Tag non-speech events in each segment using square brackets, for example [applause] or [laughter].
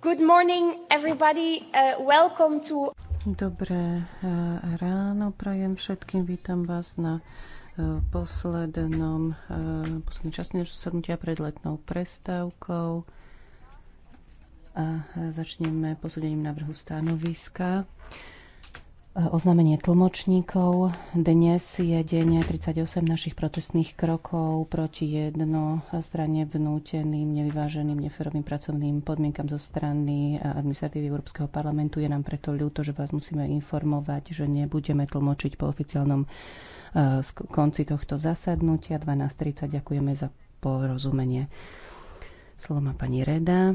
Good morning, everybody. Uh, welcome to... Dobré uh, ráno prajem všetkým. Vítam vás na uh, poslednom, uh, poslednej časti našho sadnutia pred letnou prestávkou. A začneme posúdením návrhu stanoviska. Oznámenie tlmočníkov. Dnes je deň 38 našich protestných krokov proti jednostranne vnúteným, nevyváženým, neferovým pracovným podmienkam zo strany eh, administratívy Európskeho parlamentu. Je nám preto ľúto, že vás musíme informovať, že nebudeme tlmočiť po oficiálnom eh, konci tohto zasadnutia 12.30. Ďakujeme za porozumenie. Slovo má pani Reda.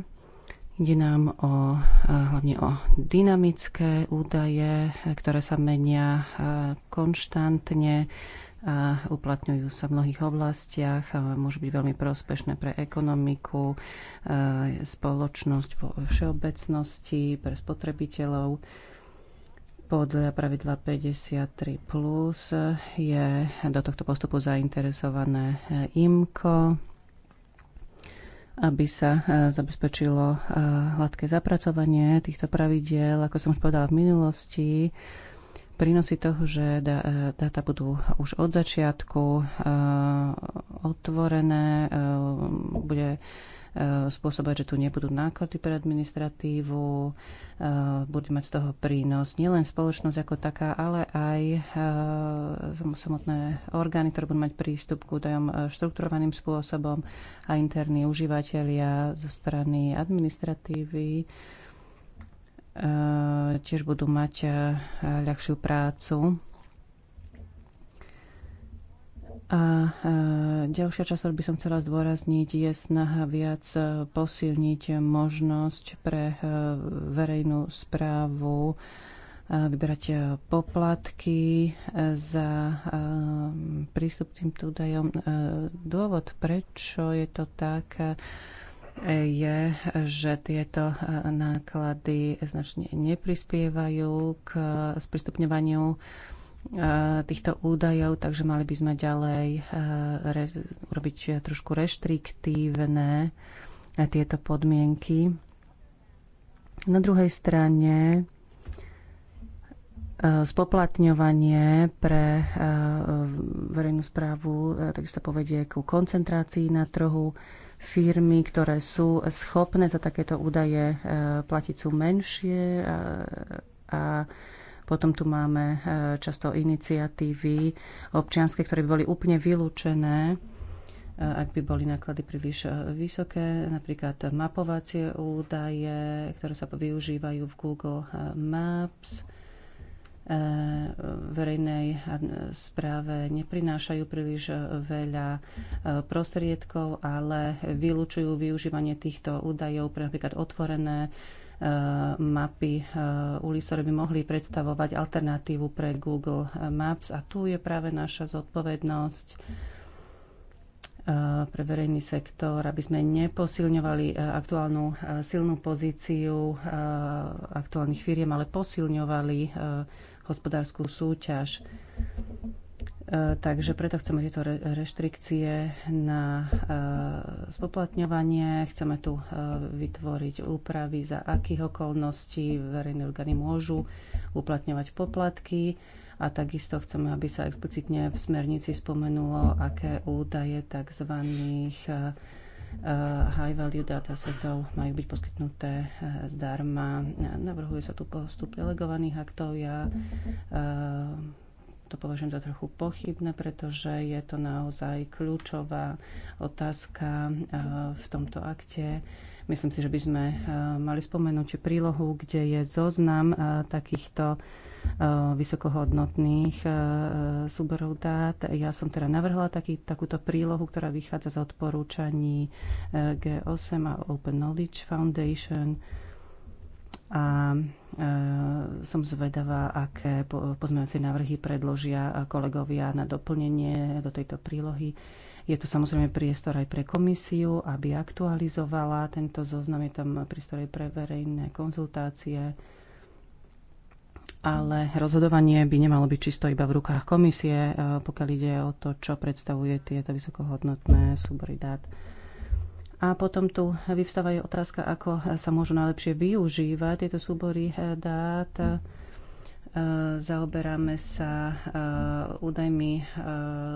Ide nám o, e, hlavne o dynamické údaje, ktoré sa menia e, konštantne a uplatňujú sa v mnohých oblastiach a e, môžu byť veľmi prospešné pre ekonomiku, spoločnosť vo všeobecnosti, pre spotrebiteľov. Podľa pravidla 53 plus je do tohto postupu zainteresované IMCO, aby sa e, zabezpečilo e, hladké zapracovanie týchto pravidiel. Ako som už povedala v minulosti, prínosy toho, že e, dáta budú už od začiatku otvorené, bude spôsobať, že tu nebudú náklady pre administratívu, eh, bude mať z toho prínos nielen spoločnosť ako taká, ale aj eh, samotné orgány, ktoré budú mať prístup k údajom eh, štrukturovaným spôsobom a interní užívateľia zo strany administratívy tiež budú mať ľahšiu prácu a ďalšia časť, ktorú by som chcela zdôrazniť, je snaha viac posilniť možnosť pre e, verejnú správu e, vybrať poplatky e, za prístup k týmto údajom. Dôvod, prečo je to tak, je, že tieto náklady značne neprispievajú k sprístupňovaniu Eh, týchto údajov, takže mali by sme ďalej eh, re, robiť trošku reštriktívne eh, tieto podmienky. Na druhej strane spoplatňovanie pre verejnú správu takisto povedie ku koncentrácii na trhu. Firmy, ktoré sú schopné za takéto údaje platiť, sú menšie a, a potom tu máme e, často iniciatívy občianske, ktoré by boli úplne vylúčené e, ak by boli náklady príliš e, vysoké, napríklad mapovacie údaje, ktoré sa využívajú v Google Maps, verejnej správe neprinášajú príliš veľa prostriedkov, ale vylúčujú využívanie týchto údajov pre napríklad otvorené Eh, mapy eh, ulic, ktoré by mohli predstavovať alternatívu pre Google Maps. A tu je práve naša zodpovednosť eh, pre verejný sektor, aby sme neposilňovali aktuálnu silnú pozíciu aktuálnych firiem, ale posilňovali hospodárskú súťaž. E, takže preto chceme tieto reštrikcie na e, spoplatňovanie. Chceme tu e, vytvoriť úpravy, za akých okolností verejné orgány môžu uplatňovať poplatky. A takisto chceme, aby sa explicitne v smernici spomenulo, aké údaje tzv. high value datasetov majú byť poskytnuté zdarma. Navrhuje sa tu postup delegovaných aktov. Ja to považujem za trochu pochybné, pretože je to naozaj kľúčová otázka eh, v tomto akte. Myslím si, že by sme eh, mali spomenúť prílohu, kde je zoznam eh, takýchto vysokohodnotných súborov dát. Ja som teda navrhla taký, takúto prílohu, ktorá vychádza z odporúčaní G8 a Open Knowledge Foundation a e, som zvedavá, aké pozmeňovacie návrhy predložia kolegovia na doplnenie do tejto prílohy. Je tu samozrejme priestor aj pre komisiu, aby aktualizovala tento zoznam. Je tam priestor aj pre verejné konzultácie. Ale rozhodovanie by nemalo byť čisto iba v rukách komisie, e, pokiaľ ide o to, čo predstavuje tieto vysokohodnotné súbory dát. A potom tu vyvstáva aj otázka, ako sa môžu najlepšie využívať tieto súbory eh, dát. Hm. Eh, zaoberáme sa eh, údajmi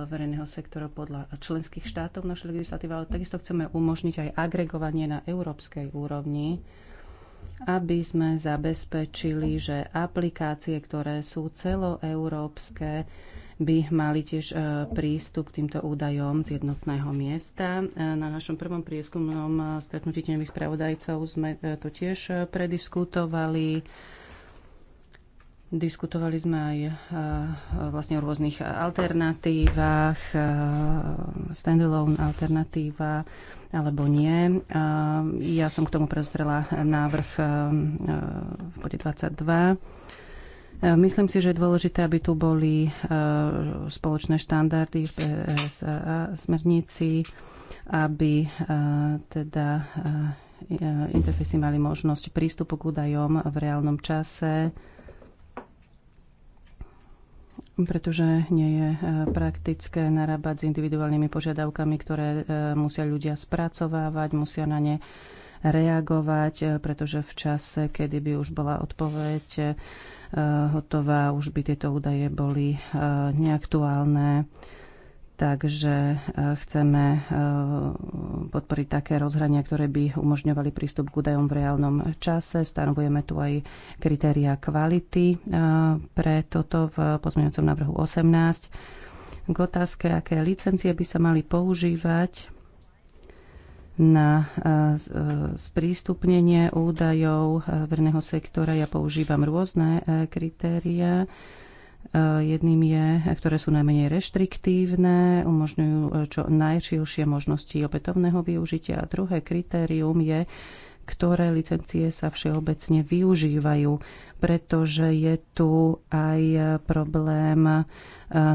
verejného sektora podľa členských štátov v našej legislatíve, ale takisto chceme umožniť aj agregovanie na európskej úrovni, aby sme zabezpečili, že aplikácie, ktoré sú celoeurópske, by mali tiež e, prístup k týmto údajom z jednotného miesta. E, na našom prvom prieskumnom e, stretnutí tenových spravodajcov sme to tiež prediskutovali. Diskutovali sme aj vlastne o rôznych alternatívach, standalone alternatíva alebo nie. Ja som k tomu prestrela návrh v bode 22 E, myslím si, že je dôležité, aby tu boli e, spoločné štandardy v PSA e smernici, aby teda interfejsy mali možnosť prístupu k údajom v reálnom čase, pretože nie je praktické narábať s individuálnymi požiadavkami, ktoré musia ľudia spracovávať, musia na ne reagovať, pretože v čase, kedy by už bola odpoveď, Eh, hotová, už by tieto údaje boli eh, neaktuálne. Takže eh, chceme podporiť také rozhrania, ktoré by umožňovali prístup k údajom v reálnom čase. Stanovujeme tu aj kritéria kvality pre toto v pozmeňujúcom návrhu 18. K otázke, aké licencie by sa mali používať, na e, e, sprístupnenie údajov e, verného sektora. Ja používam rôzne kritéria. Jedným je, ktoré sú najmenej reštriktívne, umožňujú čo najširšie možnosti opätovného využitia. A druhé kritérium je ktoré licencie sa všeobecne využívajú, pretože je tu aj problém e,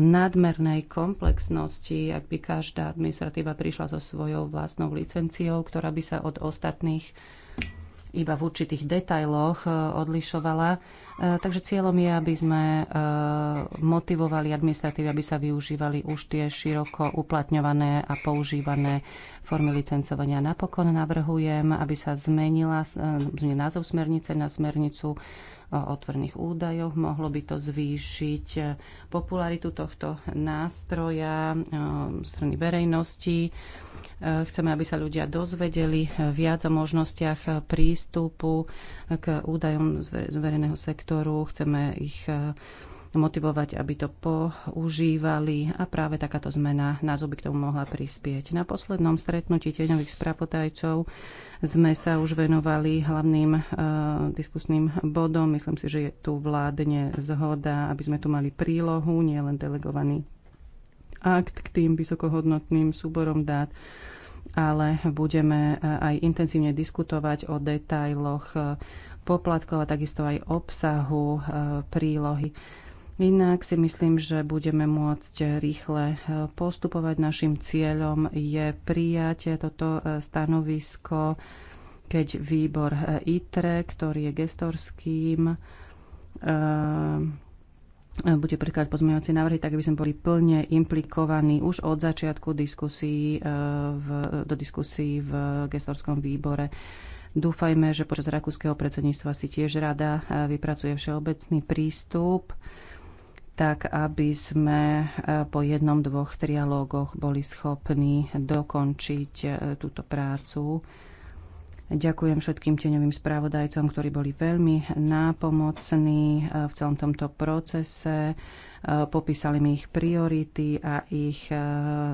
nadmernej komplexnosti, ak by každá administratíva prišla so svojou vlastnou licenciou, ktorá by sa od ostatných iba v určitých detailoch e, odlišovala E, takže cieľom je, aby sme e, motivovali administratívy, aby sa využívali už tie široko uplatňované a používané formy licencovania. Napokon navrhujem, aby sa zmenila e, názov smernice na smernicu o otvorných údajoch. Mohlo by to zvýšiť popularitu tohto nástroja strany verejnosti Chceme, aby sa ľudia dozvedeli viac o možnostiach prístupu k údajom z verejného sektoru. Chceme ich e, motivovať, aby to používali a práve takáto zmena názov by k tomu mohla prispieť. Na poslednom stretnutí tieňových spravodajcov sme sa už venovali hlavným e, diskusným bodom. Myslím si, že je tu vládne zhoda, aby sme tu mali prílohu, nielen delegovaný akt k tým vysokohodnotným súborom dát ale budeme e, aj intenzívne diskutovať o detailoch e, poplatkov a takisto aj obsahu e, prílohy. Inak si myslím, že budeme môcť rýchle postupovať. Našim cieľom je prijať toto stanovisko, keď výbor ITRE, ktorý je gestorským, bude prekladať pozmeňovacie návrhy, tak aby sme boli plne implikovaní už od začiatku diskusí e, v, do diskusí v gestorskom výbore. Dúfajme, že počas rakúskeho predsedníctva si tiež rada e, vypracuje všeobecný prístup, tak aby sme e, po jednom, dvoch trialógoch boli schopní dokončiť túto prácu Ďakujem všetkým teňovým správodajcom, ktorí boli veľmi nápomocní e, v celom tomto procese. E, popísali mi ich priority a ich e,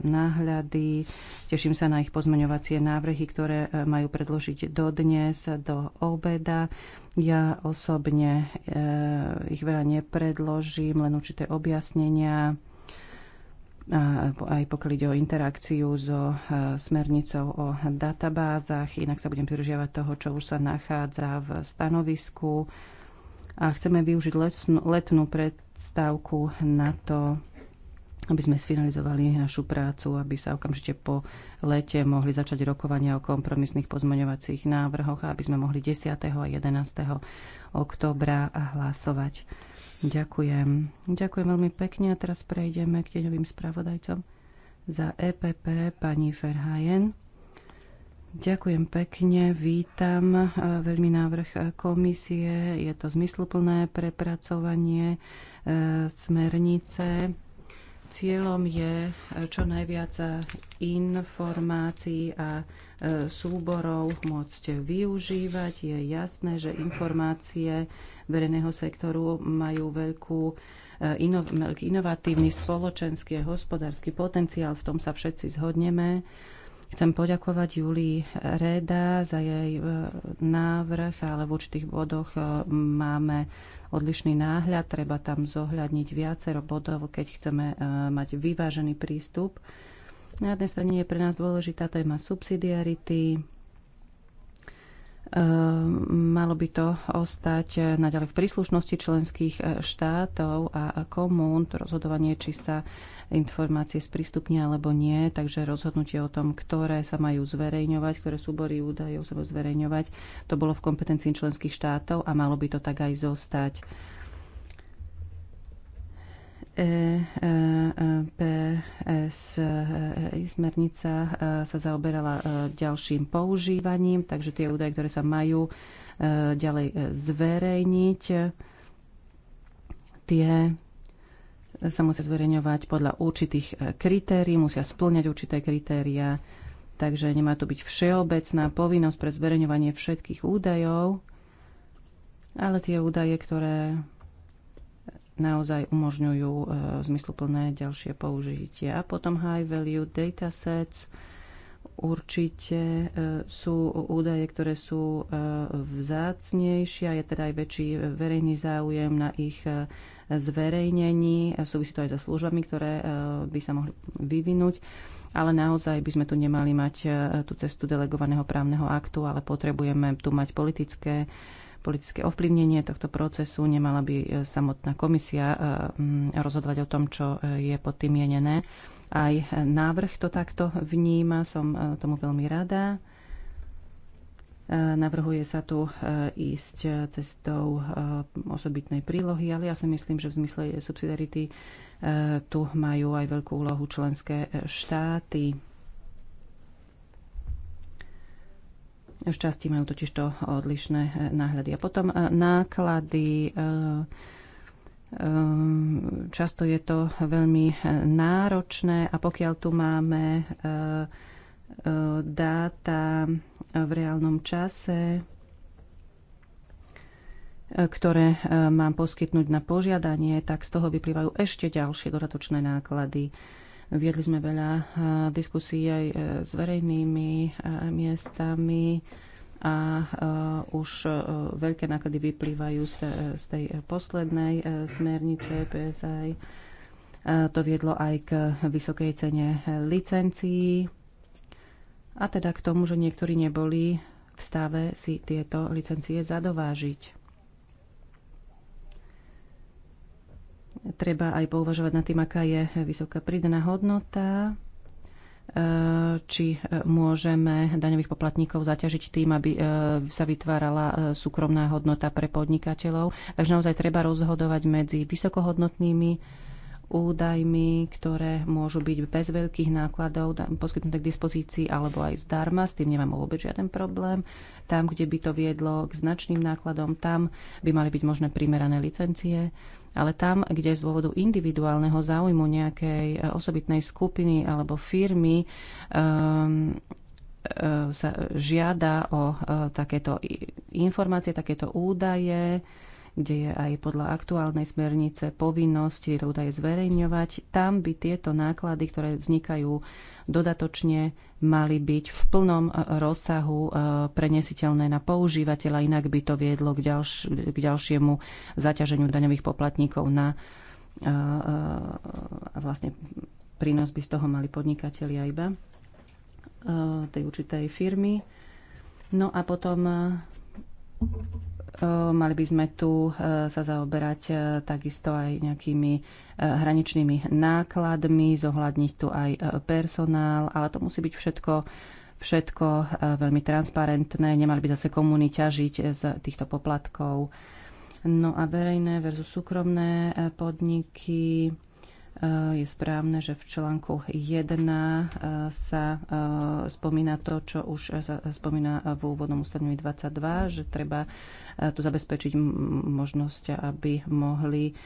náhľady. Teším sa na ich pozmeňovacie návrhy, ktoré majú predložiť do dnes, do obeda. Ja osobne ich veľa nepredložím, len určité objasnenia aj pokiaľ ide o interakciu so e, smernicou o databázach. Inak sa budem pridržiavať toho, čo už sa nachádza v stanovisku. A chceme využiť letnú, predstavku na to, aby sme sfinalizovali našu prácu, aby sa okamžite po lete mohli začať rokovania o kompromisných pozmeňovacích návrhoch a aby sme mohli 10. a 11. oktobra hlasovať. Ďakujem. Ďakujem veľmi pekne a teraz prejdeme k deňovým spravodajcom za EPP pani Ferhajen. Ďakujem pekne, vítam e, veľmi návrh e, komisie. Je to zmysluplné prepracovanie e, smernice Cieľom je e, čo najviac e, informácií a e, súborov môcť využívať. Je jasné, že informácie verejného sektoru majú veľkú inovatívny spoločenský a hospodársky potenciál. V tom sa všetci zhodneme. Chcem poďakovať Julii Reda za jej návrh, ale v určitých bodoch máme odlišný náhľad, treba tam zohľadniť viacero bodov, keď chceme e, mať vyvážený prístup. Na jednej strane je pre nás dôležitá téma subsidiarity, Ehm, malo by to ostať eh, naďalej v príslušnosti členských eh, štátov a komún, to rozhodovanie, či sa informácie sprístupnia alebo nie, takže rozhodnutie o tom, ktoré sa majú zverejňovať, ktoré súbory údajov sa zverejňovať, to bolo v kompetencii členských štátov a malo by to tak aj zostať. EPS e, e, e, smernica sa zaoberala ďalším používaním, takže tie údaje, ktoré sa majú ďalej zverejniť, tie sa musia zverejňovať podľa určitých kritérií, musia splňať určité kritéria, takže nemá tu byť všeobecná povinnosť pre zverejňovanie všetkých údajov, ale tie údaje, ktoré naozaj umožňujú e, zmysluplné ďalšie použitie. A potom high value datasets určite e, sú údaje, ktoré sú e, vzácnejšie a je teda aj väčší verejný záujem na ich e, zverejnení. E, súvisí to aj so službami, ktoré e, by sa mohli vyvinúť. Ale naozaj by sme tu nemali mať e, tú cestu delegovaného právneho aktu, ale potrebujeme tu mať politické politické ovplyvnenie tohto procesu, nemala by e, samotná komisia e, rozhodovať o tom, čo e, je pod tým mienené. Aj návrh to takto vníma, som tomu veľmi rada. Navrhuje sa tu ísť cestou osobitnej prílohy, ale ja si myslím, že v zmysle subsidiarity tu majú aj veľkú úlohu členské štáty. V časti majú totiž to odlišné e, náhľady. A potom e, náklady. E, často je to veľmi náročné a pokiaľ tu máme dáta v reálnom čase, ktoré mám poskytnúť na požiadanie, tak z toho vyplývajú ešte ďalšie dodatočné náklady. Viedli sme veľa diskusí aj e, s verejnými miestami a e, už e, veľké náklady vyplývajú z, z tej poslednej smernice PSI. To viedlo aj k vysokej cene licencií a teda k tomu, že niektorí neboli v stave si tieto licencie zadovážiť. treba aj pouvažovať nad tým, aká je vysoká pridaná hodnota, e, či e, môžeme daňových poplatníkov zaťažiť tým, aby e, sa vytvárala súkromná hodnota pre podnikateľov. Takže naozaj treba rozhodovať medzi vysokohodnotnými údajmi, ktoré môžu byť bez veľkých nákladov poskytnuté k dispozícii alebo aj zdarma. S tým nemám vôbec žiaden problém. Tam, kde by to viedlo k značným nákladom, tam by mali byť možné primerané licencie. Ale tam, kde z dôvodu individuálneho záujmu nejakej e, osobitnej skupiny alebo firmy um, sa žiada o e, takéto informácie, takéto údaje, kde je aj podľa aktuálnej smernice povinnosť tieto údaje zverejňovať, tam by tieto náklady, ktoré vznikajú dodatočne, mali byť v plnom e, rozsahu e, prenesiteľné na používateľa, inak by to viedlo k, ďalš- k ďalšiemu zaťaženiu daňových poplatníkov na e, a vlastne prínos by z toho mali podnikatelia iba tej určitej firmy. No a potom Eh, mali by sme tu eh, sa zaoberať eh, takisto aj nejakými hraničnými nákladmi, zohľadniť tu aj personál, ale to musí byť všetko všetko veľmi transparentné, nemali by zase komuny ťažiť z týchto poplatkov. No a verejné versus súkromné podniky, je správne, že v článku 1 eh, sa eh, spomína to, čo už eh, sa spomína v úvodnom ustanovení 22, že treba tu zabezpečiť možnosť, aby mohli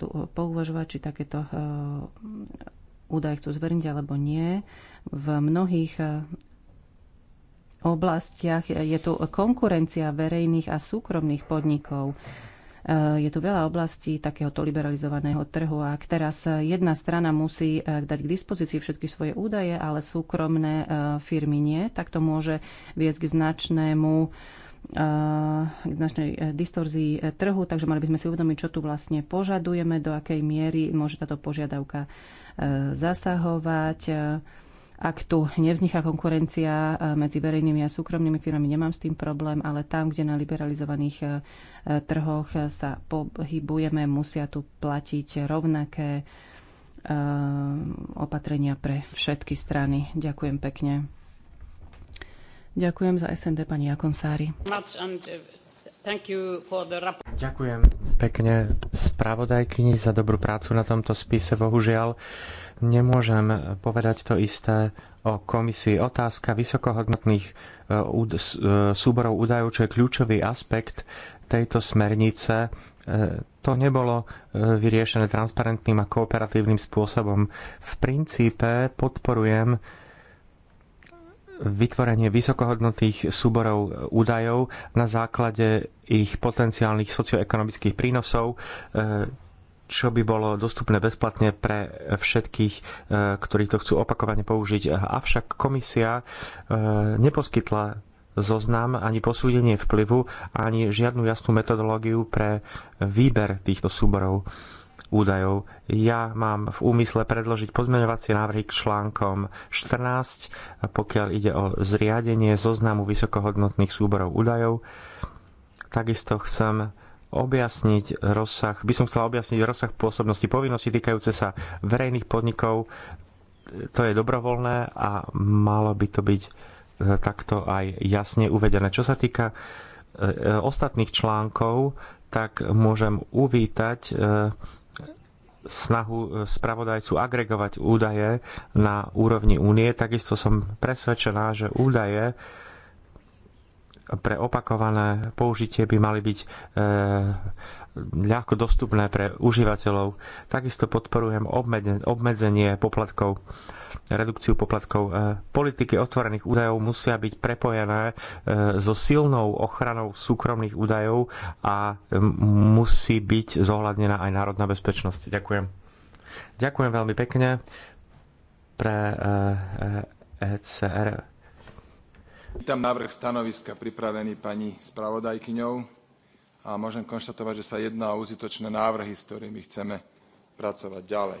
tu pouvažovať, či takéto údaje chcú zverniť alebo nie. V mnohých oblastiach je tu konkurencia verejných a súkromných podnikov Eh, je tu veľa oblastí takéhoto liberalizovaného trhu a ak teraz eh, jedna strana musí eh, dať k dispozícii všetky svoje údaje, ale súkromné firmy nie, tak to môže viesť k značnému k značnej distorzii trhu, takže mali by sme si uvedomiť, čo tu vlastne požadujeme, do akej miery môže táto požiadavka zasahovať ak tu nevzniká konkurencia eh, medzi verejnými a súkromnými firmami, nemám s tým problém, ale tam, kde na liberalizovaných eh, trhoch eh, sa pohybujeme, musia tu platiť rovnaké opatrenia pre všetky strany. Ďakujem pekne. Ďakujem za SND pani Jakonsári. Ďakujem pekne spravodajkyni za dobrú prácu na tomto spise. Bohužiaľ, Nemôžem povedať to isté o komisii. Otázka vysokohodnotných e, e, súborov údajov, čo je kľúčový aspekt tejto smernice, e, to nebolo vyriešené transparentným a kooperatívnym spôsobom. V princípe podporujem vytvorenie vysokohodnotných súborov údajov na základe ich potenciálnych socioekonomických prínosov, čo by bolo dostupné bezplatne pre všetkých, e, ktorí to chcú opakovane použiť. Avšak komisia e, neposkytla zoznam, ani posúdenie vplyvu, ani žiadnu jasnú metodológiu pre výber týchto súborov údajov. Ja mám v úmysle predložiť pozmeňovacie návrhy k článkom 14, pokiaľ ide o zriadenie zoznamu vysokohodnotných súborov údajov. Takisto chcem objasniť rozsah, by som chcela objasniť rozsah pôsobnosti povinnosti týkajúce sa verejných podnikov. To je dobrovoľné a malo by to byť e, takto aj jasne uvedené. Čo sa týka e, ostatných článkov, tak môžem uvítať e, snahu spravodajcu agregovať údaje na úrovni únie. Takisto som presvedčená, že údaje pre opakované použitie by mali byť eh, ľahko dostupné pre užívateľov. Takisto podporujem obmedzenie poplatkov, redukciu poplatkov. Eh, politiky otvorených údajov musia byť prepojené eh, so silnou ochranou súkromných údajov a musí byť zohľadnená aj národná bezpečnosť. Ďakujem. Ďakujem veľmi pekne pre ECR. E Vítam návrh stanoviska pripravený pani spravodajkyňou a môžem konštatovať, že sa jedná o úzitočné návrhy, s ktorými chceme pracovať ďalej.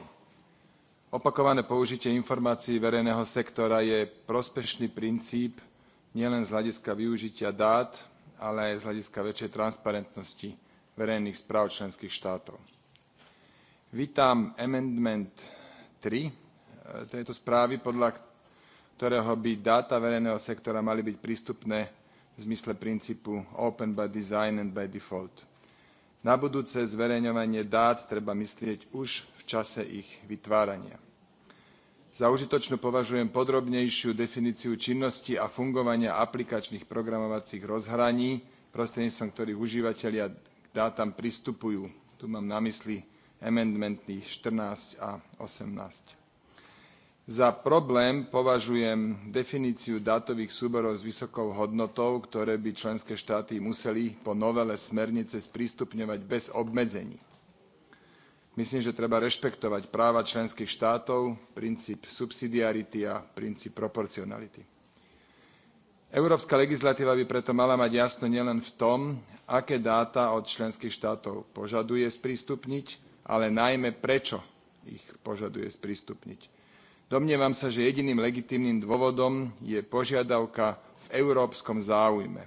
Opakované použitie informácií verejného sektora je prospešný princíp nielen z hľadiska využitia dát, ale aj z hľadiska väčšej transparentnosti verejných správ členských štátov. Vítam amendment 3 eh, tejto správy, podľa ktorého by dáta verejného sektora mali byť prístupné v zmysle princípu open by design and by default. Na budúce zverejňovanie dát treba myslieť už v čase ich vytvárania. Za užitočnú považujem podrobnejšiu definíciu činnosti a fungovania aplikačných programovacích rozhraní, prostredníctvom ktorých užívateľia k dátam pristupujú. Tu mám na mysli amendmenty 14 a 18. Za problém považujem definíciu dátových súborov s vysokou hodnotou, ktoré by členské štáty museli po novele smernice sprístupňovať bez obmedzení. Myslím, že treba rešpektovať práva členských štátov, princíp subsidiarity a princíp proporcionality. Európska legislatíva by preto mala mať jasno nielen v tom, aké dáta od členských štátov požaduje sprístupniť, ale najmä prečo ich požaduje sprístupniť Domnievam sa, že jediným legitímnym dôvodom je požiadavka v európskom záujme.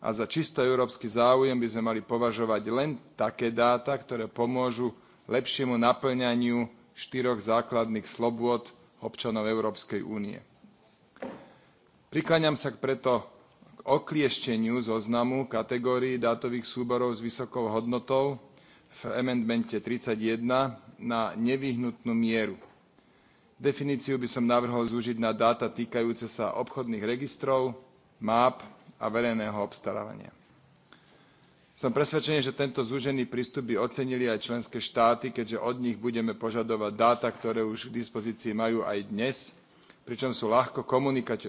A za čisto európsky záujem by sme mali považovať len také dáta, ktoré pomôžu lepšiemu naplňaniu štyroch základných slobôd občanov Európskej únie. Prikláňam sa preto k okliešteniu zoznamu kategórií dátových súborov s vysokou hodnotou v amendmente 31 na nevyhnutnú mieru. Definíciu by som navrhol zúžiť na dáta týkajúce sa obchodných registrov, map a verejného obstarávania. Som presvedčený, že tento zúžený prístup by ocenili aj členské štáty, keďže od nich budeme požadovať dáta, ktoré už k dispozícii majú aj dnes, pričom sú ľahko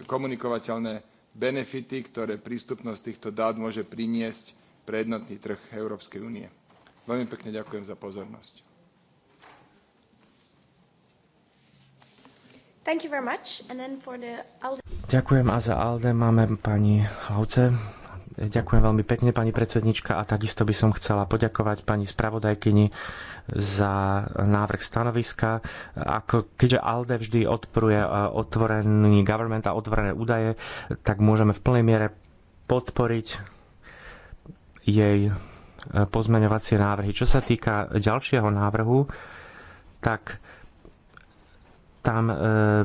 komunikovateľné benefity, ktoré prístupnosť týchto dát môže priniesť pre jednotný trh Európskej únie. Veľmi pekne ďakujem za pozornosť. Thank you very much. And then for the Alde... Ďakujem a za Alde máme pani Hlavce. Ďakujem veľmi pekne, pani predsednička, a takisto by som chcela poďakovať pani spravodajkyni za návrh stanoviska. Ako, keďže ALDE vždy odporuje e, otvorený government a otvorené údaje, tak môžeme v plnej miere podporiť jej e, pozmeňovacie návrhy. Čo sa týka ďalšieho návrhu, tak tam e,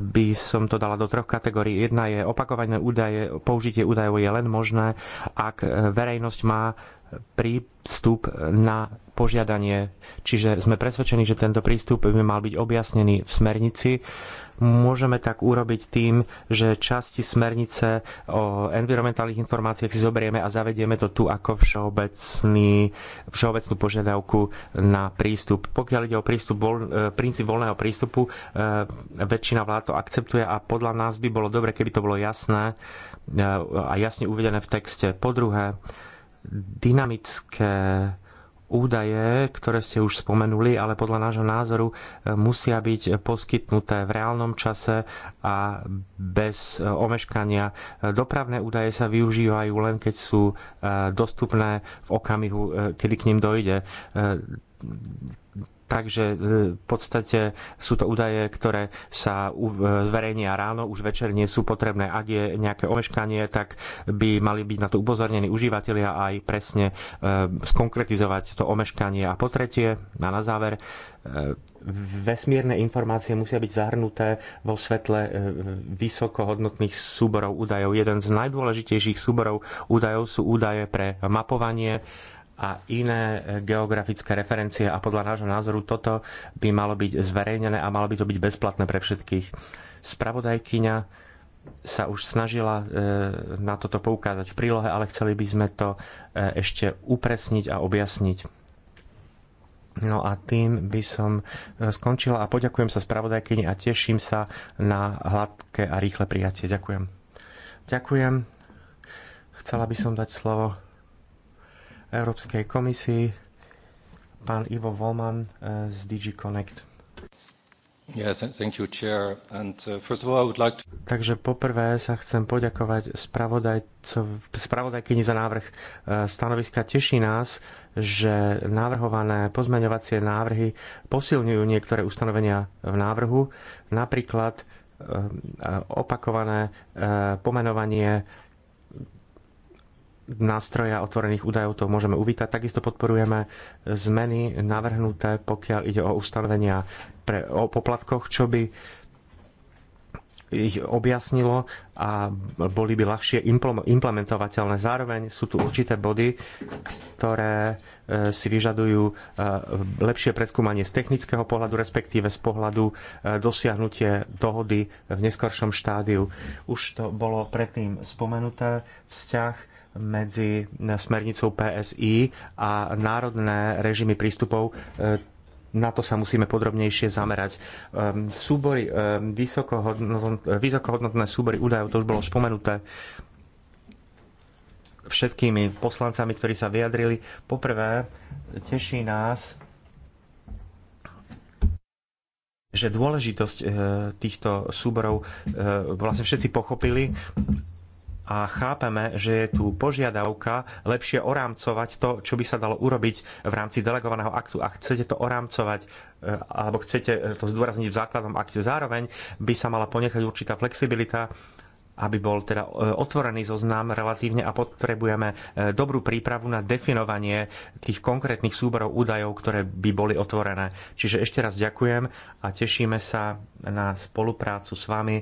by som to dala do troch kategórií. Jedna je opakované údaje, použitie údajov je len možné, ak e, verejnosť má prístup na požiadanie. Čiže sme presvedčení, že tento prístup by mal byť objasnený v smernici Môžeme tak urobiť tým, že časti smernice o environmentálnych informáciách si zoberieme a zavedieme to tu ako všeobecný, všeobecnú požiadavku na prístup. Pokiaľ ide o prístup, voľ, e, princíp voľného prístupu, e, väčšina vlád to akceptuje a podľa nás by bolo dobre, keby to bolo jasné e, a jasne uvedené v texte. Po druhé, dynamické údaje, ktoré ste už spomenuli, ale podľa nášho názoru e, musia byť poskytnuté v reálnom čase a bez e, omeškania. E, dopravné údaje sa využívajú len keď sú dostupné v okamihu, kedy k ním dojde takže e, v podstate sú to údaje, ktoré sa e, zverejnia ráno, už večer nie sú potrebné. Ak je nejaké omeškanie, tak by mali byť na to upozornení užívateľia aj presne e, skonkretizovať to omeškanie. A po tretie, a na záver, vesmírne informácie musia byť zahrnuté vo svetle vysokohodnotných súborov údajov. Jeden z najdôležitejších súborov údajov sú údaje pre mapovanie, a iné e, geografické referencie a podľa nášho názoru toto by malo byť zverejnené a malo by to byť bezplatné pre všetkých. Spravodajkyňa sa už snažila e, na toto poukázať v prílohe, ale chceli by sme to e, ešte upresniť a objasniť. No a tým by som skončila a poďakujem sa spravodajkyni a teším sa na hladké a rýchle prijatie. Ďakujem. Ďakujem. Chcela by som dať slovo Európskej komisii, pán Ivo Volman eh, z DG Connect. Uh, Takže poprvé sa chcem poďakovať spravodajkyni za návrh eh, stanoviska. Teší nás, že navrhované pozmeňovacie návrhy posilňujú niektoré ustanovenia v návrhu, napríklad eh, opakované pomenovanie nástroja otvorených údajov, to môžeme uvítať. Takisto podporujeme zmeny navrhnuté, pokiaľ ide o ustanovenia pre, o poplatkoch, čo by ich objasnilo a boli by ľahšie implementovateľné. Zároveň sú tu určité body, ktoré e, si vyžadujú e, lepšie preskúmanie z technického pohľadu, respektíve z pohľadu e, dosiahnutie dohody v neskoršom štádiu. Už to bolo predtým spomenuté, vzťah medzi smernicou PSI a národné režimy prístupov e, na to sa musíme podrobnejšie zamerať. Ehm, súbory, ehm, vysokohodnotné súbory údajov, to už bolo spomenuté všetkými poslancami, ktorí sa vyjadrili. Poprvé, teší nás, že dôležitosť e, týchto súborov e, vlastne všetci pochopili a chápeme, že je tu požiadavka lepšie orámcovať to, čo by sa dalo urobiť v rámci delegovaného aktu. A chcete to orámcovať eh, alebo chcete eh, to zdôrazniť v základnom akte. Zároveň by sa mala ponechať určitá flexibilita, aby bol teda eh, otvorený zoznam relatívne a potrebujeme dobrú prípravu na definovanie tých konkrétnych súborov údajov, ktoré by boli otvorené. Čiže ešte raz ďakujem a tešíme sa na spoluprácu s vami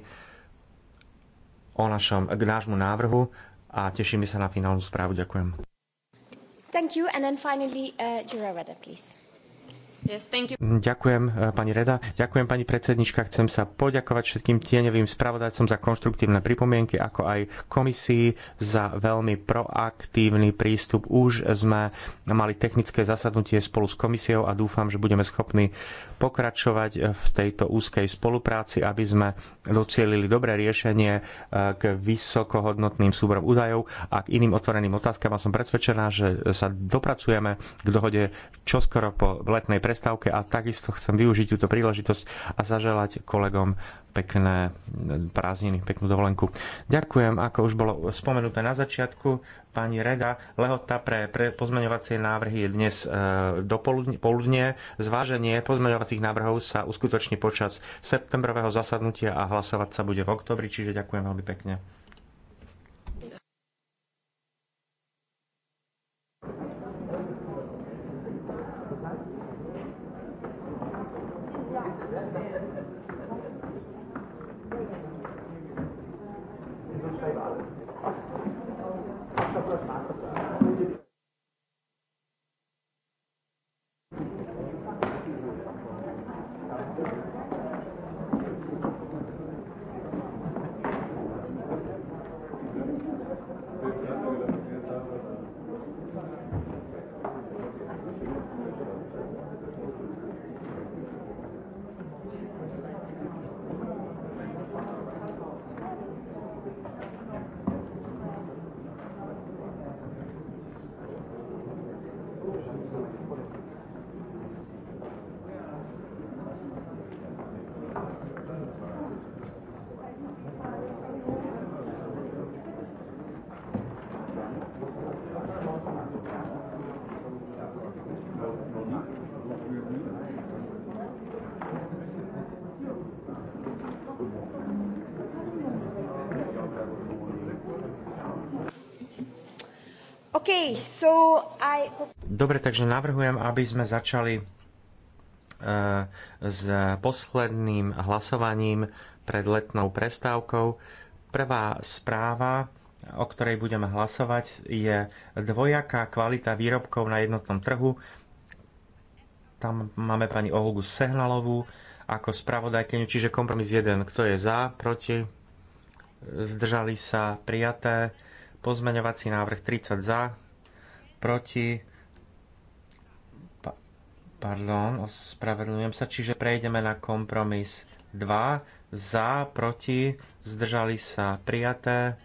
o našom, k nášmu návrhu a tešíme sa na finálnu správu. Ďakujem. Thank you. And then finally, uh, Jura Reda, please. Yes, mm, ďakujem, e, pani Reda. Ďakujem, pani predsednička. Chcem sa poďakovať všetkým tieňovým spravodajcom za konštruktívne pripomienky, ako aj komisii za veľmi proaktívny prístup. Už sme mali technické zasadnutie spolu s komisiou a dúfam, že budeme schopní pokračovať v tejto úzkej spolupráci, aby sme docielili dobré riešenie e, k vysokohodnotným súborom údajov a k iným otvoreným otázkam. A som presvedčená, že sa dopracujeme k dohode čoskoro po letnej prestávke a takisto chcem využiť túto príležitosť a zaželať kolegom pekné prázdniny, peknú dovolenku. Ďakujem, ako už bolo spomenuté na začiatku, pani Reda, lehota pre, pre pozmeňovacie návrhy je dnes e, do poludne. Zváženie pozmeňovacích návrhov sa uskutoční počas septembrového zasadnutia a hlasovať sa bude v oktobri, čiže ďakujem veľmi pekne. Dobre, takže navrhujem, aby sme začali e, s posledným hlasovaním pred letnou prestávkou. Prvá správa, o ktorej budeme hlasovať, je dvojaká kvalita výrobkov na jednotnom trhu. Tam máme pani Olgu Sehnalovú ako spravodajkeniu, čiže kompromis 1. Kto je za, proti, zdržali sa, prijaté. Pozmeňovací návrh 30 za, proti pardon, ospravedlňujem sa, čiže prejdeme na kompromis 2, za, proti, zdržali sa prijaté,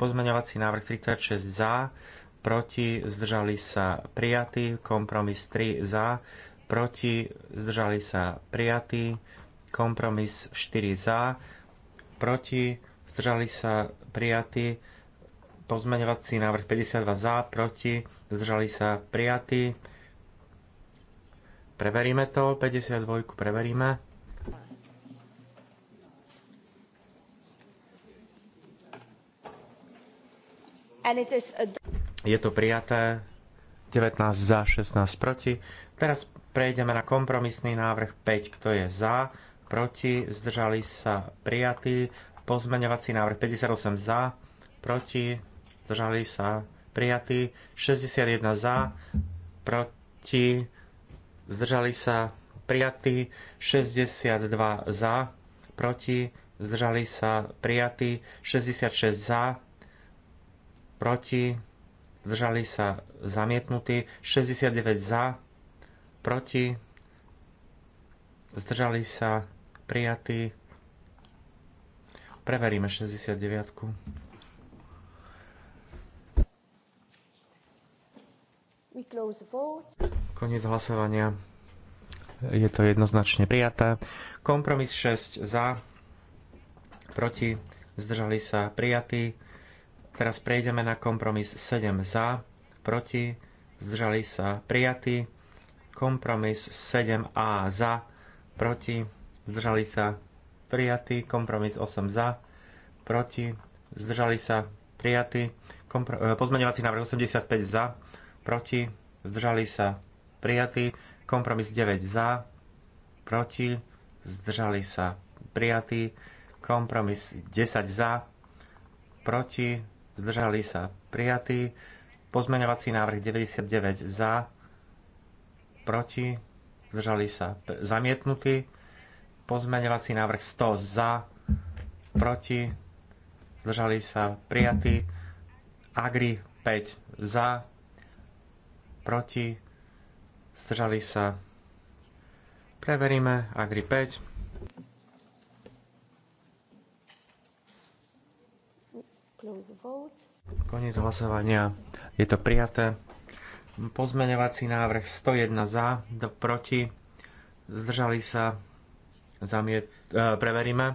pozmeňovací návrh 36 za, proti, zdržali sa prijatý, kompromis 3 za, proti, zdržali sa prijatý, kompromis 4 za, proti, zdržali sa prijatý, Pozmeňovací návrh 52 za, proti, zdržali sa prijatí. Preveríme to, 52 preveríme. Je to prijaté, 19 za, 16 proti. Teraz prejdeme na kompromisný návrh 5, kto je za, proti, zdržali sa prijatí. Pozmeňovací návrh 58 za, proti, zdržali sa prijatí, 61 za, proti, zdržali sa prijatí, 62 za, proti, zdržali sa prijatí, 66 za, proti, zdržali sa zamietnutí, 69 za, proti, zdržali sa prijatí. Preveríme 69. -ku. Koniec hlasovania. Je to jednoznačne prijaté. Kompromis 6 za, proti, zdržali sa prijatí. Teraz prejdeme na kompromis 7 za, proti, zdržali sa prijatí. Kompromis 7a za, proti, zdržali sa prijatí. Kompromis 8 za, proti, zdržali sa prijatí. Kompro- e, pozmeňovací návrh 85 za, proti, zdržali sa prijatí, kompromis 9 za, proti, zdržali sa prijatí, kompromis 10 za, proti, zdržali sa prijatí, pozmeňovací návrh 99 za, proti, zdržali sa zamietnutí, pozmeňovací návrh 100 za, proti, zdržali sa prijatí, Agri 5 za, proti, zdržali sa. Preveríme Agri 5. Koniec hlasovania. Je to prijaté. Pozmeňovací návrh 101 za, proti, zdržali sa, zamiet, e, preveríme.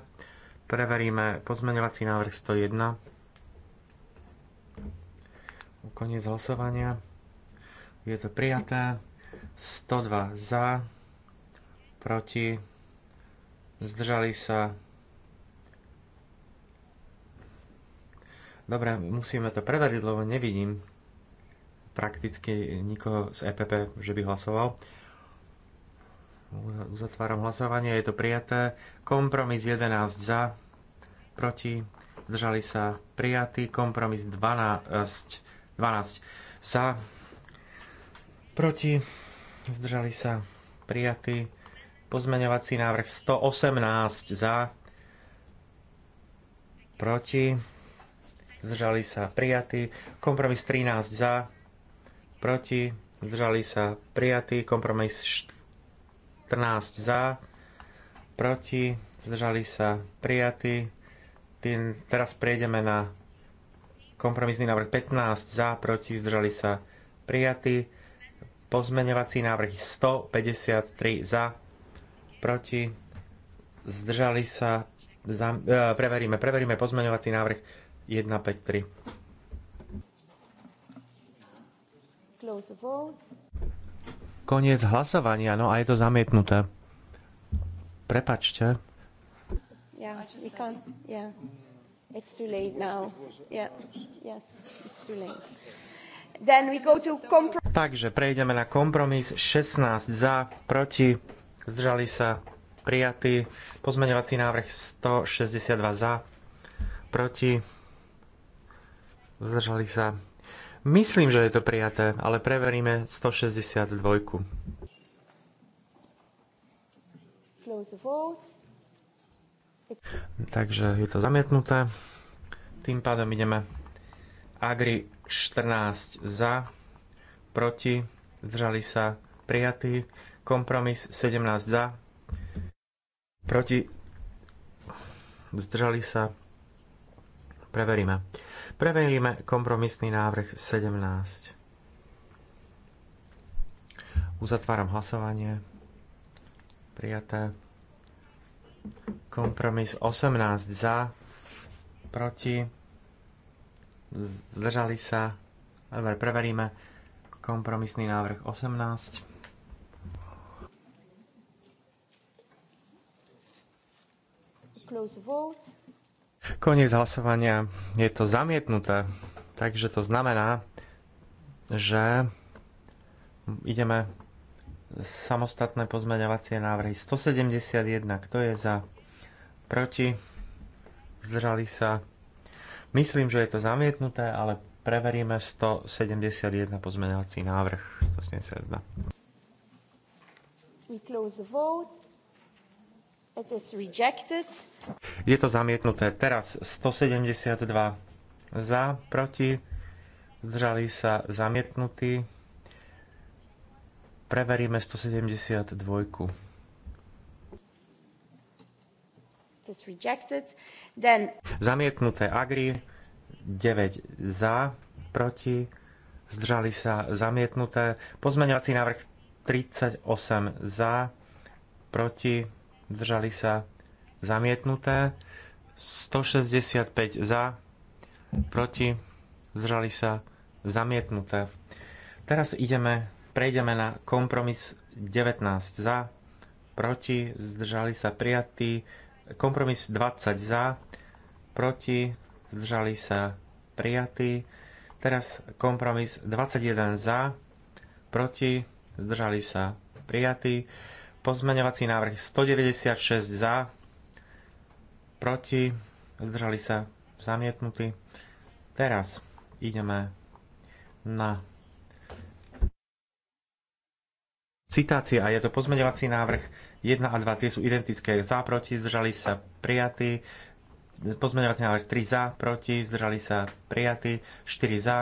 Preveríme pozmeňovací návrh 101. Koniec hlasovania. Je to prijaté. 102 za, proti, zdržali sa. Dobre, musíme to preveriť, lebo nevidím prakticky nikoho z EPP, že by hlasoval. Uzatváram hlasovanie, je to prijaté. Kompromis 11 za, proti, zdržali sa prijatý. Kompromis 12, 12 za, proti, zdržali sa prijatí. Pozmeňovací návrh 118 za, proti, zdržali sa prijatý Kompromis 13 za, proti, zdržali sa prijatý Kompromis 14 za, proti, zdržali sa prijatí. Tým teraz prejdeme na kompromisný návrh 15 za, proti, zdržali sa prijatí. Pozmeňovací návrh 153 za, proti, zdržali sa, za, e, preveríme, preveríme pozmeňovací návrh 153. Koniec hlasovania, no a je to zamietnuté. Prepačte. Yeah, Yeah. It's too late now. Yeah. Yes, it's too late. Takže prejdeme na kompromis 16 za, proti, zdržali sa, prijatý. Pozmeňovací návrh 162 za, proti, zdržali sa. Myslím, že je to prijaté, ale preveríme 162. Takže je to zamietnuté. Tým pádom ideme Agri 14 za, proti, zdržali sa prijatí. Kompromis 17 za, proti, zdržali sa. Preveríme. Preveríme kompromisný návrh 17. Uzatváram hlasovanie. Prijaté. Kompromis 18 za, proti zdržali sa, dobre, preveríme, kompromisný návrh 18. Koniec hlasovania. Je to zamietnuté. Takže to znamená, že ideme samostatné pozmeňovacie návrhy. 171. Kto je za? Proti? Zdržali sa? Myslím, že je to zamietnuté, ale preveríme 171 pozmeňovací návrh. 171. We close the vote. It is rejected. Je to zamietnuté. Teraz 172 za, proti, zdržali sa zamietnutí. Preveríme 172. Zamietnuté Agri, 9 za, proti, zdržali sa zamietnuté. Pozmeňovací návrh 38 za, proti, zdržali sa zamietnuté. 165 za, proti, zdržali sa zamietnuté. Teraz ideme, prejdeme na kompromis 19 za, proti, zdržali sa prijatí, Kompromis 20 za, proti, zdržali sa prijatí. Teraz kompromis 21 za, proti, zdržali sa prijatí. Pozmeňovací návrh 196 za, proti, zdržali sa zamietnutí. Teraz ideme na citácia a je to pozmeňovací návrh 1 a 2, tie sú identické za, proti, zdržali sa prijatí, pozmeňovací návrh 3 za, proti, zdržali sa prijatí, 4 za,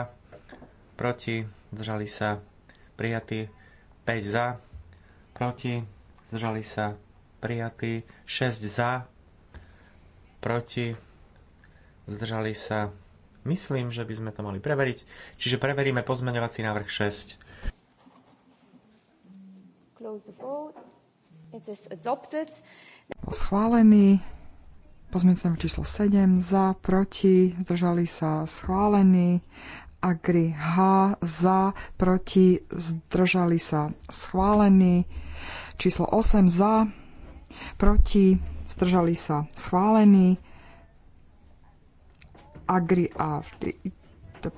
proti, zdržali sa prijatí, 5 za, proti, zdržali sa prijatí, 6 za, proti, zdržali sa Myslím, že by sme to mali preveriť. Čiže preveríme pozmeňovací návrh 6. Schválený. Pozmeňujem číslo 7. Za, proti, zdržali sa schválený. Agri H. Za, proti, zdržali sa schválený. Číslo 8. Za, proti, zdržali sa schválený. Agri A.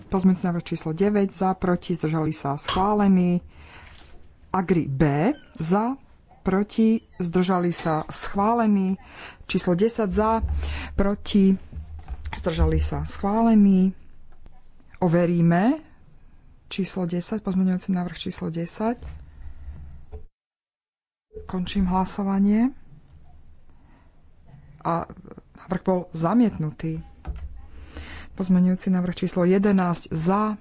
Pozmeňujem číslo 9. Za, proti, zdržali sa schválený. Agri B za, proti, zdržali sa schválení. Číslo 10 za, proti, zdržali sa schválení. Overíme číslo 10, pozmeňujúci návrh číslo 10. Končím hlasovanie. A návrh bol zamietnutý. Pozmeňujúci návrh číslo 11 za,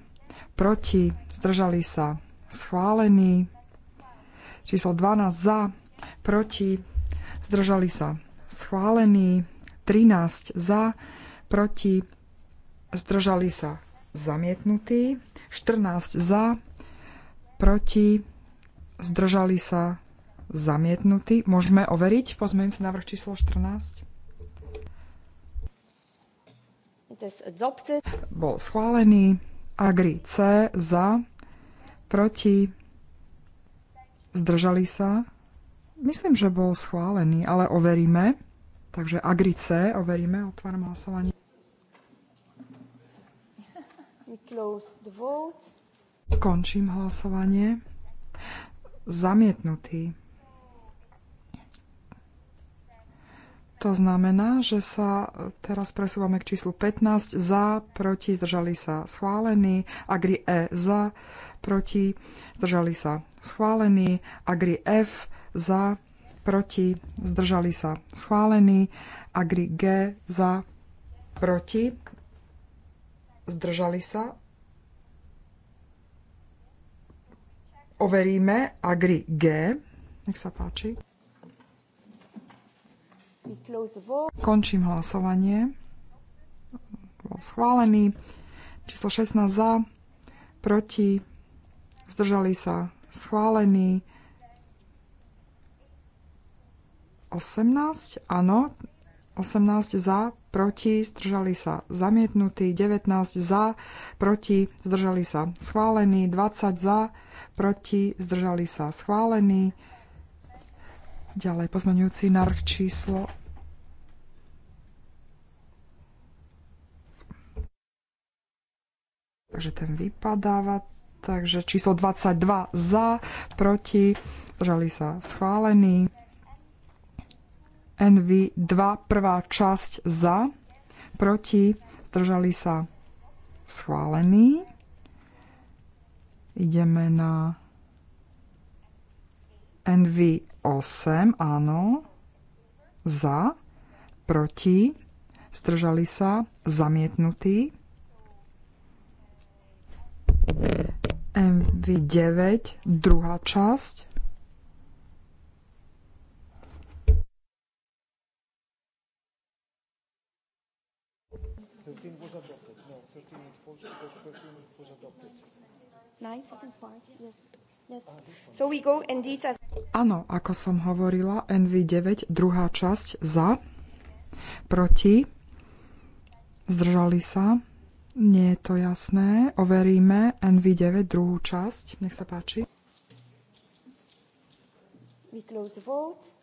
proti, zdržali sa schválený číslo 12 za, proti, zdržali sa schválený, 13 za, proti, zdržali sa zamietnutí, 14 za, proti, zdržali sa zamietnutí. Môžeme overiť pozmeňujúci návrh číslo 14? Bol schválený. Agri C za, proti, zdržali sa. Myslím, že bol schválený, ale overíme. Takže agrice overíme, otváram hlasovanie. Končím hlasovanie. Zamietnutý. To znamená, že sa teraz presúvame k číslu 15. Za, proti, zdržali sa schválení. Agri E za, proti, zdržali sa schválení. Agri F za, proti, zdržali sa schválení. Agri G za, proti, zdržali sa. Overíme Agri G. Nech sa páči. Končím hlasovanie. Bol schválený. Číslo 16 za, proti, zdržali sa, schválený. 18, áno, 18 za, proti, zdržali sa zamietnutí, 19 za, proti, zdržali sa schválení, 20 za, proti, zdržali sa schválení, Ďalej pozmeňujúci návrh číslo Takže ten vypadáva. Takže číslo 22 za, proti, žali sa schválený. NV 2 prvá časť za, proti, držali sa schválený. Ideme na NV áno, za, proti, zdržali sa, zamietnutý. MV9, druhá časť. Nine second parts, yes. Áno, ako som hovorila, NV9, druhá časť za, proti, zdržali sa, nie je to jasné, overíme NV9, druhú časť, nech sa páči.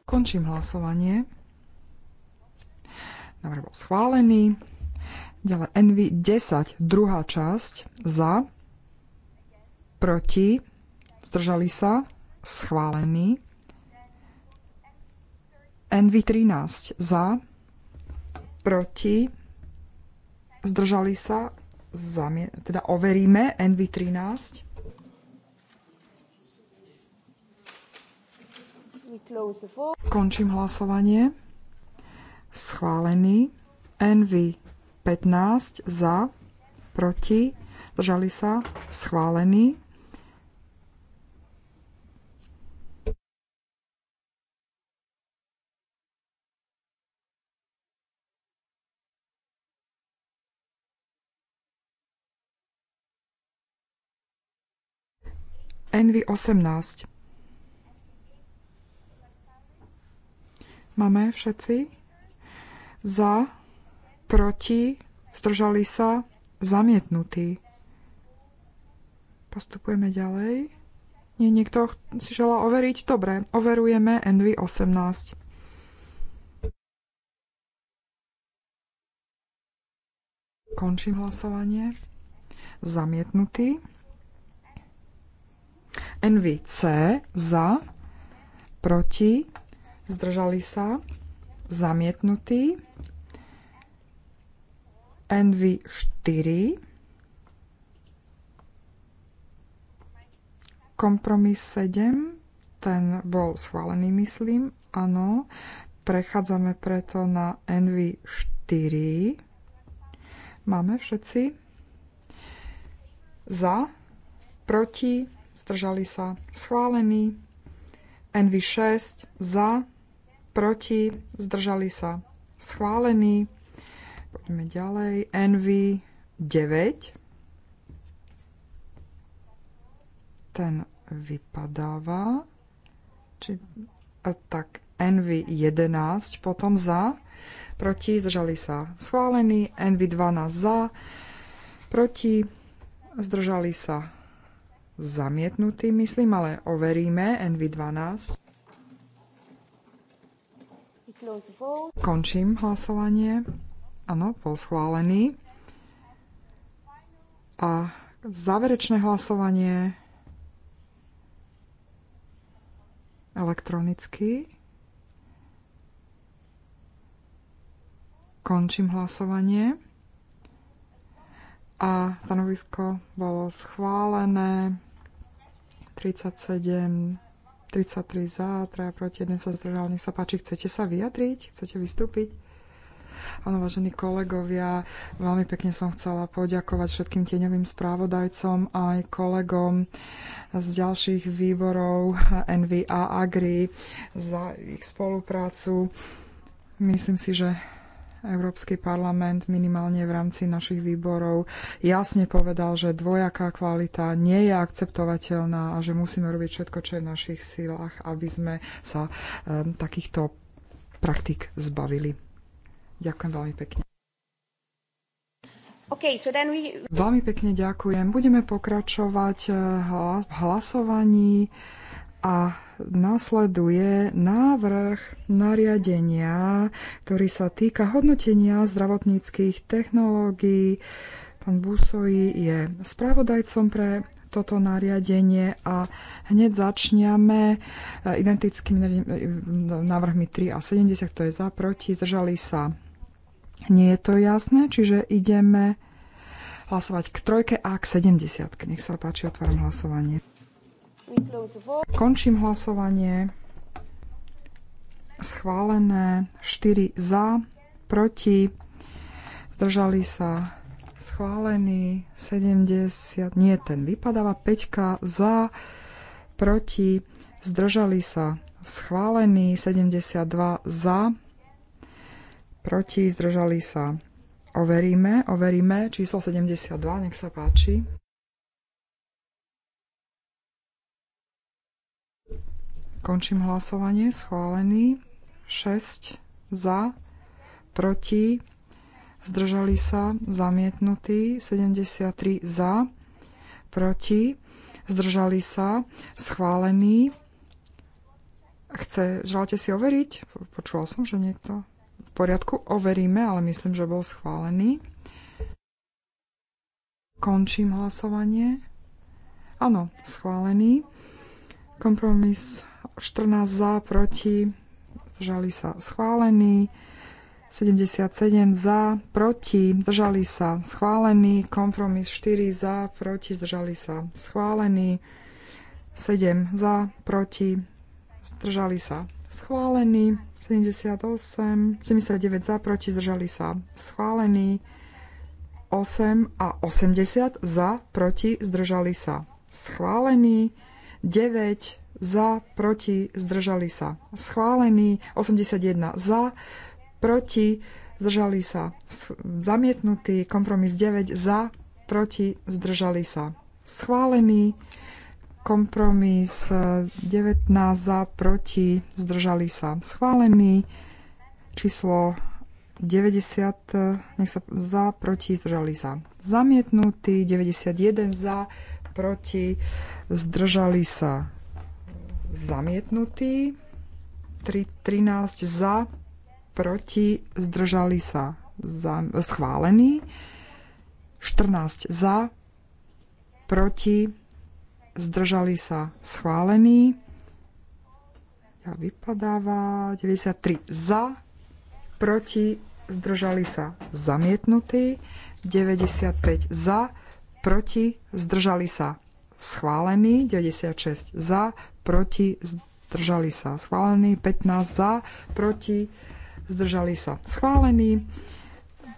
Končím hlasovanie. Dobre, bol schválený. Ďalej NV10, druhá časť, za, proti, zdržali sa, schválený. NV13 za, proti, zdržali sa, teda overíme NV13. Končím hlasovanie. Schválený. NV 15 za, proti, zdržali sa, schválený. Envy 18 Máme všetci? Za, proti, zdržali sa, zamietnutí. Postupujeme ďalej. Nie, niekto si želá overiť? Dobre, overujeme NV18. Končím hlasovanie. Zamietnutý. Envy C za, proti, zdržali sa, zamietnutý. Envy 4 kompromis 7, ten bol schválený, myslím, áno. Prechádzame preto na NV4. Máme všetci? Za, proti, zdržali sa schválený. NV6 za, proti, zdržali sa schválený. Poďme ďalej. NV9 ten vypadáva. Či, a tak NV11 potom za, proti, zdržali sa schválený, NV12 za, proti, zdržali sa zamietnutý, myslím, ale overíme NV12. Končím hlasovanie. Áno, bol schválený. A záverečné hlasovanie elektronicky. Končím hlasovanie. A stanovisko bolo schválené. 37, 33 za, 3 proti, 1 sa zdržal. Nech sa páči, chcete sa vyjadriť? Chcete vystúpiť? Áno, vážení kolegovia, veľmi pekne som chcela poďakovať všetkým tieňovým správodajcom aj kolegom z ďalších výborov NVA Agri za ich spoluprácu. Myslím si, že Európsky parlament minimálne v rámci našich výborov jasne povedal, že dvojaká kvalita nie je akceptovateľná a že musíme robiť všetko, čo je v našich silách, aby sme sa um, takýchto praktik zbavili. Ďakujem veľmi pekne. Okay, so then we... Veľmi pekne ďakujem. Budeme pokračovať e, v hlasovaní a následuje návrh nariadenia, ktorý sa týka hodnotenia zdravotníckých technológií. Pán Busoji je spravodajcom pre toto nariadenie a hneď začneme eh, identickými eh, návrhmi 3 a 70, to je za, proti, zdržali sa. Nie je to jasné, čiže ideme hlasovať k trojke a k 70. Nech sa páči, otváram hlasovanie. Končím hlasovanie. Schválené 4 za, proti, zdržali sa schválený 70, nie ten vypadáva 5 za, proti, zdržali sa schválený 72 za, proti, zdržali sa. Overíme, overíme číslo 72, nech sa páči. Končím hlasovanie. Schválený. 6 za, proti, zdržali sa, zamietnutí. 73 za, proti, zdržali sa, schválený. Chce, želáte si overiť? Počula som, že niekto... V poriadku, overíme, ale myslím, že bol schválený. Končím hlasovanie. Áno, schválený. Kompromis 14 za, proti, zdržali sa schválení. 77 za, proti, držali sa schválení. Kompromis 4 za, proti, zdržali sa schválení. 7 za, proti, zdržali sa schválení. 78, 79 za, proti, zdržali sa schválení. 8 a 80 za, proti, zdržali sa schválení. 9 za, proti, zdržali sa. Schválený 81 za, proti, zdržali sa. Zamietnutý kompromis 9 za, proti, zdržali sa. Schválený kompromis 19 e, za, proti, zdržali sa. Schválený číslo 90, e, nech sa za, proti, zdržali sa. Zamietnutý 91 za, proti, zdržali sa zamietnutý. 3, 13 za, proti, zdržali sa za, schválený. 14 za, proti, zdržali sa schválený. Ja vypadáva 93 za, proti, zdržali sa zamietnutí, 95 za, proti, zdržali sa schválený, 96 za, proti, zdržali sa, schválený, 15 za, proti, zdržali sa, schválený,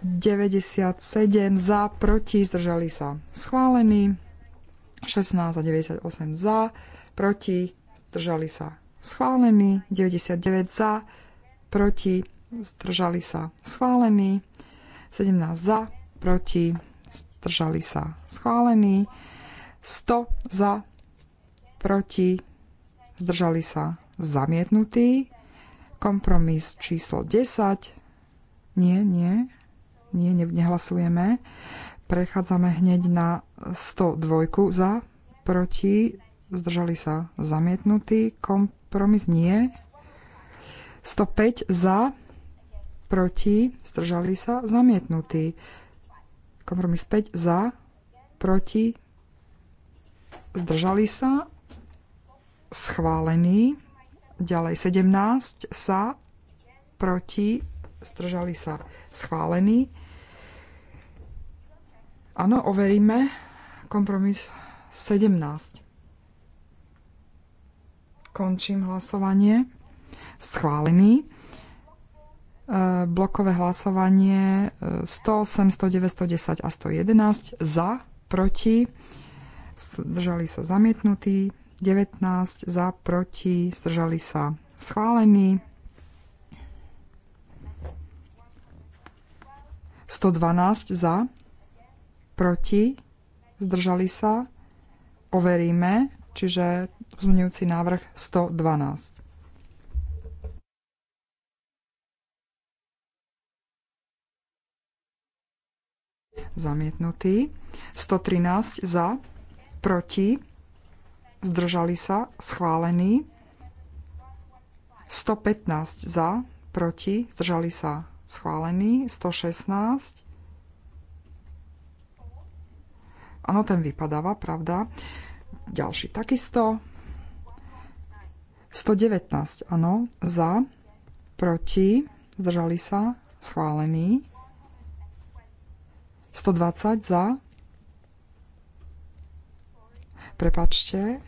97 za, proti, zdržali sa, schválený, 16 a 98 za, proti, zdržali sa, schválený, 99 za, proti, zdržali sa, schválený, 17 za, proti, zdržali sa, schválený, 100 za, proti, zdržali sa zamietnutí. Kompromis číslo 10. Nie, nie, nie, nehlasujeme. Prechádzame hneď na 102 za, proti, zdržali sa zamietnutí. Kompromis nie. 105 za, proti, zdržali sa zamietnutí. Kompromis 5 za, proti, zdržali sa, schválený. Ďalej 17 sa, proti, zdržali sa, schválený. Áno, overíme kompromis 17. Končím hlasovanie. Schválený. E, blokové hlasovanie 108, 109, 110 a 111 za, proti zdržali sa zamietnutí, 19 za, proti, zdržali sa schválení, 112 za, proti, zdržali sa, overíme, čiže zmenujúci návrh 112. Zamietnutý. 113 za, proti, zdržali sa, schválený. 115 za, proti, zdržali sa, schválený. 116. Áno, ten vypadáva, pravda. Ďalší takisto. 119, áno, za, proti, zdržali sa, schválený. 120 za, Prepačte,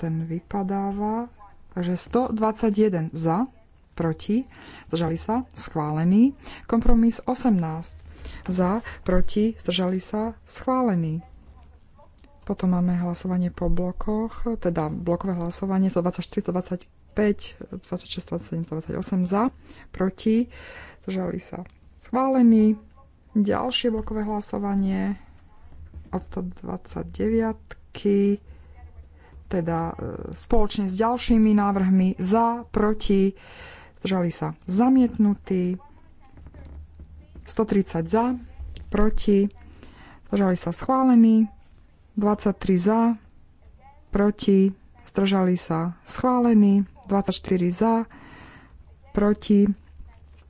ten vypadáva. Takže 121 za, proti, zdržali sa, schválený. Kompromis 18 za, proti, zdržali sa, schválený. Potom máme hlasovanie po blokoch, teda blokové hlasovanie 124, 125, 26, 27, 28 za, proti, zdržali sa, schválený. Ďalšie blokové hlasovanie od 129 teda e, spoločne s ďalšími návrhmi za, proti, držali sa zamietnutí, 130 za, proti, držali sa schválení, 23 za, proti, zdržali sa schválení, 24 za, proti,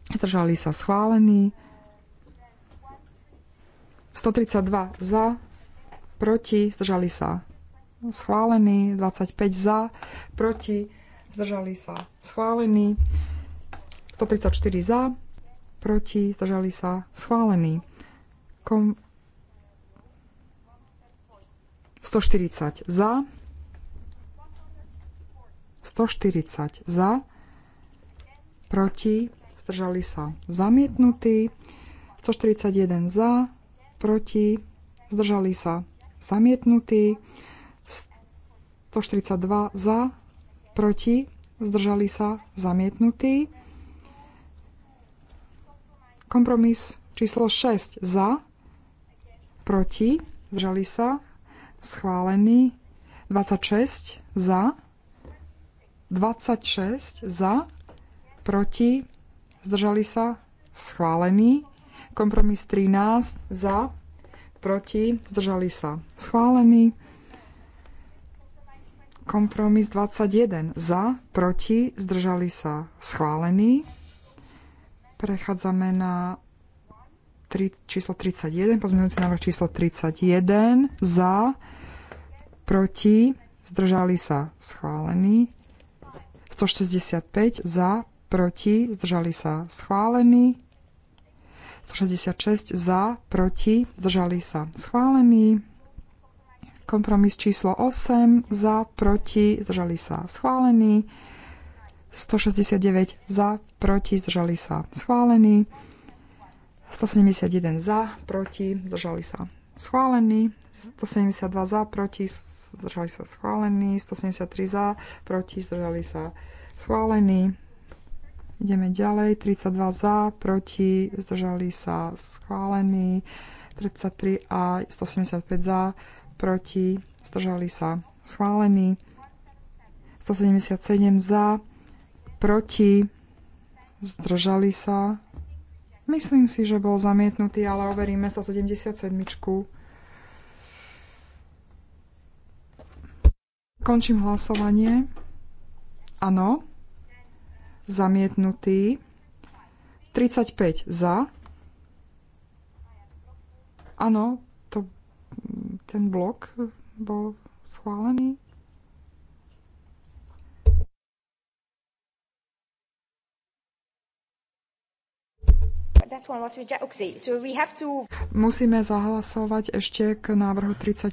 zdržali sa schválení, 132 za, proti, zdržali sa schválený, 25 za, proti, zdržali sa schválený, 134 za, proti, zdržali sa schválený. Kom... 140 za, 140 za, proti, zdržali sa zamietnutí, 141 za, proti, zdržali sa zamietnutý. 142 za, proti, zdržali sa, zamietnutý. Kompromis číslo 6 za, proti, zdržali sa, schválený. 26 za, 26 za, proti, zdržali sa, schválený. Kompromis 13 za, proti, zdržali sa schválený. Kompromis 21 za, proti, zdržali sa schválený. Prechádzame na tri, číslo 31, pozmeňujúci návrh číslo 31 za, proti, zdržali sa schválený. 165 za, proti, zdržali sa schválený. 166 za, proti, zdržali sa schválený. Kompromis číslo 8 za, proti, zdržali sa schválený. 169 za, proti, zdržali sa schválený. 171 za, proti, zdržali sa schválený. 172 za, proti, zdržali sa schválený. 173 za, proti, zdržali sa schválený. Ideme ďalej. 32 za, proti, zdržali sa schválení. 33 a 175 za, proti, zdržali sa schválení. 177 za, proti, zdržali sa. Myslím si, že bol zamietnutý, ale overíme 177. Končím hlasovanie. Áno zamietnutý. 35 za. Áno, to, ten blok bol schválený. Musíme zahlasovať ešte k návrhu 35 e,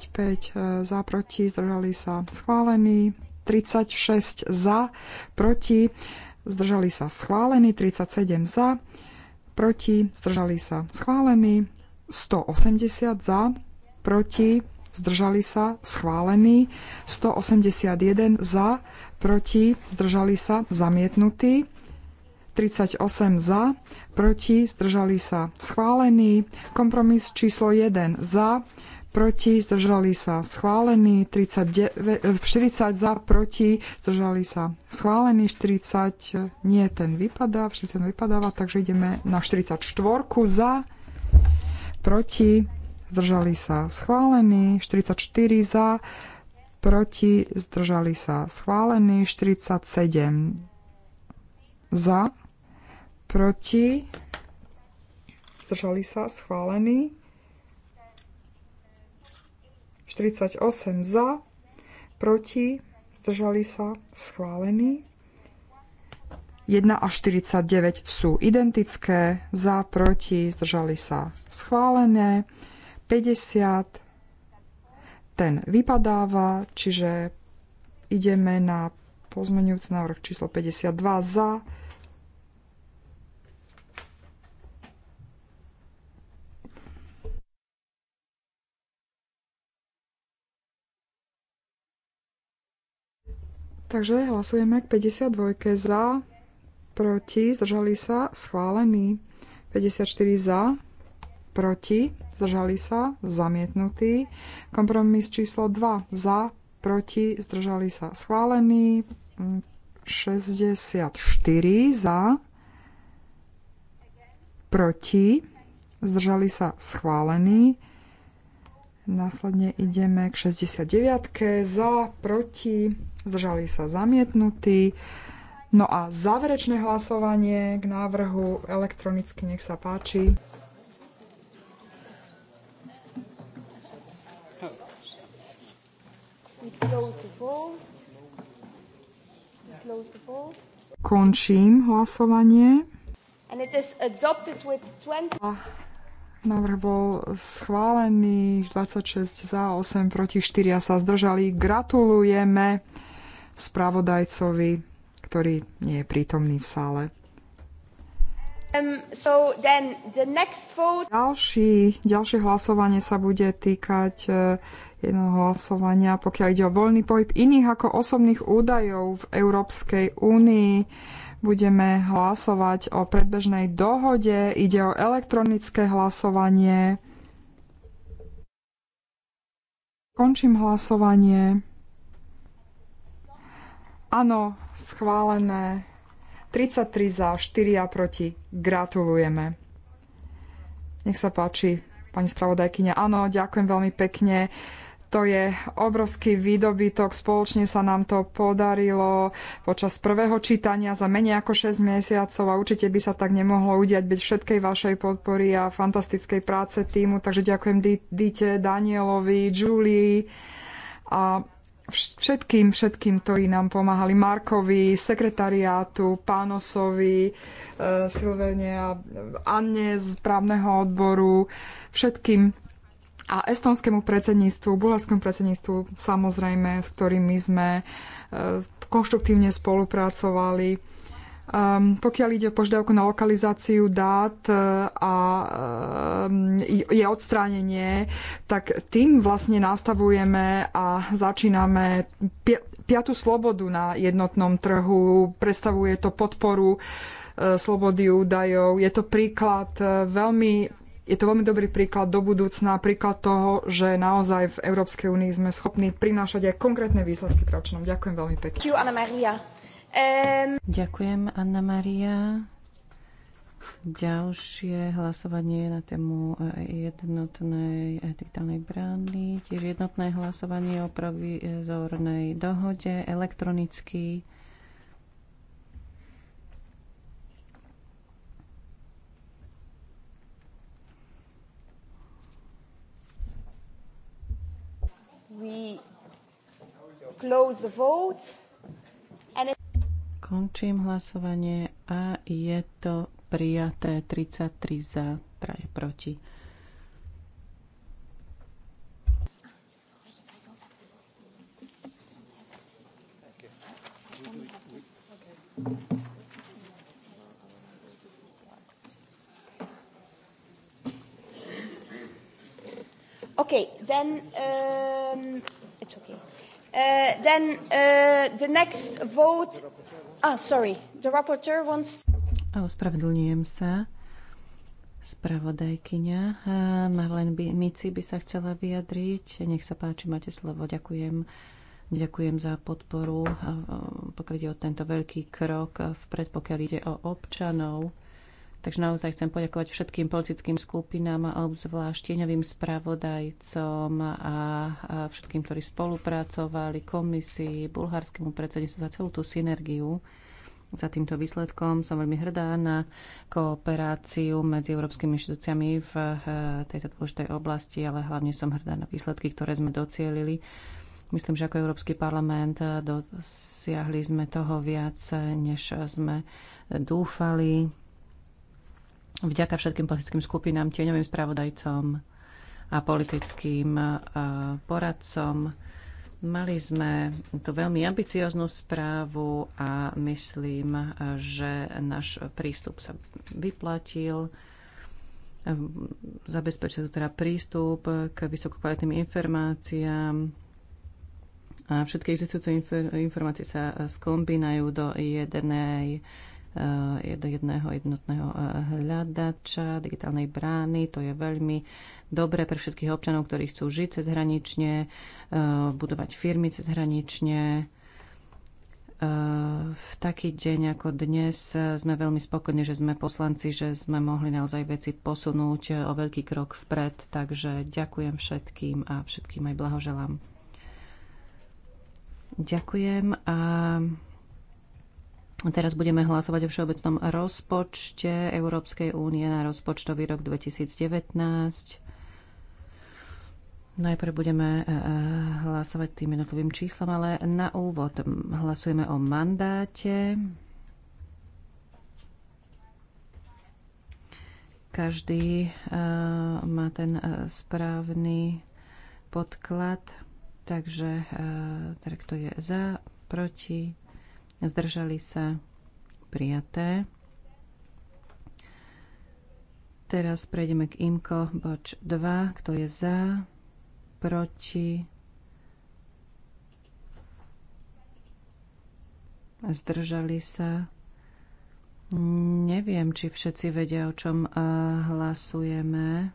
za, proti, zdržali sa schválený, 36 za, proti, zdržali sa schválení, 37 za, proti, zdržali sa schválení, 180 za, proti, zdržali sa schválení, 181 za, proti, zdržali sa zamietnutí, 38 za, proti, zdržali sa schválení, kompromis číslo 1 za, proti, zdržali sa schválení, 39, 40 za, proti, zdržali sa schválení, 40, nie, ten vypadá, 40 vypadáva, takže ideme na 44 za, proti, zdržali sa schválení, 44 za, proti, zdržali sa schválení, 47 za, proti, zdržali sa schválení, 48 za, proti, zdržali sa, schválený. 1 a 49 sú identické, za, proti, zdržali sa, schválené. 50, ten vypadáva, čiže ideme na pozmeňujúci návrh číslo 52 za, Takže hlasujeme k 52 za, proti, zdržali sa, schválený. 54 za, proti, zdržali sa, zamietnutý. Kompromis číslo 2 za, proti, zdržali sa, schválený. 64 mm, za, proti, zdržali sa, schválený. Následne ideme k 69. Za, proti, zdržali sa zamietnutí. No a záverečné hlasovanie k návrhu elektronicky, nech sa páči. Končím hlasovanie. A Návrh bol schválený, 26 za, 8 proti, 4 sa zdržali. Gratulujeme spravodajcovi, ktorý nie je prítomný v sále. Um, so the next vote... Ďalší, ďalšie hlasovanie sa bude týkať e, jedného hlasovania, pokiaľ ide o voľný pohyb iných ako osobných údajov v Európskej únii budeme hlasovať o predbežnej dohode. Ide o elektronické hlasovanie. Končím hlasovanie. Áno, schválené. 33 za, 4 a proti. Gratulujeme. Nech sa páči, pani spravodajkyňa. Áno, ďakujem veľmi pekne. To je obrovský výdobytok, spoločne sa nám to podarilo počas prvého čítania za menej ako 6 mesiacov a určite by sa tak nemohlo udiať bez všetkej vašej podpory a fantastickej práce týmu. Takže ďakujem Dite, Danielovi, Julie a všetkým, všetkým, ktorí nám pomáhali, Markovi, sekretariátu, Pánosovi, e, Silvene a Anne z právneho odboru, všetkým, a estonskému predsedníctvu, bulharskému predsedníctvu samozrejme, s ktorými sme e, konštruktívne spolupracovali. Um, pokiaľ ide o požiadavku na lokalizáciu dát e, a um, je odstránenie, tak tým vlastne nastavujeme a začíname piatu slobodu na jednotnom trhu. Predstavuje to podporu uh, slobody údajov. Je to príklad veľmi je to veľmi dobrý príklad do budúcna, príklad toho, že naozaj v Európskej únii sme schopní prinášať aj konkrétne výsledky pre občanom. Ďakujem veľmi pekne. Ďakujem, Anna Maria. Ďalšie hlasovanie na tému eh, jednotnej eh, digitálnej brány, tiež jednotné hlasovanie o provizornej dohode, elektronicky. We close the vote. And it... Končím hlasovanie a je to prijaté 33 za, 3 proti. Thank you. Okay, then um, it's okay. Uh, then uh, the next vote. Ah, sorry, the rapporteur wants. Ospravedlňujem sa. Spravodajkyňa uh, Marlen Mici by sa chcela vyjadriť. Nech sa páči, máte slovo. Ďakujem. Ďakujem za podporu, pokiaľ ide o tento veľký krok vpred, pokiaľ ide o občanov Takže naozaj chcem poďakovať všetkým politickým skupinám a obzvlášť tieňovým spravodajcom a všetkým, ktorí spolupracovali, komisii, bulharskému predsedníctvu za celú tú synergiu za týmto výsledkom. Som veľmi hrdá na kooperáciu medzi európskymi inštitúciami v e, tejto dôležitej oblasti, ale hlavne som hrdá na výsledky, ktoré sme docielili. Myslím, že ako Európsky parlament dosiahli sme toho viac, než sme dúfali Vďaka všetkým politickým skupinám, tieňovým spravodajcom a politickým e, poradcom. Mali sme tu veľmi ambicioznú správu a myslím, že náš prístup sa vyplatil. E, zabezpečil teda prístup k vysokokvalitným informáciám a všetky existujúce informácie sa skombinajú do jednej Eh, do jedného jednotného eh, hľadača, digitálnej brány. To je veľmi dobré pre všetkých občanov, ktorí chcú žiť cezhranične, eh, budovať firmy cezhranične. V taký deň ako dnes sme veľmi spokojní, že sme poslanci, že sme mohli naozaj veci posunúť o veľký krok vpred. Takže ďakujem všetkým a všetkým aj blahoželám. Ďakujem a Teraz budeme hlasovať o všeobecnom rozpočte Európskej únie na rozpočtový rok 2019. Najprv budeme e, e, hlasovať tým jednotlivým číslom, ale na úvod hlasujeme o mandáte. Každý e, má ten správny podklad, takže teda kto je za, proti, zdržali sa prijaté. Teraz prejdeme k IMKO boč 2. Kto je za? Proti? Zdržali sa? Neviem, či všetci vedia, o čom eh, hlasujeme.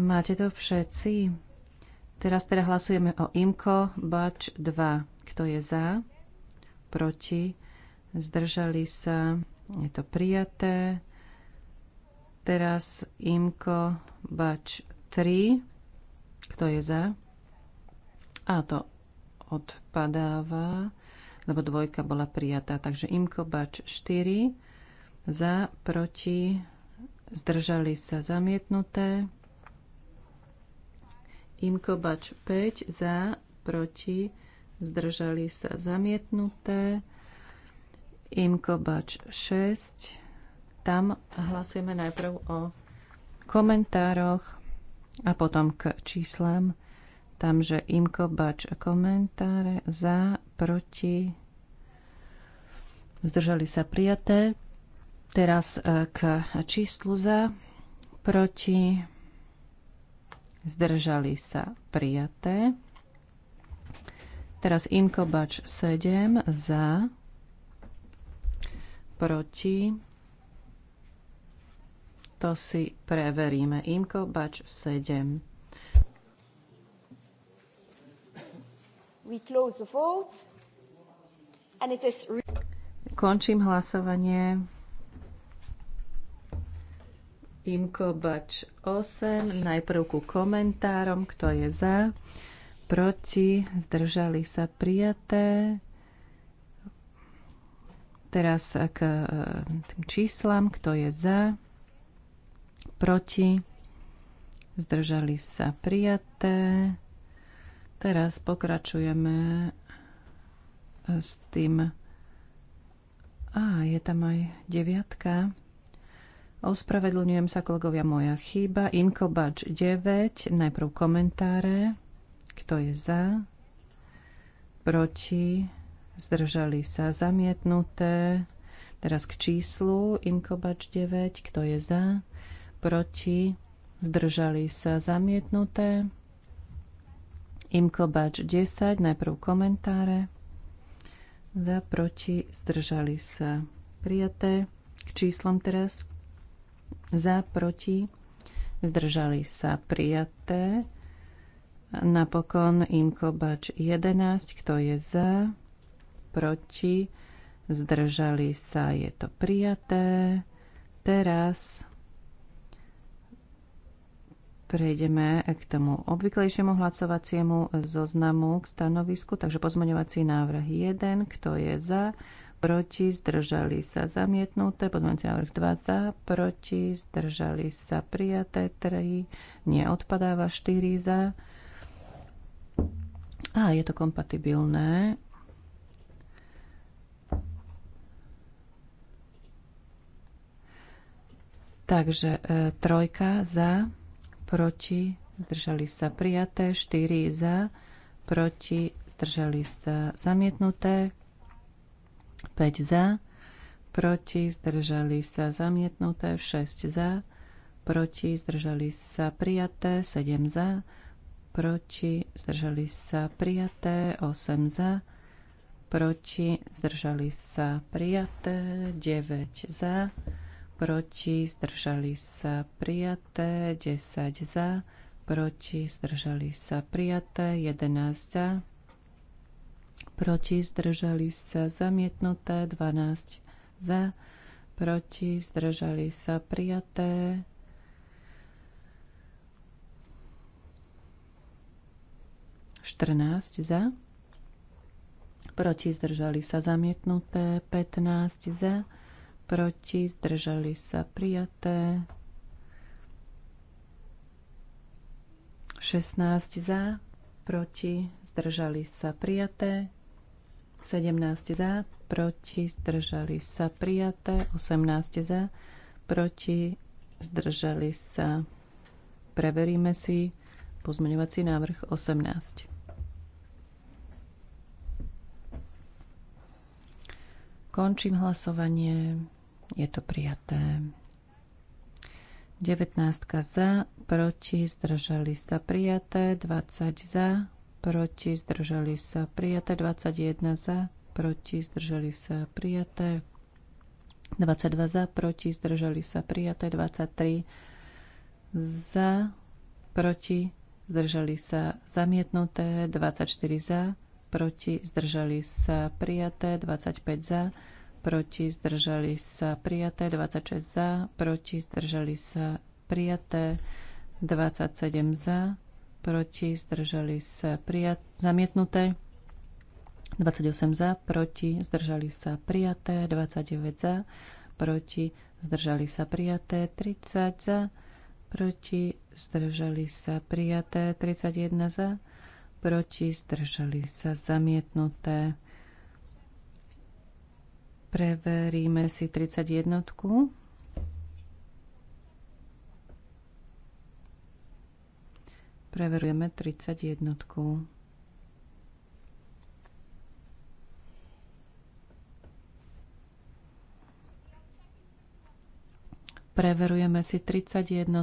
Máte to všetci? Teraz teda hlasujeme o IMKO BAČ 2. Kto je za? Proti? Zdržali sa? Je to prijaté. Teraz IMKO BAČ 3. Kto je za? A to odpadáva, lebo dvojka bola prijatá. Takže IMKO BAČ 4. Za, proti, zdržali sa zamietnuté. Imkobač 5 za, proti, zdržali sa zamietnuté. Imkobač 6. Tam hlasujeme najprv o komentároch a potom k číslam. Tamže Imkobač komentáre za, proti, zdržali sa prijaté. Teraz eh, k číslu za, proti, zdržali sa prijaté. Teraz Imkobač 7 za, proti, to si preveríme. Imkobač 7. We close the vote and it is... Končím hlasovanie. Imko Bač 8, najprv ku komentárom, kto je za, proti, zdržali sa prijaté. Teraz k e, tým číslam, kto je za, proti, zdržali sa prijaté. Teraz pokračujeme e, s tým. A je tam aj deviatka. Ospravedlňujem sa, kolegovia, moja chyba. Imko Bač 9, najprv komentáre. Kto je za? Proti? Zdržali sa zamietnuté. Teraz k číslu. Imko Bač 9, kto je za? Proti? Zdržali sa zamietnuté. Imko Bač 10, najprv komentáre. Za, proti, zdržali sa prijaté. K číslom teraz za, proti, zdržali sa prijaté. Napokon Imko Bač 11, kto je za, proti, zdržali sa, je to prijaté. Teraz prejdeme k tomu obvyklejšiemu hlasovaciemu zoznamu k stanovisku, takže pozmeňovací návrh 1, kto je za, proti, zdržali sa zamietnuté, pozmeňujúci návrh 2 za, proti, zdržali sa prijaté, 3 neodpadáva odpadáva, 4 za. A je to kompatibilné. Takže e, trojka za, proti, zdržali sa prijaté, 4 za, proti, zdržali sa zamietnuté, 5 za, proti, zdržali sa zamietnuté, 6 za, proti, zdržali sa prijaté, 7 za, proti, zdržali sa prijaté, 8 za, proti, zdržali sa prijaté, 9 za, proti, zdržali sa prijaté, 10 za, proti, zdržali sa prijaté, 11 za, proti, zdržali sa zamietnuté, 12 za, proti, zdržali sa prijaté. Štrnáct za, proti zdržali sa zamietnuté, 15 za, proti zdržali sa prijaté, 16 za, proti zdržali sa prijaté, 17 za, proti, zdržali sa prijaté, 18 za, proti, zdržali sa. Preveríme si pozmeňovací návrh 18. Končím hlasovanie, je to prijaté. 19 za, proti, zdržali sa prijaté, 20 za, proti, zdržali sa prijaté, 21 za, proti, zdržali sa prijaté, 22 za, proti, zdržali sa prijaté, 23 za, proti, zdržali sa zamietnuté, 24 za, proti, zdržali sa prijaté, 25 za, proti, zdržali sa prijaté, 26 za, proti, zdržali sa prijaté, 27 za, proti, zdržali sa prijat, zamietnuté. 28 za, proti, zdržali sa prijaté. 29 za, proti, zdržali sa prijaté. 30 za, proti, zdržali sa prijaté. 31 za, proti, zdržali sa zamietnuté. Preveríme si 31. Preverujeme 31. Preverujeme si 31. E,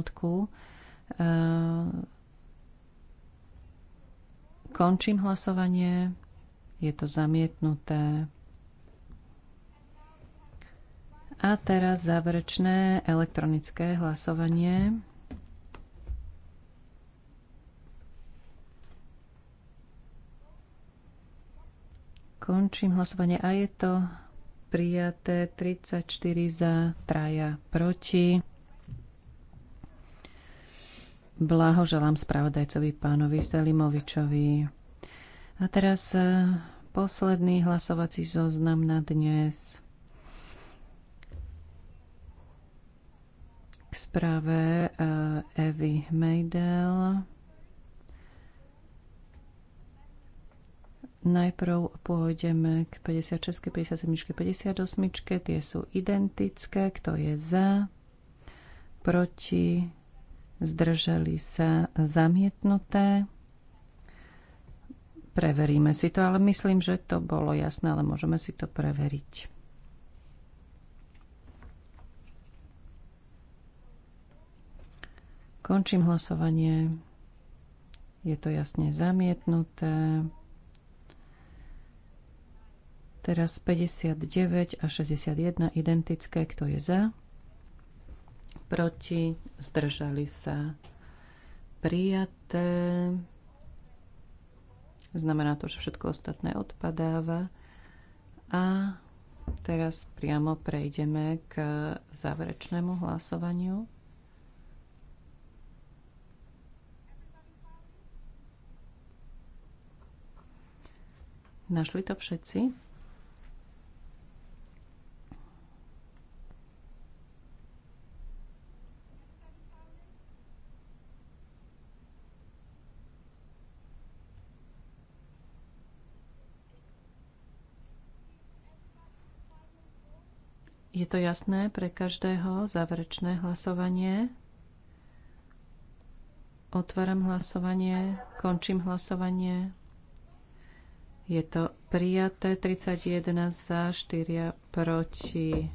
končím hlasovanie. Je to zamietnuté. A teraz záverečné elektronické hlasovanie. Končím hlasovanie a je to prijaté 34 za, traja proti. Blahoželám spravodajcovi pánovi Selimovičovi. A teraz e, posledný hlasovací zoznam na dnes. K správe e, Evy Mejdel. Najprv pôjdeme k 56, 57, 58. Tie sú identické. Kto je za? Proti? Zdržali sa zamietnuté. Preveríme si to, ale myslím, že to bolo jasné, ale môžeme si to preveriť. Končím hlasovanie. Je to jasne zamietnuté. Teraz 59 a 61 identické. Kto je za? Proti? Zdržali sa? Prijaté. Znamená to, že všetko ostatné odpadáva. A teraz priamo prejdeme k záverečnému hlasovaniu. Našli to všetci? Je to jasné pre každého záverečné hlasovanie. Otváram hlasovanie, končím hlasovanie. Je to prijaté 31 za, 4 proti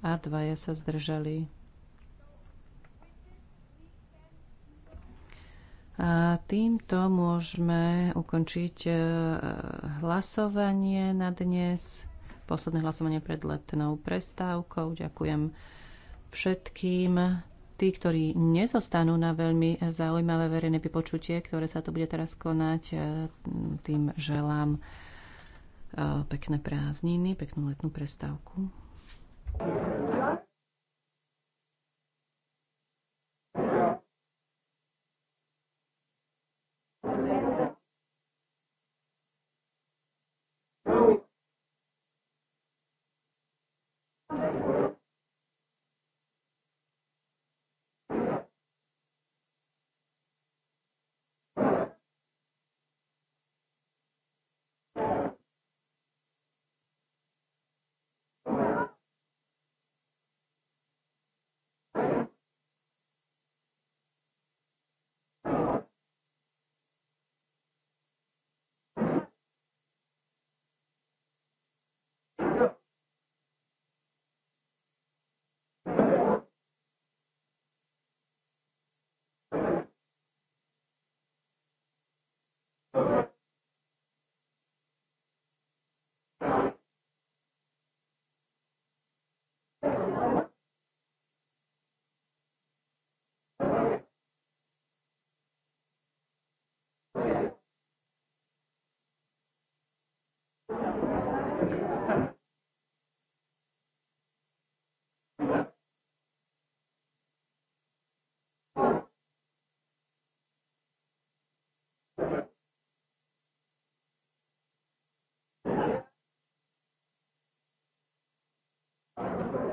a dvaja sa zdržali. A týmto môžeme ukončiť e, hlasovanie na dnes posledné hlasovanie pred letnou prestávkou. Ďakujem všetkým. Tí, ktorí nezostanú na veľmi zaujímavé verejné vypočutie, ktoré sa tu bude teraz konať, e, tým želám e, pekné prázdniny, peknú letnú prestávku. Thank you.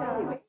Ja,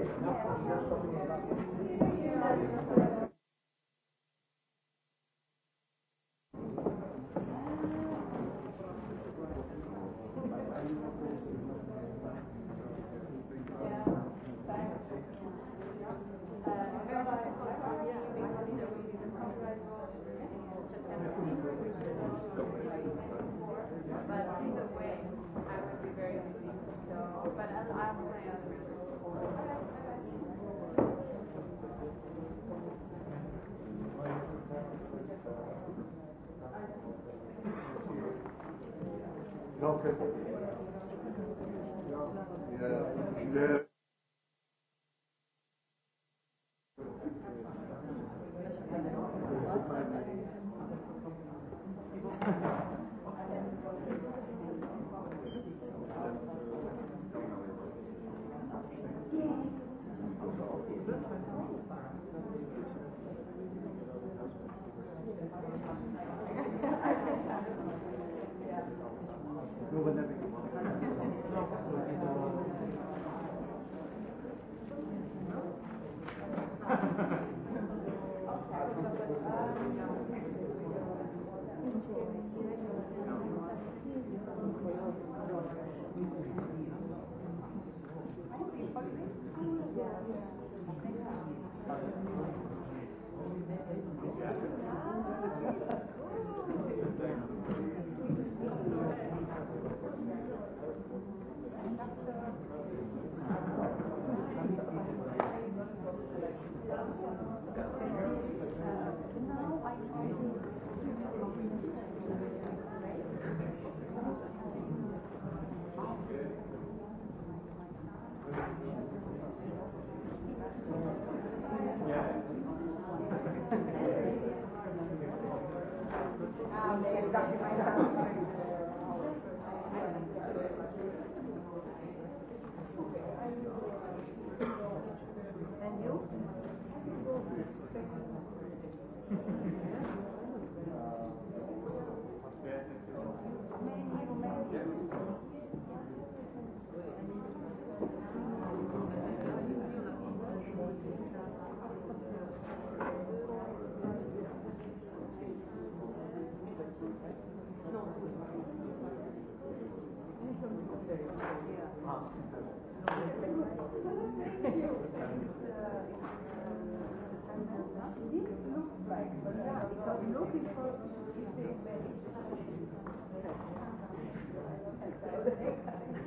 Thank you.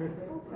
Thank you.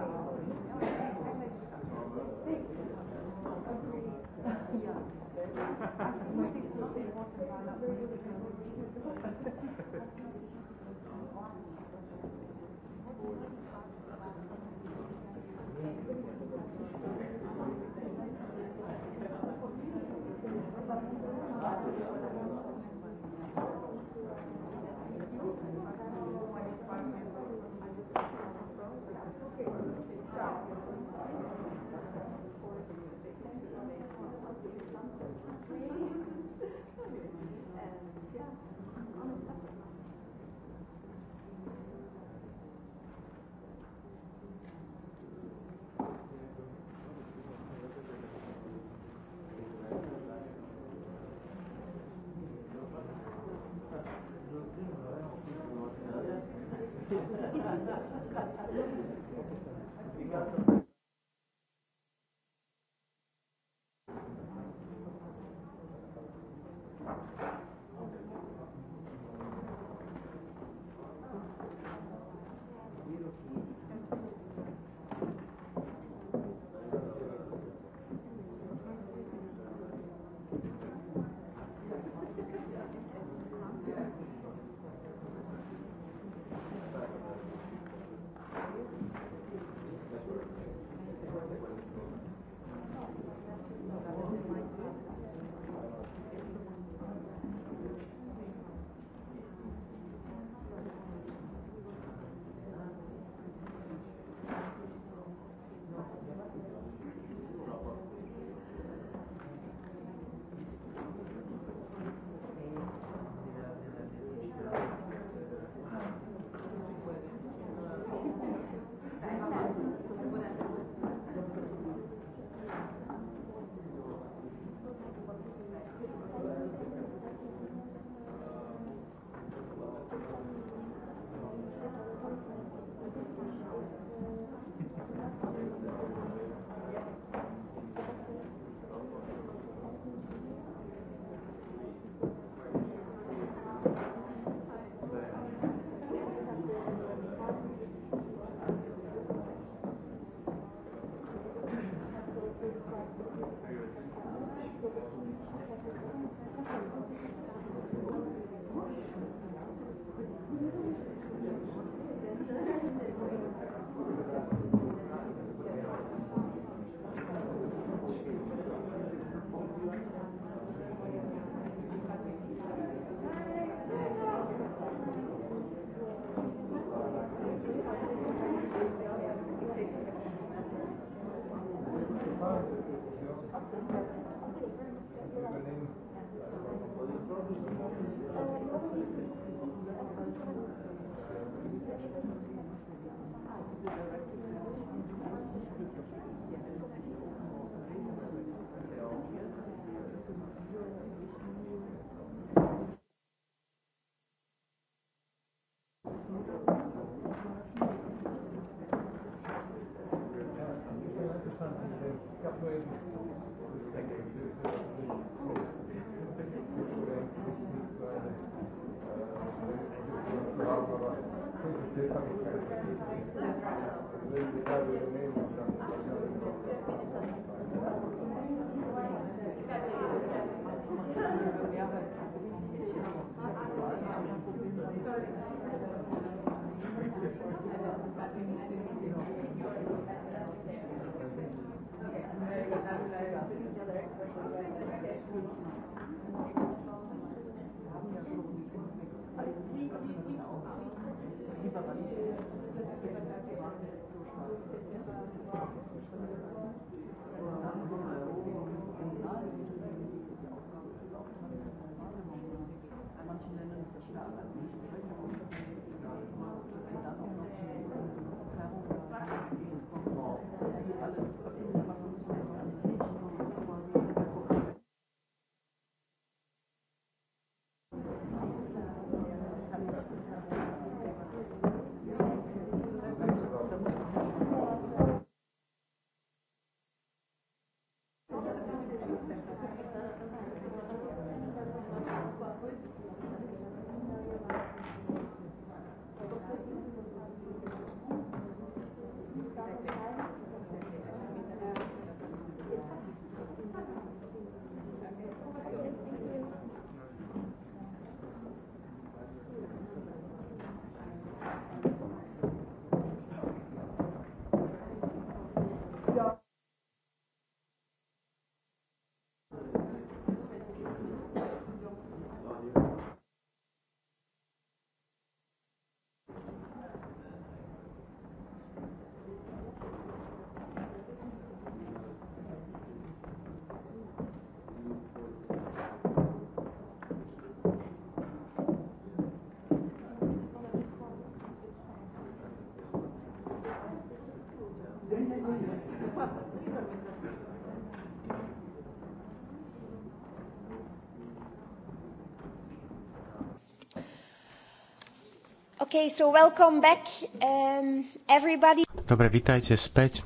Okay, so welcome back, um, everybody. Dobre, vítajte späť.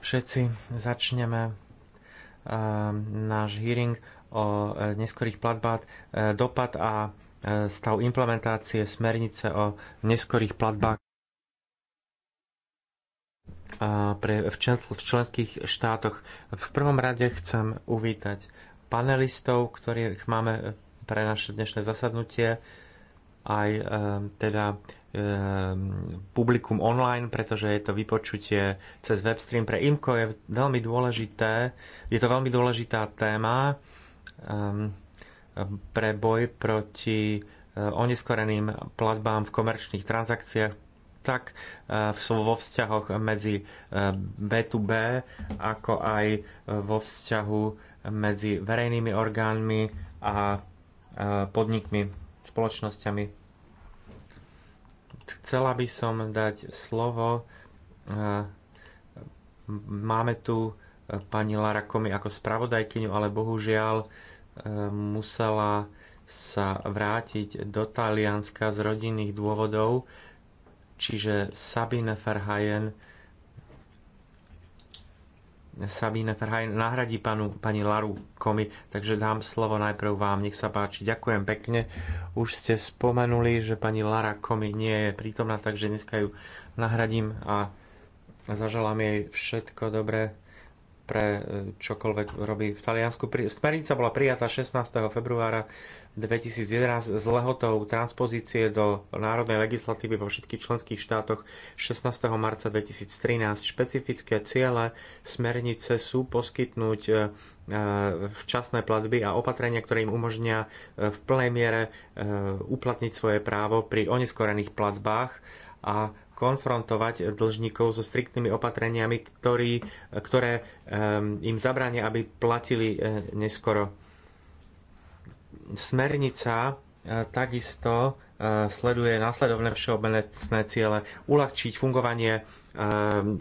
Všetci začneme um, náš hearing o e, neskorých platbách, e, dopad a e, stav implementácie smernice o neskorých platbách pre, v, členstv, v členských štátoch. V prvom rade chcem uvítať panelistov, ktorých máme pre naše dnešné zasadnutie. Uh, aj eh, teda eh, publikum online, pretože je to vypočutie cez webstream. Pre IMKO je veľmi dôležité, je to veľmi dôležitá téma ehm, pre boj proti eh, oneskoreným platbám v komerčných transakciách, tak vo vzťahoch medzi B2B, ako aj vo vzťahu medzi verejnými orgánmi a podnikmi spoločnosťami. Chcela by som dať slovo. Eh, máme tu eh, pani Lara Komi ako spravodajkyňu, ale bohužiaľ eh, musela sa vrátiť do Talianska z rodinných dôvodov, čiže Sabine Verheyen Sabine Ferhajn nahradí panu, pani Laru Komi, takže dám slovo najprv vám, nech sa páči. Ďakujem pekne. Už ste spomenuli, že pani Lara Komi nie je prítomná, takže dneska ju nahradím a zaželám jej všetko dobré pre e, čokoľvek robí v Taliansku. Smernica bola prijatá 16. februára 2011 s lehotou transpozície do národnej legislatívy vo všetkých členských štátoch 16. marca 2013. Špecifické ciele smernice sú poskytnúť e, e, včasné platby a opatrenia, ktoré im umožnia e, v plnej miere uplatniť svoje právo pri oneskorených platbách a konfrontovať dlžníkov so striktnými opatreniami, ktorý, ktoré im zabránia, aby platili neskoro Smernica e, takisto e, sleduje následovné všeobecné ciele uľahčiť fungovanie e,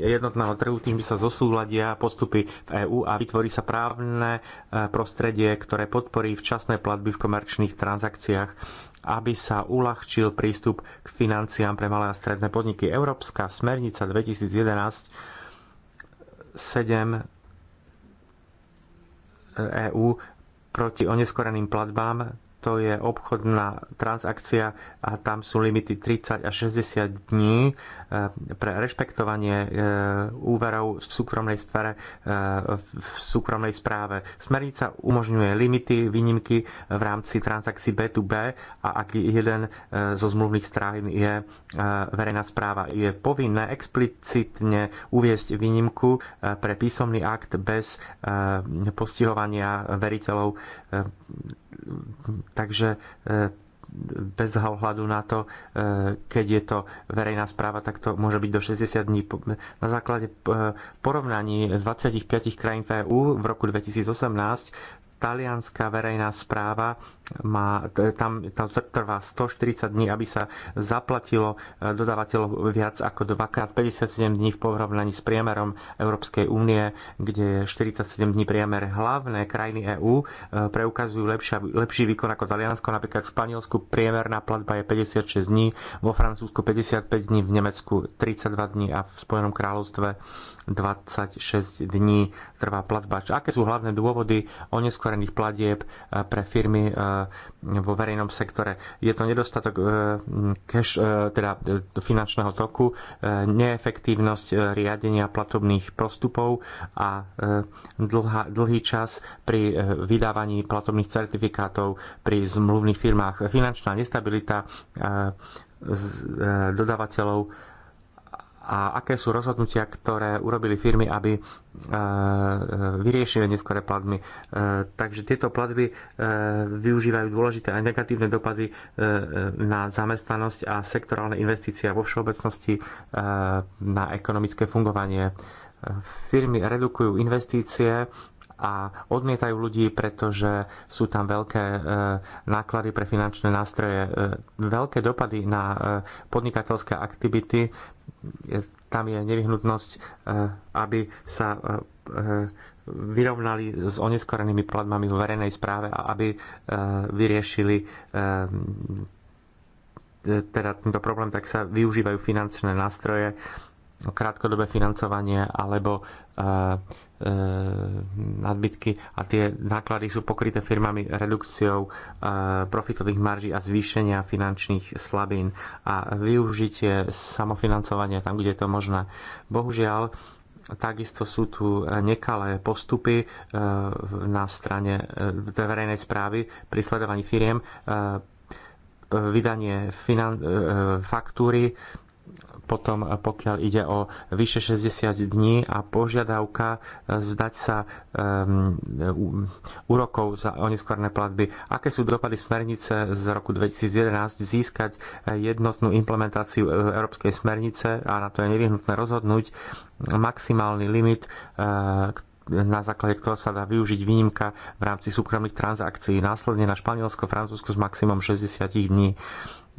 jednotného trhu, tým by sa zosúladia postupy v EÚ a vytvorí sa právne prostredie, ktoré podporí včasné platby v komerčných transakciách aby sa uľahčil prístup k financiám pre malé a stredné podniky. Európska smernica 2011 7 EÚ proti oneskoreným platbám to je obchodná transakcia a tam sú limity 30 až 60 dní e, pre rešpektovanie e, úverov v súkromnej, sfere, e, v súkromnej správe. Smernica umožňuje limity, výnimky v rámci transakcií B2B a ak jeden zo zmluvných strán je verejná správa, je povinné explicitne uviesť výnimku pre písomný akt bez postihovania veriteľov takže e, bez ohľadu na to, e, keď je to verejná správa, tak to môže byť do 60 dní. Na základe e, porovnaní 25 krajín v EU v roku 2018 talianská verejná správa má, tam, tam trvá 140 dní, aby sa zaplatilo e, dodávateľov viac ako x 57 dní v porovnaní s priemerom Európskej únie, kde je 47 dní priemer. Hlavné krajiny EÚ e, preukazujú lepšia, lepší výkon ako Taliansko, napríklad v Španielsku priemerná platba je 56 dní, vo Francúzsku 55 dní, v Nemecku 32 dní a v Spojenom kráľovstve 26 dní trvá platba. Aké sú hlavné dôvody oneskorených platieb eh, pre firmy eh, vo verejnom sektore? Je to nedostatok eh, cash, teda finančného toku, neefektívnosť riadenia platobných postupov a dlhá, dlhý čas pri vydávaní platobných certifikátov pri zmluvných firmách, finančná nestabilita dodávateľov a aké sú rozhodnutia, ktoré urobili firmy, aby e, e, vyriešili neskore platby. E, takže tieto platby využívajú dôležité aj negatívne dopady na zamestnanosť a sektorálne investície vo všeobecnosti na ekonomické fungovanie. Firmy redukujú investície a odmietajú ľudí, pretože sú tam veľké náklady pre finančné nástroje, veľké dopady na podnikateľské aktivity, tam je nevyhnutnosť, e, aby sa e, e, vyrovnali s oneskorenými platbami v verejnej správe a aby vyriešili teda tento problém, tak sa využívajú finančné nástroje, krátkodobé financovanie alebo E, nadbytky a tie náklady sú pokryté firmami redukciou e, profitových marží a zvýšenia finančných slabín a využitie samofinancovania tam, kde je to možné. Bohužiaľ, Takisto sú tu nekalé postupy e, na strane verejnej správy pri sledovaní firiem, vydanie finan- faktúry potom eh, pokiaľ ide o vyše 60 dní a požiadavka eh, vzdať sa um, úrokov za oneskorné platby. Aké sú dopady smernice z roku 2011 získať eh, jednotnú implementáciu Európskej smernice a na to je nevyhnutné rozhodnúť maximálny limit, uh, na základe ktorého sa dá využiť výnimka v rámci súkromných transakcií. Následne na Španielsko, Francúzsko s maximum 60 dní.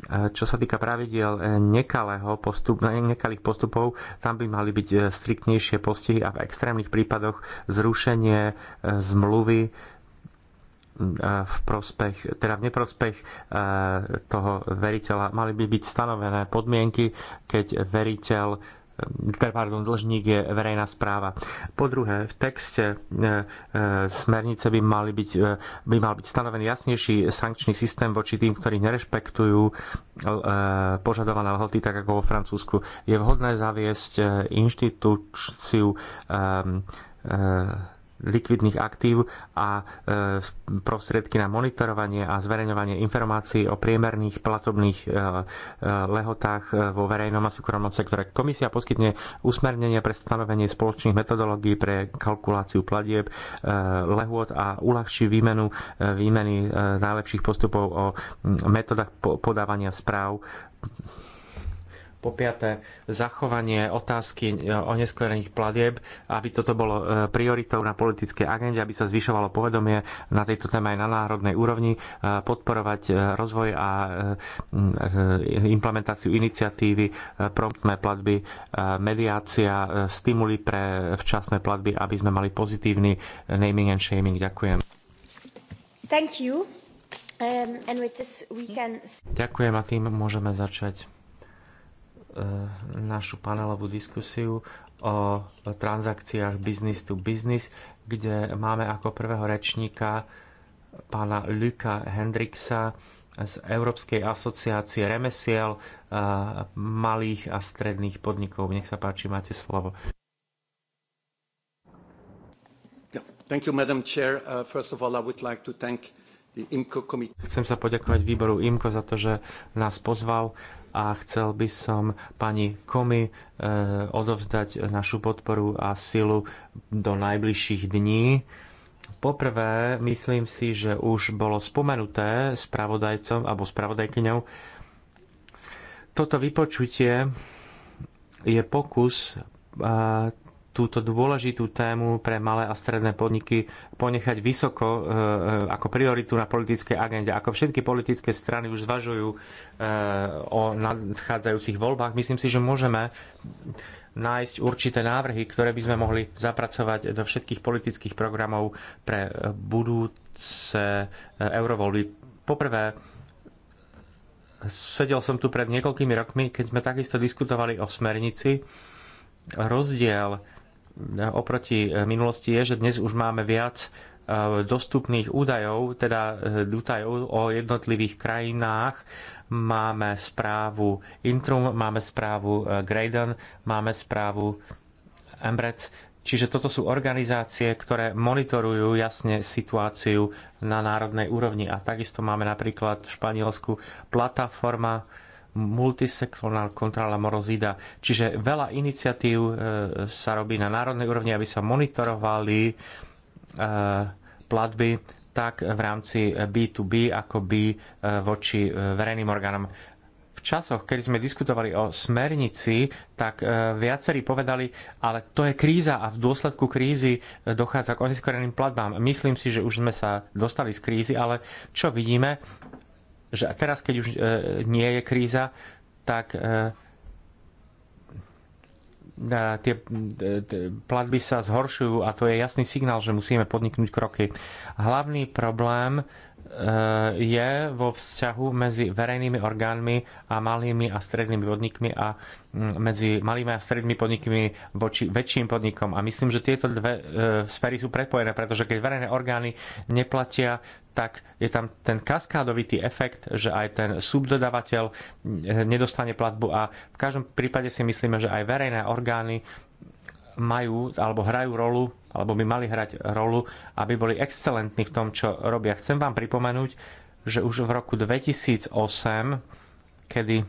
Čo sa týka pravidiel eh, nekalého postup, nekalých postupov, tam by mali byť eh, striktnejšie postihy a v extrémnych prípadoch zrušenie eh, zmluvy mm, v prospech, teda v neprospech toho veriteľa. Mali by byť stanovené podmienky, keď veriteľ teda, pardon, dlžník je verejná správa. Po druhé, v texte e, e, smernice by, mali byť, e, by mal byť stanovený jasnejší sankčný systém voči tým, ktorí nerešpektujú požadované lhoty, tak ako vo Francúzsku. Je vhodné zaviesť inštitúciu likvidných aktív a e, prostriedky na monitorovanie a zverejňovanie informácií o priemerných platobných e, e, lehotách vo verejnom a súkromnom sektore. Komisia poskytne usmernenie pre stanovenie spoločných metodológií pre kalkuláciu platieb, lehôd a uľahčí výmenu výmeny najlepších postupov o metodách podávania správ po piaté, zachovanie otázky e, oneskorených platieb, aby toto bolo e, prioritou na politickej agende, aby sa zvyšovalo povedomie na tejto téme aj na národnej úrovni, e, podporovať rozvoj a implementáciu iniciatívy, promptné platby, mediácia, stimuli pre včasné platby, aby sme mali pozitívny naming and shaming. Ďakujem. Thank you. Um, and with this we can... Ďakujem a tým môžeme začať. Eh, našu panelovú diskusiu o transakciách business to business, kde máme ako prvého rečníka pána Luka Hendrixa z Európskej asociácie remesiel eh, malých a stredných podnikov. Nech sa páči, máte slovo. Thank you, Madam Chair. Uh, first of all, I would like to thank uh, Chcem sa poďakovať výboru IMKO za to, že nás pozval a chcel by som pani Komi eh, odovzdať našu podporu a silu do najbližších dní. Poprvé, myslím si, že už bolo spomenuté spravodajcom alebo spravodajkyňou, toto vypočutie je pokus eh, túto dôležitú tému pre malé a stredné podniky ponechať vysoko e, e, ako prioritu na politickej agende. Ako všetky politické strany už zvažujú e, o nadchádzajúcich voľbách, myslím si, že môžeme nájsť určité návrhy, ktoré by sme mohli zapracovať do všetkých politických programov pre budúce eurovoľby. Poprvé, sedel som tu pred niekoľkými rokmi, keď sme takisto diskutovali o smernici. Rozdiel oproti e, minulosti je, že dnes už máme viac e, dostupných údajov, teda e, údajov o jednotlivých krajinách. Máme správu Intrum, máme správu Graydon, máme správu Embrec. Čiže toto sú organizácie, ktoré monitorujú jasne situáciu na národnej úrovni. A takisto máme napríklad v Španielsku plataforma multisektorálna kontrola morozída. Čiže veľa iniciatív e, sa robí na národnej úrovni, aby sa monitorovali e, platby tak v rámci B2B ako B e, voči verejným orgánom v časoch, keď sme diskutovali o smernici, tak viacerí povedali, ale to je kríza a v dôsledku krízy dochádza k oneskoreným platbám. Myslím si, že už sme sa dostali z krízy, ale čo vidíme, že teraz, keď už e, nie je kríza, tak e, tie e, platby sa zhoršujú a to je jasný signál, že musíme podniknúť kroky. Hlavný problém Eh, je vo vzťahu medzi verejnými orgánmi a malými a strednými podnikmi a mm, medzi malými a strednými podnikmi voči väčším podnikom. A myslím, že tieto dve eh, sféry sú prepojené, pretože keď verejné orgány neplatia, tak je tam ten kaskádovitý efekt, že aj ten subdodávateľ eh, nedostane platbu a v každom prípade si myslíme, že aj verejné orgány majú alebo hrajú rolu alebo by mali hrať rolu, aby boli excelentní v tom, čo robia. Chcem vám pripomenúť, že už v roku 2008, kedy eh,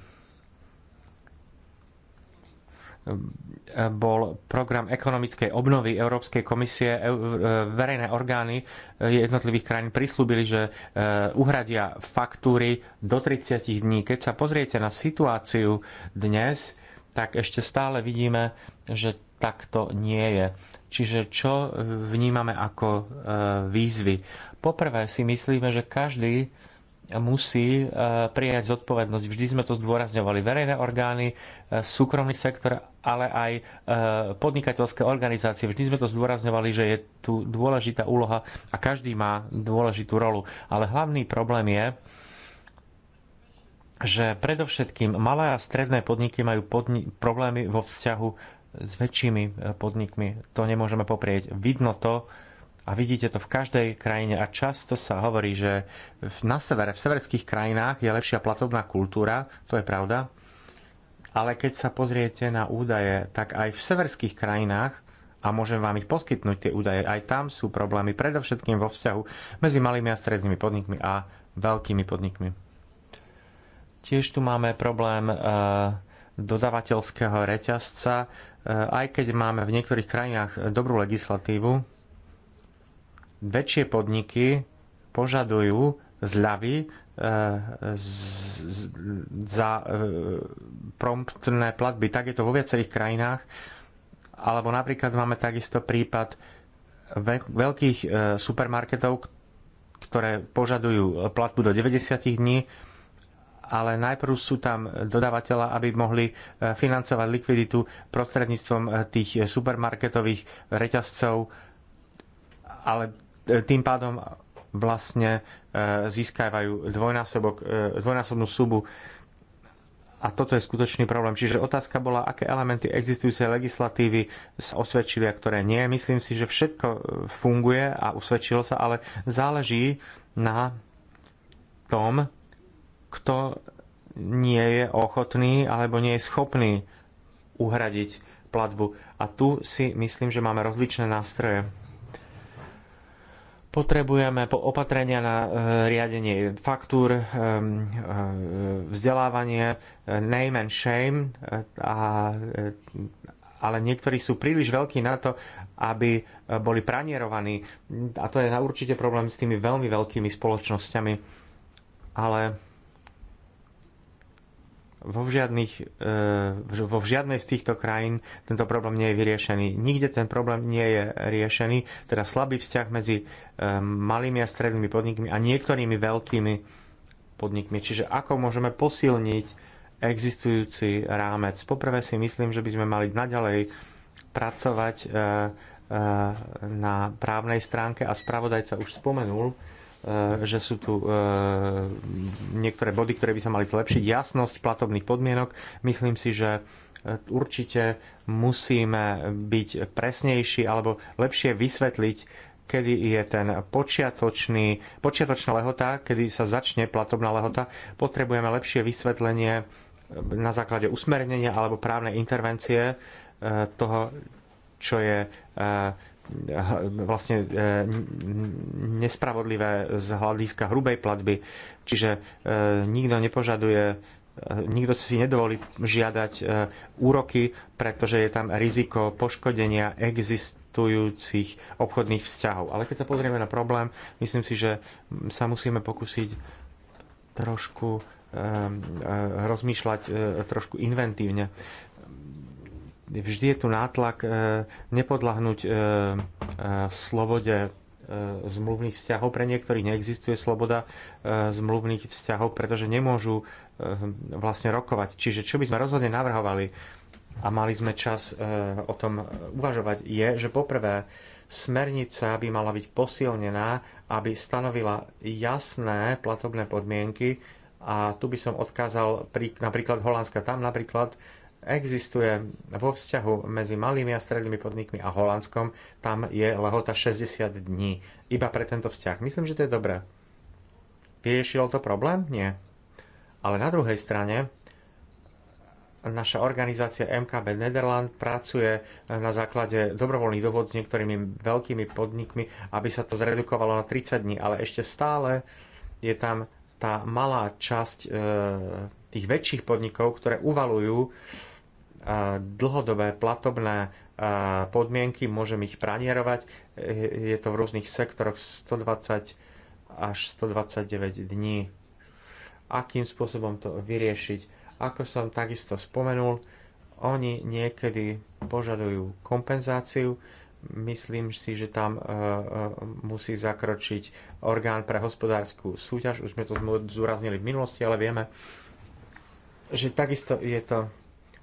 bol program ekonomickej obnovy Európskej komisie, eh, verejné orgány eh, jednotlivých krajín prislúbili, že uhradia faktúry do 30 dní. Keď sa pozriete na situáciu dnes, tak ešte stále vidíme, že takto nie je. Čiže čo e, vnímame ako e, výzvy? Poprvé si myslíme, že každý musí e, prijať zodpovednosť. Vždy sme to zdôrazňovali. Verejné orgány, súkromný sektor, ale aj podnikateľské organizácie. Vždy sme to zdôrazňovali, že je tu dôležitá úloha a každý má dôležitú rolu. Ale hlavný problém je, že predovšetkým malé a stredné podniky majú podni- problémy vo vzťahu s väčšími e, podnikmi. To nemôžeme poprieť. Vidno to a vidíte to v každej krajine. A často sa hovorí, že na severe, v severských krajinách je lepšia platobná kultúra. To je pravda. Ale keď sa pozriete na údaje, tak aj v severských krajinách a môžem vám ich poskytnúť, tie údaje. Aj tam sú problémy, predovšetkým vo vzťahu medzi malými a strednými podnikmi a veľkými podnikmi. Tiež tu máme problém uh, dodavateľského reťazca, e, aj keď máme v niektorých krajinách dobrú legislatívu, väčšie podniky požadujú zľavy e, za e, promptné platby. Tak je to vo viacerých krajinách. Alebo napríklad máme takisto prípad veľkých supermarketov, ktoré požadujú platbu do 90 dní ale najprv sú tam dodávateľa, aby mohli e, financovať likviditu prostredníctvom e, tých e, supermarketových reťazcov, ale tým pádom vlastne získajú dvojnásobnú subu a toto je skutočný problém. Čiže otázka bola, aké elementy existujúcej legislatívy sa osvedčili a ktoré nie. Myslím si, že všetko funguje a usvedčilo sa, ale záleží na tom, kto nie je ochotný alebo nie je schopný uhradiť platbu. A tu si myslím, že máme rozličné nástroje. Potrebujeme opatrenia na e, riadenie faktúr, e, e, vzdelávanie, name and shame, a, ale niektorí sú príliš veľkí na to, aby boli pranierovaní. A to je určite problém s tými veľmi veľkými spoločnosťami. Ale vo, žiadnych, e, vo žiadnej z týchto krajín tento problém nie je vyriešený. Nikde ten problém nie je riešený, teda slabý vzťah medzi e, malými a strednými podnikmi a niektorými veľkými podnikmi. Čiže ako môžeme posilniť existujúci rámec. Poprvé si myslím, že by sme mali naďalej pracovať e, na právnej stránke a spravodajca už spomenul, E, že sú tu e, niektoré body, ktoré by sa mali zlepšiť. Jasnosť platobných podmienok. Myslím si, že e, určite musíme byť presnejší alebo lepšie vysvetliť, kedy je ten počiatočný, počiatočná lehota, kedy sa začne platobná lehota. Potrebujeme lepšie vysvetlenie na základe usmernenia alebo právnej intervencie toho, čo je vlastne e, nespravodlivé z hľadiska hrubej platby. Čiže e, nikto nepožaduje e, nikto si nedovolí žiadať úroky, pretože je tam riziko poškodenia existujúcich obchodných vzťahov. Ale keď sa pozrieme na problém, myslím si, že sa musíme pokúsiť trošku rozmýšľať trošku inventívne vždy je tu nátlak e, nepodlahnúť e, e, slobode zmluvných vzťahov. Pre niektorých neexistuje sloboda zmluvných vzťahov, pretože nemôžu vlastne rokovať. Čiže čo by sme rozhodne navrhovali a mali sme čas o tom uvažovať, je, že poprvé smernica by mala byť posilnená, aby stanovila jasné platobné podmienky a tu by som odkázal napríklad Holandska. Tam napríklad existuje vo vzťahu medzi malými a strednými podnikmi a Holandskom, tam je lehota 60 dní. Iba pre tento vzťah. Myslím, že to je dobré. Vyriešilo to problém? Nie. Ale na druhej strane, naša organizácia MKB Nederland pracuje na základe dobrovoľných dohod s niektorými veľkými podnikmi, aby sa to zredukovalo na 30 dní, ale ešte stále je tam tá malá časť e, tých väčších podnikov, ktoré uvalujú dlhodobé platobné podmienky, môžem ich pranierovať. Je to v rôznych sektoroch 120 až 129 dní. Akým spôsobom to vyriešiť? Ako som takisto spomenul, oni niekedy požadujú kompenzáciu. Myslím si, že tam e, e, musí zakročiť orgán pre hospodárskú súťaž. Už sme to zúraznili v minulosti, ale vieme, že takisto je to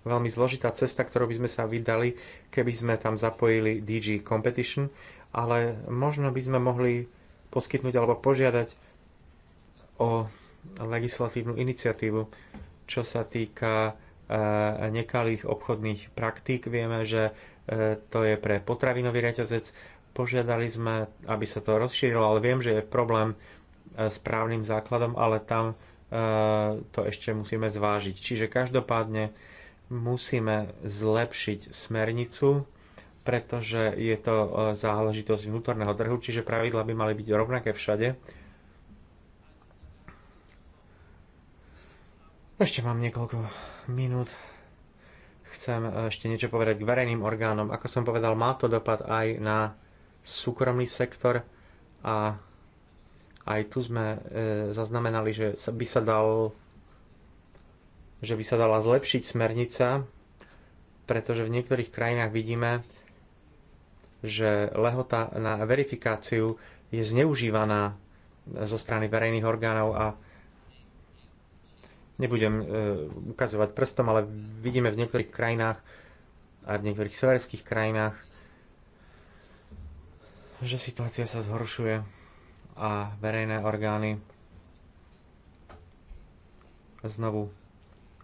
veľmi zložitá cesta, ktorou by sme sa vydali, keby sme tam zapojili DG Competition, ale možno by sme mohli poskytnúť alebo požiadať o legislatívnu iniciatívu, čo sa týka e, nekalých obchodných praktík. Vieme, že e, to je pre potravinový reťazec. Požiadali sme, aby sa to rozšírilo, ale viem, že je problém e, s právnym základom, ale tam to ešte musíme zvážiť. Čiže každopádne Musíme zlepšiť smernicu, pretože je to e, záležitosť vnútorného trhu, čiže pravidla by mali byť rovnaké všade. Ešte mám niekoľko minút. Chcem e, ešte niečo povedať k verejným orgánom. Ako som povedal, má to dopad aj na súkromný sektor a aj tu sme e, zaznamenali, že by sa dal že by sa dala zlepšiť smernica, pretože v niektorých krajinách vidíme, že lehota na verifikáciu je zneužívaná zo strany verejných orgánov a nebudem e, ukazovať prstom, ale vidíme v niektorých krajinách a v niektorých severských krajinách, že situácia sa zhoršuje a verejné orgány znovu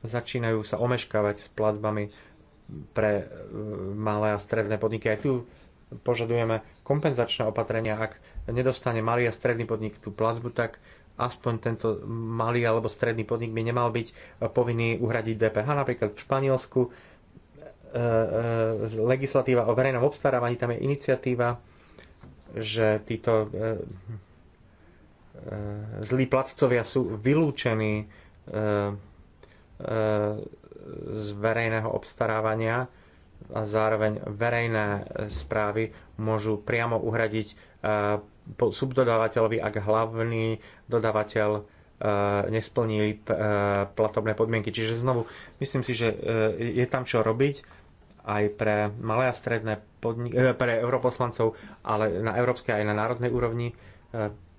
začínajú sa omeškávať s platbami pre e, malé a stredné podniky. Aj tu požadujeme kompenzačné opatrenia. Ak nedostane malý a stredný podnik tú platbu, tak aspoň tento malý alebo stredný podnik by nemal byť povinný uhradiť DPH. Napríklad v Španielsku e, e, legislatíva o verejnom obstarávaní, tam je iniciatíva, že títo zlí platcovia sú vylúčení E, z verejného obstarávania a zároveň verejné správy môžu priamo uhradiť e, subdodávateľovi, ak hlavný dodávateľ e, nesplní platobné podmienky. Čiže znovu, myslím si, že je tam čo robiť aj pre malé a stredné podnik- pre europoslancov, ale na európskej aj na národnej úrovni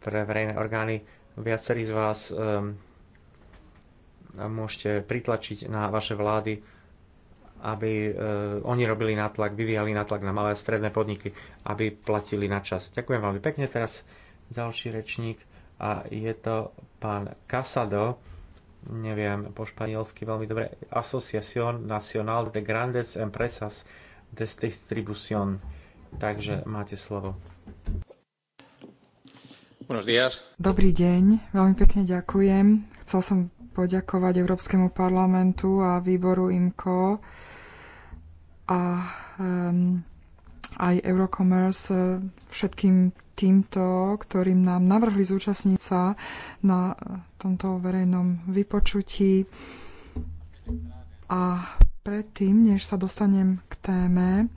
pre verejné orgány. Viacerí z vás môžete pritlačiť na vaše vlády, aby eh, oni robili natlak, vyvíjali natlak na malé a stredné podniky, aby platili na čas. Ďakujem veľmi pekne. Teraz ďalší rečník a je to pán Casado, neviem po španielsky veľmi dobre, Asociación Nacional de Grandes Empresas de Distribución. Takže máte slovo. Dobrý deň, veľmi pekne ďakujem. Chcel som poďakovať Európskemu parlamentu a výboru IMCO a um, aj Eurocommerce eh, všetkým týmto, ktorým nám navrhli zúčastniť sa na tomto verejnom vypočutí. A Predtým, než sa dostanem k téme,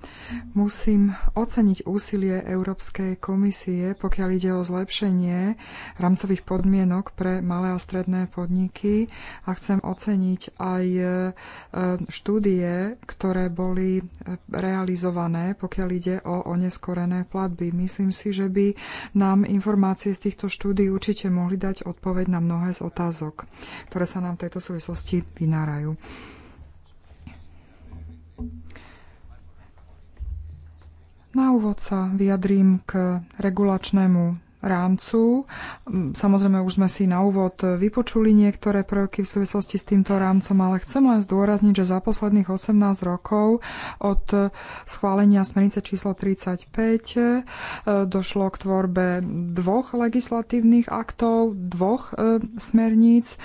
musím oceniť úsilie Európskej komisie, pokiaľ ide o zlepšenie rámcových podmienok pre malé a stredné podniky a chcem oceniť aj e, štúdie, ktoré boli e, realizované, pokiaľ ide o oneskorené platby. Myslím si, že by nám informácie z týchto štúdí určite mohli dať odpoveď na mnohé z otázok, ktoré sa nám v tejto súvislosti vynárajú. Na úvod sa vyjadrím k regulačnému rámcu. Samozrejme, už sme si na úvod vypočuli niektoré prvky v súvislosti s týmto rámcom, ale chcem len zdôrazniť, že za posledných 18 rokov od schválenia smernice číslo 35 e, došlo k tvorbe dvoch legislatívnych aktov, dvoch e, smerníc,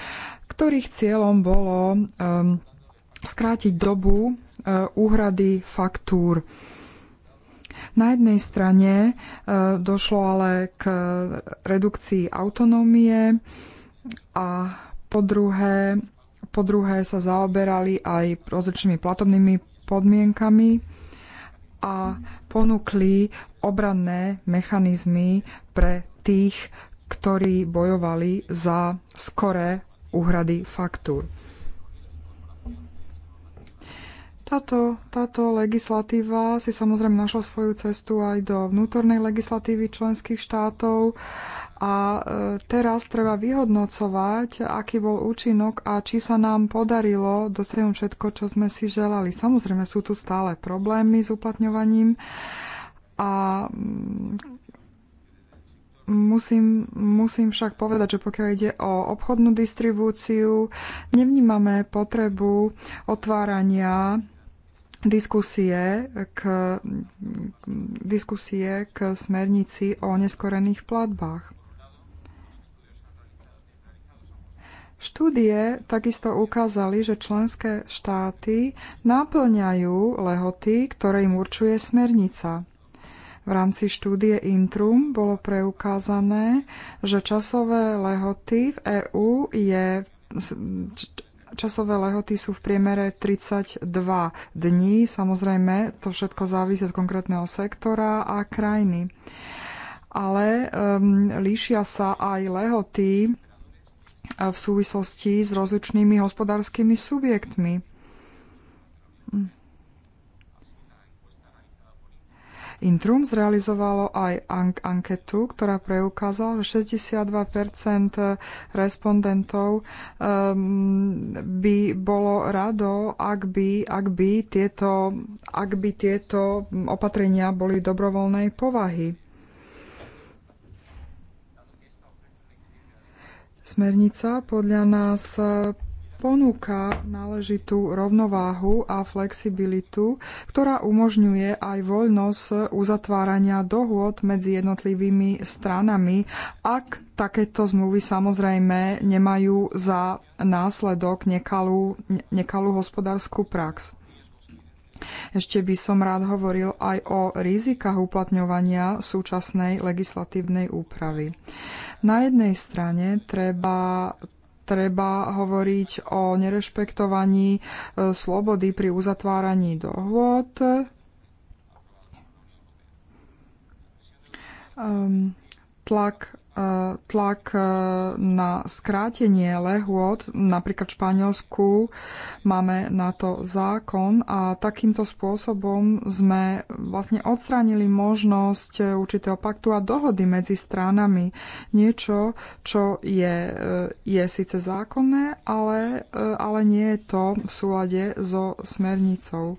ktorých cieľom bolo e, skrátiť dobu úhrady faktúr na jednej strane e, došlo ale k redukcii autonómie a po druhé, po druhé sa zaoberali aj rozličnými platobnými podmienkami a ponúkli obranné mechanizmy pre tých, ktorí bojovali za skoré úhrady faktúr. Táto, táto legislatíva si samozrejme našla svoju cestu aj do vnútornej legislatívy členských štátov a e, teraz treba vyhodnocovať, aký bol účinok a či sa nám podarilo dosiahnuť všetko, čo sme si želali. Samozrejme sú tu stále problémy s uplatňovaním a mm, Musím, musím však povedať, že pokiaľ ide o obchodnú distribúciu, nevnímame potrebu otvárania diskusie k, diskusie k smernici o neskorených platbách. Štúdie takisto ukázali, že členské štáty náplňajú lehoty, ktoré im určuje smernica. V rámci štúdie Intrum bolo preukázané, že časové lehoty v EÚ je Časové lehoty sú v priemere 32 dní. Samozrejme, to všetko závisí od konkrétneho sektora a krajiny. Ale um, líšia sa aj lehoty uh, v súvislosti s rozličnými hospodárskymi subjektmi. Intrum zrealizovalo aj anketu, ktorá preukázala, že 62% respondentov um, by bolo rado, ak by, ak by, tieto, ak by tieto opatrenia boli dobrovoľnej povahy. Smernica podľa nás ponúka náležitú rovnováhu a flexibilitu, ktorá umožňuje aj voľnosť uzatvárania dohôd medzi jednotlivými stranami, ak takéto zmluvy samozrejme nemajú za následok nekalú, nekalú hospodárskú prax. Ešte by som rád hovoril aj o rizikách uplatňovania súčasnej legislatívnej úpravy. Na jednej strane treba treba hovoriť o nerešpektovaní e, slobody pri uzatváraní dohôd. Ehm, tlak E, tlak e, na skrátenie lehôd, napríklad v Španielsku máme na to zákon a takýmto spôsobom sme vlastne odstránili možnosť e, určitého paktu a dohody medzi stranami. Niečo, čo je, je síce zákonné, ale, ale nie je to v súlade so smernicou.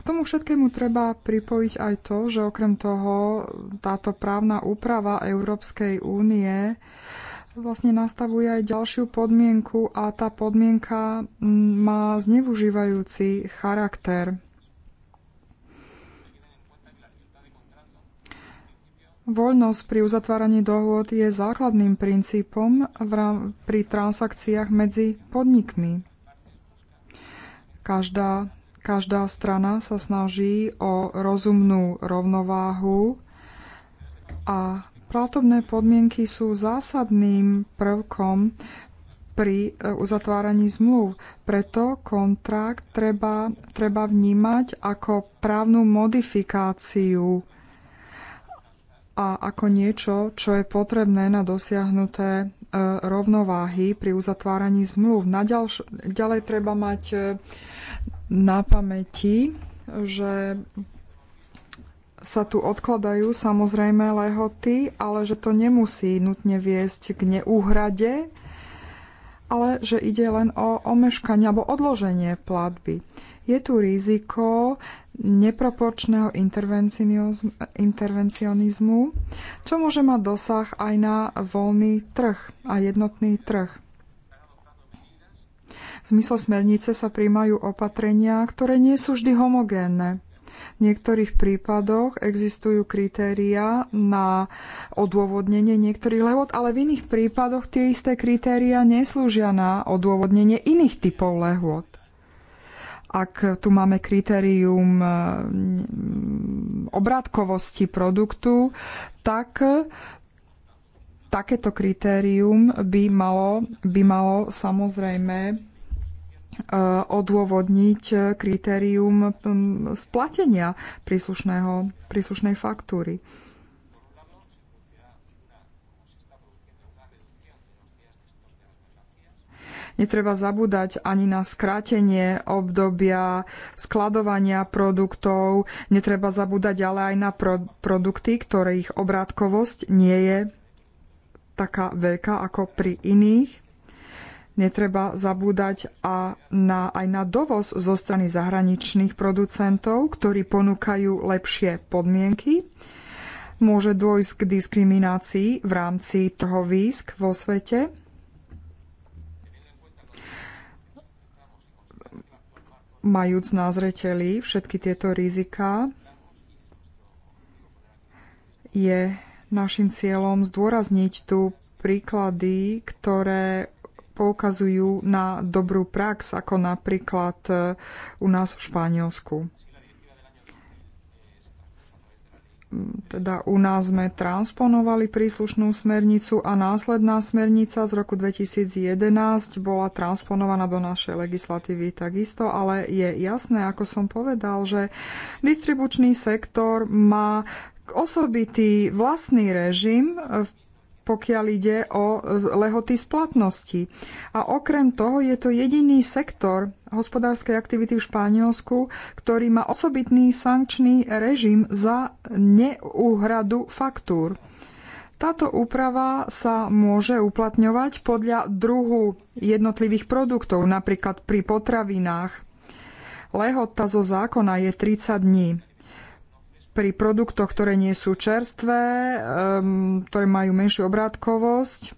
K tomu všetkému treba pripojiť aj to, že okrem toho táto právna úprava Európskej únie vlastne nastavuje aj ďalšiu podmienku a tá podmienka má zneužívajúci charakter. Voľnosť pri uzatváraní dohôd je základným princípom pri transakciách medzi podnikmi. Každá Každá strana sa snaží o rozumnú rovnováhu a platobné podmienky sú zásadným prvkom pri e, uzatváraní zmluv. Preto kontrakt treba, treba vnímať ako právnu modifikáciu a ako niečo, čo je potrebné na dosiahnuté e, rovnováhy pri uzatváraní zmluv. ďalš- ďalej treba mať e, na pamäti, že sa tu odkladajú samozrejme lehoty, ale že to nemusí nutne viesť k neúhrade, ale že ide len o omeškanie alebo odloženie platby. Je tu riziko neproporčného intervencionizmu, čo môže mať dosah aj na voľný trh a jednotný trh. V zmysle smernice sa príjmajú opatrenia, ktoré nie sú vždy homogénne. V niektorých prípadoch existujú kritéria na odôvodnenie niektorých lehôd, ale v iných prípadoch tie isté kritéria neslúžia na odôvodnenie iných typov lehôd. Ak tu máme kritérium eh, obrátkovosti produktu, tak takéto kritérium by malo, by malo samozrejme Eh, odôvodniť eh, kritérium hm, splatenia príslušnej faktúry. Netreba zabúdať ani na skrátenie obdobia skladovania produktov, netreba zabúdať ale aj na pro- produkty, ktorých obrátkovosť nie je taká veľká ako pri iných. Netreba zabúdať a na, aj na dovoz zo strany zahraničných producentov, ktorí ponúkajú lepšie podmienky. Môže dôjsť k diskriminácii v rámci trhovísk vo svete. Majúc na zreteli všetky tieto riziká, je našim cieľom zdôrazniť tu príklady, ktoré poukazujú na dobrú prax, ako napríklad e, u nás v Španielsku. Teda u nás sme transponovali príslušnú smernicu a následná smernica z roku 2011 bola transponovaná do našej legislatívy takisto, ale je jasné, ako som povedal, že distribučný sektor má osobitý vlastný režim v pokiaľ ide o e, lehoty splatnosti. A okrem toho je to jediný sektor hospodárskej aktivity v Španielsku, ktorý má osobitný sankčný režim za neúhradu faktúr. Táto úprava sa môže uplatňovať podľa druhu jednotlivých produktov, napríklad pri potravinách. Lehota zo zákona je 30 dní pri produktoch, ktoré nie sú čerstvé, um, ktoré majú menšiu obrátkovosť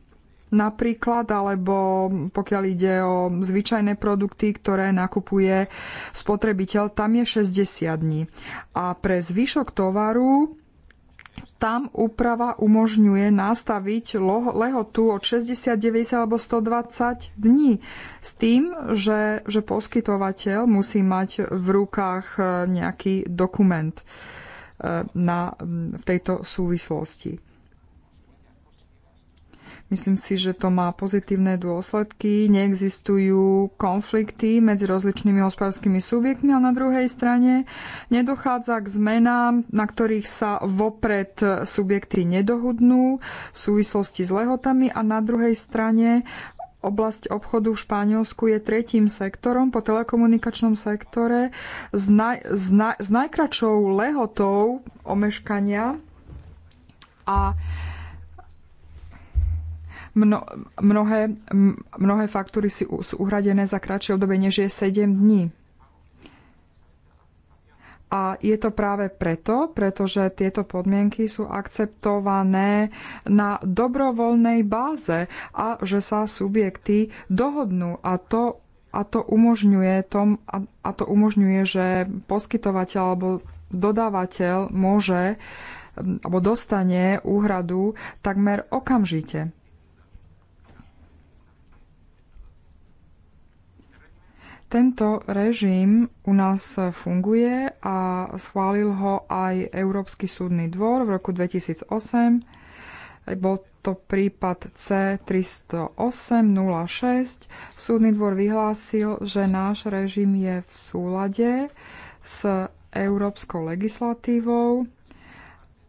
napríklad, alebo pokiaľ ide o zvyčajné produkty, ktoré nakupuje spotrebiteľ, tam je 60 dní. A pre zvyšok tovaru tam úprava umožňuje nastaviť lehotu od 60, 90 alebo 120 dní s tým, že, že poskytovateľ musí mať v rukách eh, nejaký dokument na, v tejto súvislosti. Myslím si, že to má pozitívne dôsledky. Neexistujú konflikty medzi rozličnými hospodárskymi subjektmi, ale na druhej strane nedochádza k zmenám, na ktorých sa vopred subjekty nedohodnú v súvislosti s lehotami a na druhej strane Oblasť obchodu v Španielsku je tretím sektorom po telekomunikačnom sektore s, naj, s, na, s najkračou lehotou omeškania a mno, mnohé, mnohé faktúry sú uhradené za kratšie obdobie než je 7 dní. A je to práve preto, pretože tieto podmienky sú akceptované na dobrovoľnej báze a že sa subjekty dohodnú a to a to umožňuje, tom, a, a to umožňuje že poskytovateľ alebo dodávateľ môže alebo dostane úhradu takmer okamžite. Tento režim u nás funguje a schválil ho aj Európsky súdny dvor v roku 2008. Bol to prípad C308-06. Súdny dvor vyhlásil, že náš režim je v súlade s európskou legislatívou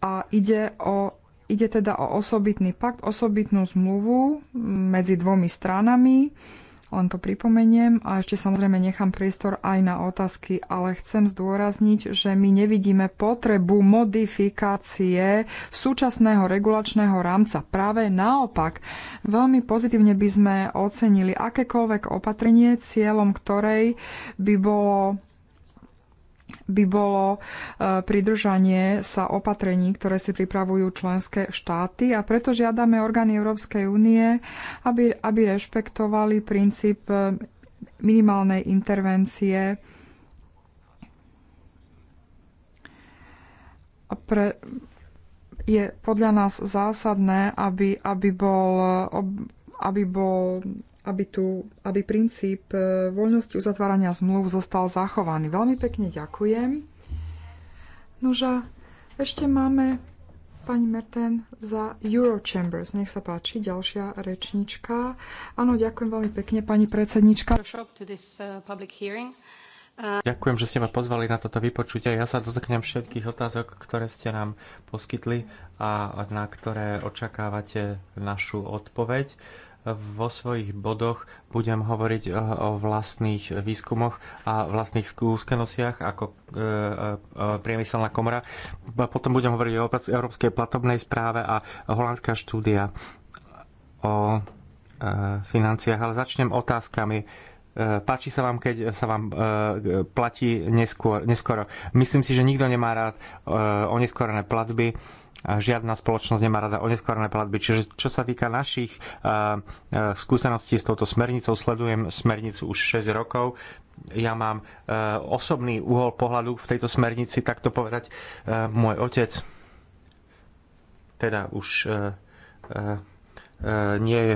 a ide o Ide teda o osobitný pakt, osobitnú zmluvu medzi dvomi stranami, len to pripomeniem a ešte samozrejme nechám priestor aj na otázky, ale chcem zdôrazniť, že my nevidíme potrebu modifikácie súčasného regulačného rámca. Práve naopak, veľmi pozitívne by sme ocenili akékoľvek opatrenie, cieľom ktorej by bolo by bolo e, pridržanie sa opatrení, ktoré si pripravujú členské štáty a preto žiadame orgány Európskej únie, aby, aby rešpektovali princíp e, minimálnej intervencie pre, je podľa nás zásadné, aby, aby, bol, aby bol aby, tu, aby princíp e, voľnosti uzatvárania zmluv zostal zachovaný. Veľmi pekne ďakujem. Nože, ešte máme pani Merten za Eurochambers. Nech sa páči, ďalšia rečnička. Áno, ďakujem veľmi pekne, pani predsednička. Ďakujem, že ste ma pozvali na toto vypočutie. Ja sa dotknem všetkých otázok, ktoré ste nám poskytli a na ktoré očakávate našu odpoveď vo svojich bodoch budem hovoriť eh, o vlastných výskumoch a vlastných skúsenostiach ako eh, eh, priemyselná komora. Potom budem hovoriť o Európskej platobnej správe a holandská štúdia o financiách. Ale začnem otázkami. Páči sa vám, keď sa vám platí neskôr, neskoro. Myslím si, že nikto nemá rád oneskorené platby žiadna spoločnosť nemá rada oneskorené platby. Čiže čo sa týka našich e, e, skúseností s touto smernicou, sledujem smernicu už 6 rokov, ja mám e, osobný uhol pohľadu v tejto smernici, tak to povedať môj otec, teda už nie je,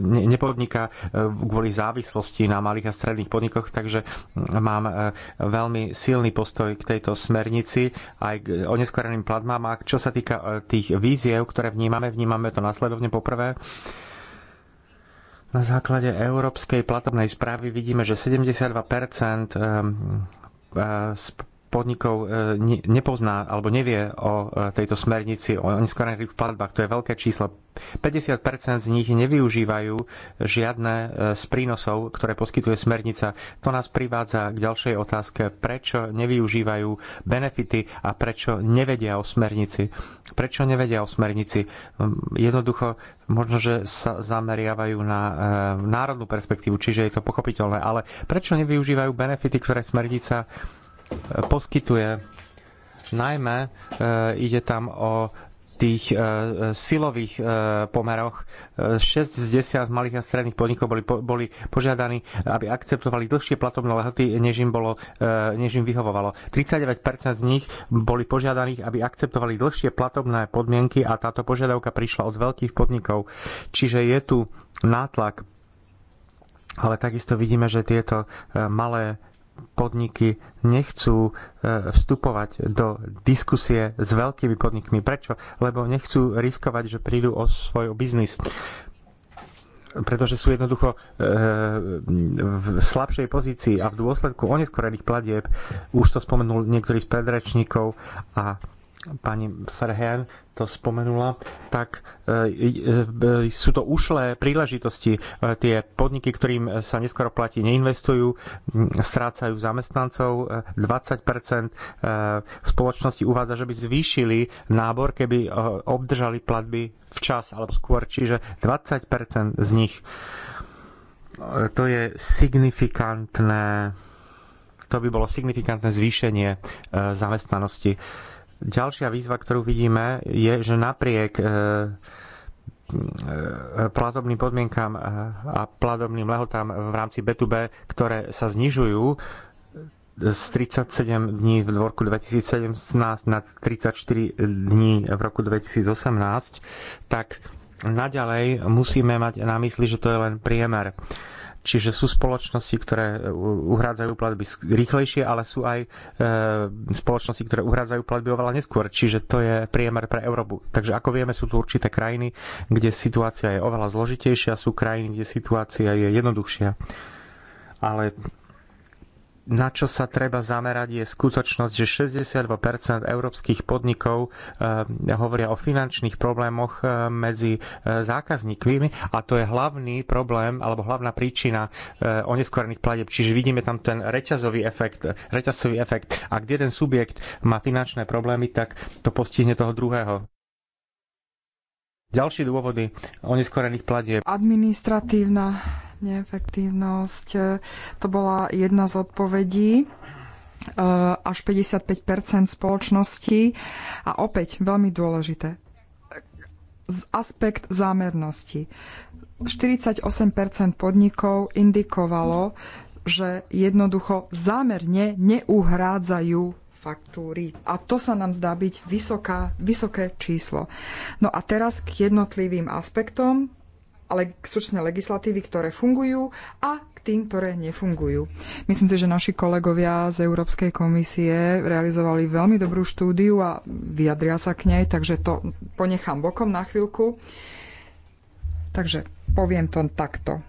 ne, nepodniká e, kvôli závislosti na malých a stredných podnikoch, takže mám e, veľmi silný postoj k tejto smernici aj k oneskoreným platbám. A čo sa týka e, tých víziev, ktoré vnímame, vnímame to nasledovne poprvé. Na základe európskej platobnej správy vidíme, že 72% podnikov e, nepozná alebo nevie o e, tejto smernici, o neskorených platbách. To je veľké číslo. 50% z nich nevyužívajú žiadne e, z prínosov, ktoré poskytuje smernica. To nás privádza k ďalšej otázke, prečo nevyužívajú benefity a prečo nevedia o smernici. Prečo nevedia o smernici? Mm, jednoducho, možno, že sa zameriavajú na národnú perspektívu, čiže je to pochopiteľné, ale prečo nevyužívajú benefity, ktoré smernica poskytuje. Najmä e, ide tam o tých e, silových e, pomeroch. 6 z 10 malých a stredných podnikov boli, boli požiadaní, aby akceptovali dlhšie platobné lehoty, než im, bolo, než im vyhovovalo. 39% z nich boli požiadaných, aby akceptovali dlhšie platobné podmienky a táto požiadavka prišla od veľkých podnikov. Čiže je tu nátlak ale takisto vidíme, že tieto malé podniky nechcú e, vstupovať do diskusie s veľkými podnikmi. Prečo? Lebo nechcú riskovať, že prídu o svoj biznis pretože sú jednoducho e, v slabšej pozícii a v dôsledku oneskorených platieb, už to spomenul niektorý z predrečníkov a pani Ferhen to spomenula, tak e, e, sú to ušlé príležitosti. E, tie podniky, ktorým sa neskoro platí, neinvestujú, strácajú zamestnancov. 20% spoločnosti uvádza, že by zvýšili nábor, keby obdržali platby včas alebo skôr. Čiže 20% z nich. To je signifikantné to by bolo signifikantné zvýšenie zamestnanosti. Ďalšia výzva, ktorú vidíme, je, že napriek e, e, platobným podmienkam e, a platobným lehotám v rámci B2B, ktoré sa znižujú z 37 dní v roku 2017 na 34 dní v roku 2018, tak naďalej musíme mať na mysli, že to je len priemer. Čiže sú spoločnosti, ktoré e, uhrádzajú platby rýchlejšie, ale sú aj e, spoločnosti, ktoré uhrádzajú platby oveľa neskôr. Čiže to je priemer pre Európu. Takže ako vieme, sú tu určité krajiny, kde situácia je oveľa zložitejšia, sú krajiny, kde situácia je jednoduchšia. Ale na čo sa treba zamerať, je skutočnosť, že 62% európskych podnikov eh, hovoria o finančných problémoch eh, medzi eh, zákazníkmi a to je hlavný problém alebo hlavná príčina oneskorených pladeb. Čiže vidíme tam ten reťazový efekt, reťazový efekt. Ak jeden subjekt má finančné problémy, tak to postihne toho druhého. Ďalšie dôvody oneskorených platieb. Administratívna neefektívnosť. E, to bola jedna z odpovedí e, až 55 spoločnosti a opäť veľmi dôležité aspekt zámernosti. 48 podnikov indikovalo, že jednoducho zámerne neuhrádzajú faktúry. A to sa nám zdá byť vysoká, vysoké číslo. No a teraz k jednotlivým aspektom ale súčasné legislatívy, ktoré fungujú a k tým, ktoré nefungujú. Myslím si, že naši kolegovia z Európskej komisie realizovali veľmi dobrú štúdiu a vyjadria sa k nej, takže to ponechám bokom na chvíľku. Takže poviem to takto.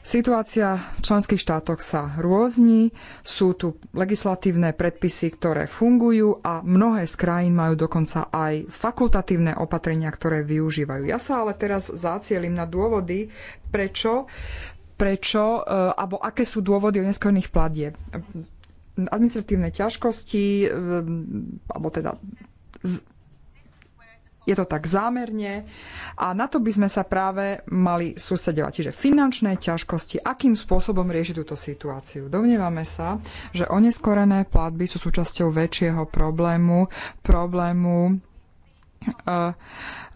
Situácia v členských štátoch sa rôzni, sú tu legislatívne predpisy, ktoré fungujú a mnohé z krajín majú dokonca aj fakultatívne opatrenia, ktoré využívajú. Ja sa ale teraz zacielim na dôvody, prečo, prečo e, alebo aké sú dôvody neskorných platieb. Administratívne ťažkosti, e, alebo teda je to tak zámerne a na to by sme sa práve mali sústredovať. Čiže finančné ťažkosti, akým spôsobom riešiť túto situáciu. Domnievame sa, že oneskorené platby sú súčasťou väčšieho problému, problému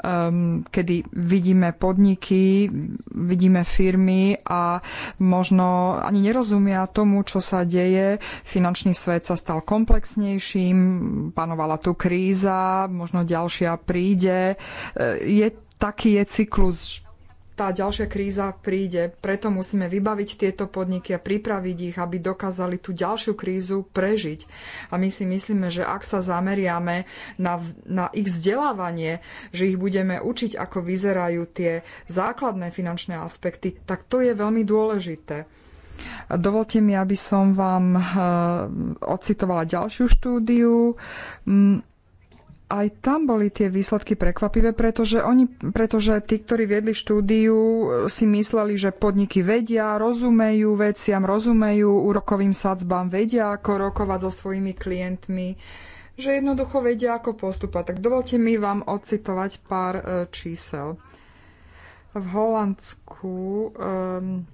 Um, kedy vidíme podniky, vidíme firmy a možno ani nerozumia tomu, čo sa deje. Finančný svet sa stal komplexnejším, panovala tu kríza, možno ďalšia príde. E, je taký je cyklus tá ďalšia kríza príde. Preto musíme vybaviť tieto podniky a pripraviť ich, aby dokázali tú ďalšiu krízu prežiť. A my si myslíme, že ak sa zameriame na, na ich vzdelávanie, že ich budeme učiť, ako vyzerajú tie základné finančné aspekty, tak to je veľmi dôležité. Dovolte mi, aby som vám eh, ocitovala ďalšiu štúdiu. Mm, aj tam boli tie výsledky prekvapivé, pretože, oni, pretože tí, ktorí viedli štúdiu, e, si mysleli, že podniky vedia, rozumejú veciam, rozumejú úrokovým sadzbám, vedia, ako rokovať so svojimi klientmi, že jednoducho vedia, ako postupovať. Tak dovolte mi vám ocitovať pár e, čísel. V Holandsku um,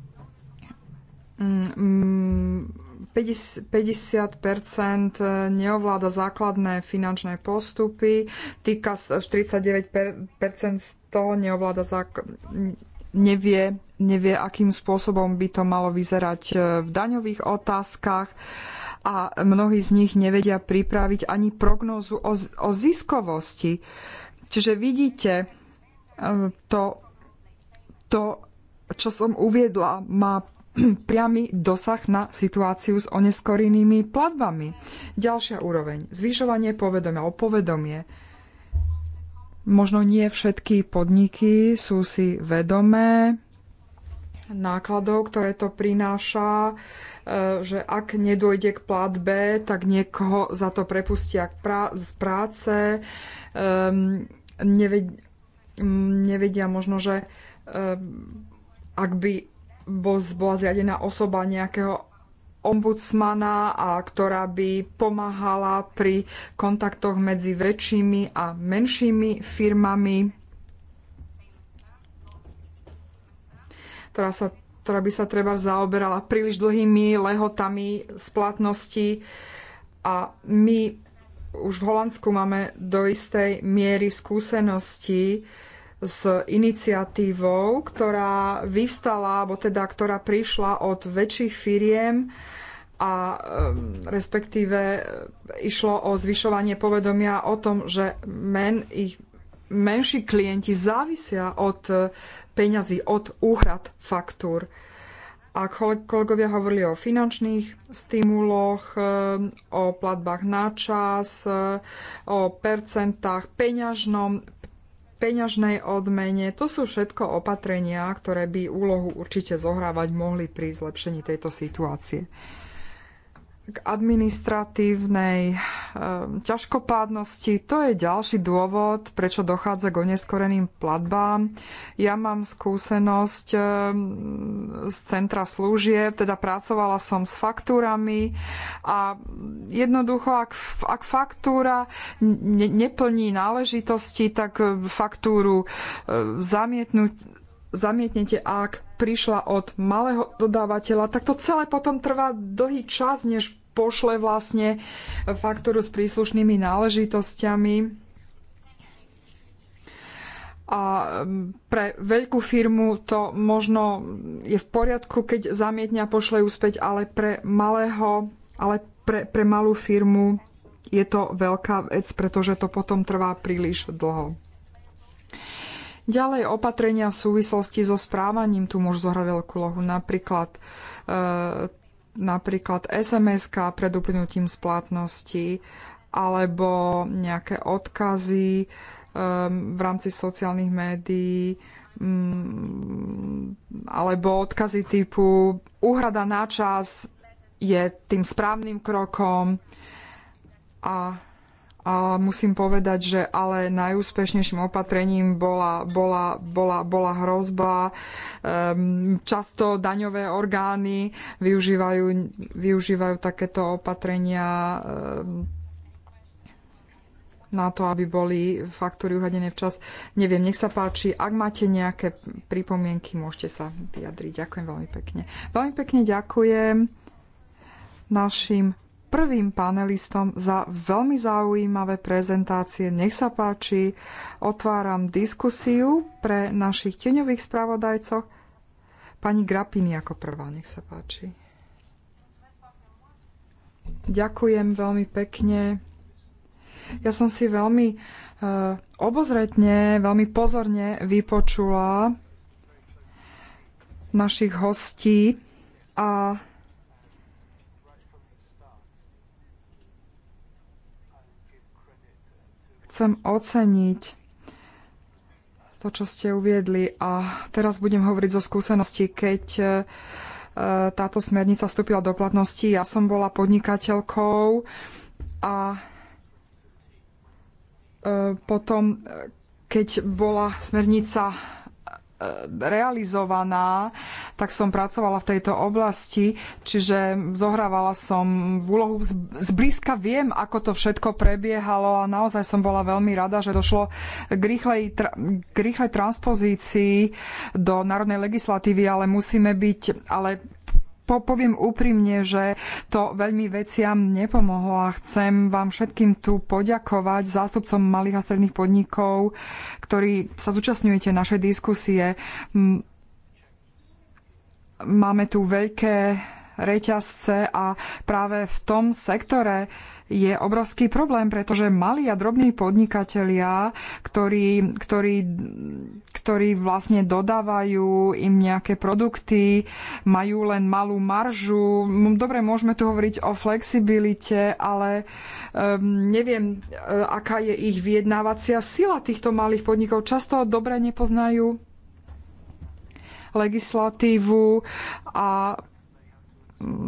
50, 50% e, neovláda základné finančné postupy, týka 49% z toho neovláda zák- nevie, nevie, akým spôsobom by to malo vyzerať e, v daňových otázkach a mnohí z nich nevedia pripraviť ani prognózu o, o ziskovosti. Čiže vidíte, e, to, to, čo som uviedla, má [clears throat] priamy dosah na situáciu s oneskorenými platbami. Ďalšia úroveň. Zvyšovanie povedomia o povedomie. Možno nie všetky podniky sú si vedomé nákladov, ktoré to prináša, e, že ak nedojde k platbe, tak niekoho za to prepustia z práce. Ehm, nevedia možno, že ehm, ak by bola zriadená osoba nejakého ombudsmana, a ktorá by pomáhala pri kontaktoch medzi väčšími a menšími firmami, ktorá, sa, ktorá by sa treba zaoberala príliš dlhými lehotami splatnosti. A my už v Holandsku máme do istej miery skúsenosti, s iniciatívou, ktorá vyvstala, alebo teda ktorá prišla od väčších firiem a respektíve e, išlo o zvyšovanie povedomia o tom, že men, ich menší klienti závisia od e, peňazí, od úhrad faktúr. A kolegovia hovorili o finančných stimuloch, e, o platbách na čas, o percentách, peňažnom peňažnej odmene. To sú všetko opatrenia, ktoré by úlohu určite zohrávať mohli pri zlepšení tejto situácie k administratívnej eh, ťažkopádnosti. To je ďalší dôvod, prečo dochádza k oneskoreným platbám. Ja mám skúsenosť eh, z centra služieb, teda pracovala som s faktúrami a jednoducho, ak, ak faktúra ne, neplní náležitosti, tak eh, faktúru zamietnúť zamietnete, ak prišla od malého dodávateľa, tak to celé potom trvá dlhý čas, než pošle vlastne faktúru s príslušnými náležitosťami a pre veľkú firmu to možno je v poriadku, keď zamietňa pošle ju späť, ale pre malého, ale pre, pre malú firmu je to veľká vec, pretože to potom trvá príliš dlho. Ďalej opatrenia v súvislosti so správaním tu môžu zohrať veľkú lohu. Napríklad e, napríklad SMS-ka pred uplynutím splatnosti alebo nejaké odkazy um, v rámci sociálnych médií um, alebo odkazy typu úhrada na čas je tým správnym krokom a a musím povedať, že ale najúspešnejším opatrením bola, bola, bola, bola hrozba. Ehm, často daňové orgány využívajú, využívajú takéto opatrenia ehm, na to, aby boli faktúry uhradené včas. Neviem, nech sa páči. Ak máte nejaké pripomienky, môžete sa vyjadriť. Ďakujem veľmi pekne. Veľmi pekne ďakujem našim prvým panelistom za veľmi zaujímavé prezentácie. Nech sa páči, otváram diskusiu pre našich tieňových spravodajcov. Pani Grapini ako prvá, nech sa páči. Ďakujem veľmi pekne. Ja som si veľmi uh, obozretne, veľmi pozorne vypočula našich hostí a Chcem oceniť to, čo ste uviedli a teraz budem hovoriť zo skúsenosti, keď e, táto smernica vstúpila do platnosti. Ja som bola podnikateľkou a e, potom, e, keď bola smernica realizovaná, tak som pracovala v tejto oblasti, čiže zohrávala som v úlohu, zblízka viem, ako to všetko prebiehalo a naozaj som bola veľmi rada, že došlo k rýchlej, k rýchlej transpozícii do národnej legislatívy, ale musíme byť, ale po, poviem úprimne, že to veľmi veciam nepomohlo a chcem vám všetkým tu poďakovať zástupcom malých a stredných podnikov, ktorí sa zúčastňujete našej diskusie. Máme tu veľké reťazce a práve v tom sektore je obrovský problém, pretože malí a drobní podnikatelia, ktorí, ktorí, ktorí vlastne dodávajú im nejaké produkty, majú len malú maržu. Dobre, môžeme tu hovoriť o flexibilite, ale um, neviem, e, aká je ich vyjednávacia sila týchto malých podnikov. Často dobre nepoznajú legislatívu a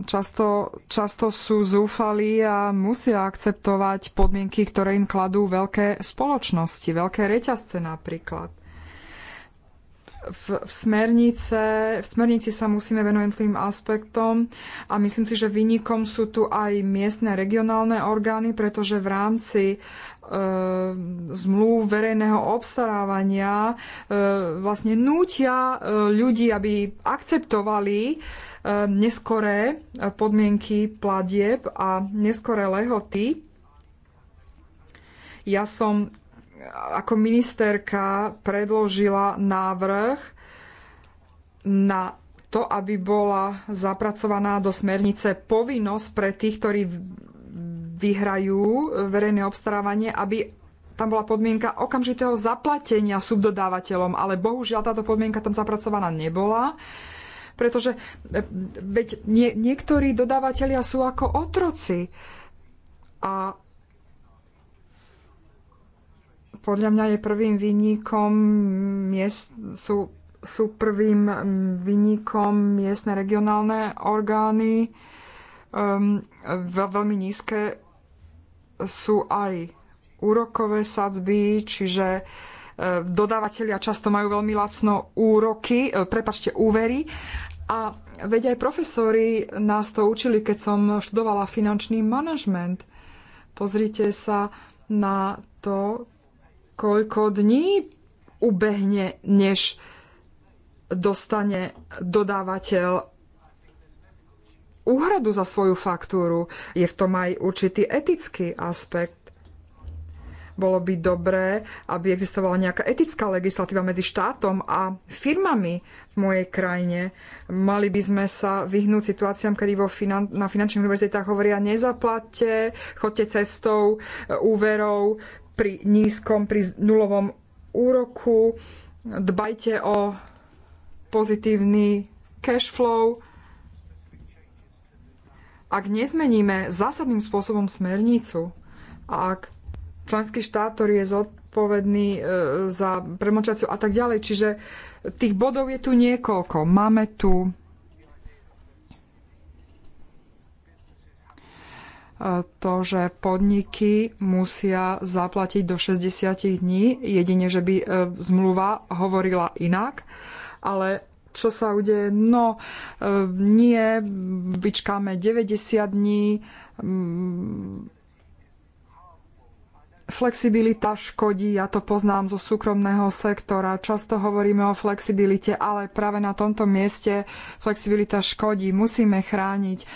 často, často sú zúfali a musia akceptovať podmienky, ktoré im kladú veľké spoločnosti, veľké reťazce napríklad. V, v, smernice, v smernici sa musíme venovať tým aspektom a myslím si, že výnikom sú tu aj miestne regionálne orgány, pretože v rámci e, zmluv verejného obstarávania e, vlastne nútia e, ľudí, aby akceptovali e, neskoré podmienky pladieb a neskoré lehoty. Ja som ako ministerka predložila návrh na to, aby bola zapracovaná do smernice povinnosť pre tých, ktorí vyhrajú verejné obstarávanie, aby tam bola podmienka okamžitého zaplatenia subdodávateľom, ale bohužiaľ táto podmienka tam zapracovaná nebola pretože e, veď nie, niektorí dodávateľia sú ako otroci. A podľa mňa je prvým vynikom miest, sú, sú prvým vynikom miestne regionálne orgány. Um, veľmi nízke sú aj úrokové sadzby, čiže uh, dodávateľia často majú veľmi lacno úroky, e, prepačte, úvery. A veď aj profesori nás to učili, keď som študovala finančný manažment. Pozrite sa na to, koľko dní ubehne, než dostane dodávateľ úhradu za svoju faktúru. Je v tom aj určitý etický aspekt. Bolo by dobré, aby existovala nejaká etická legislatíva medzi štátom a firmami v mojej krajine. Mali by sme sa vyhnúť situáciám, kedy vo finan- na finančných univerzitách hovoria nezaplatte, chodte cestou e, úverov pri nízkom, pri nulovom úroku, dbajte o pozitívny cash flow, ak nezmeníme zásadným spôsobom smernicu a ak členský štát, ktorý je zodpovedný e, za premočaciu a tak ďalej. Čiže tých bodov je tu niekoľko. Máme tu e, to, že podniky musia zaplatiť do 60 dní, jedine, že by e, zmluva hovorila inak, ale čo sa udeje? No, nie, vyčkáme 90 dní, Flexibilita škodí, ja to poznám zo súkromného sektora. Často hovoríme o flexibilite, ale práve na tomto mieste flexibilita škodí. Musíme chrániť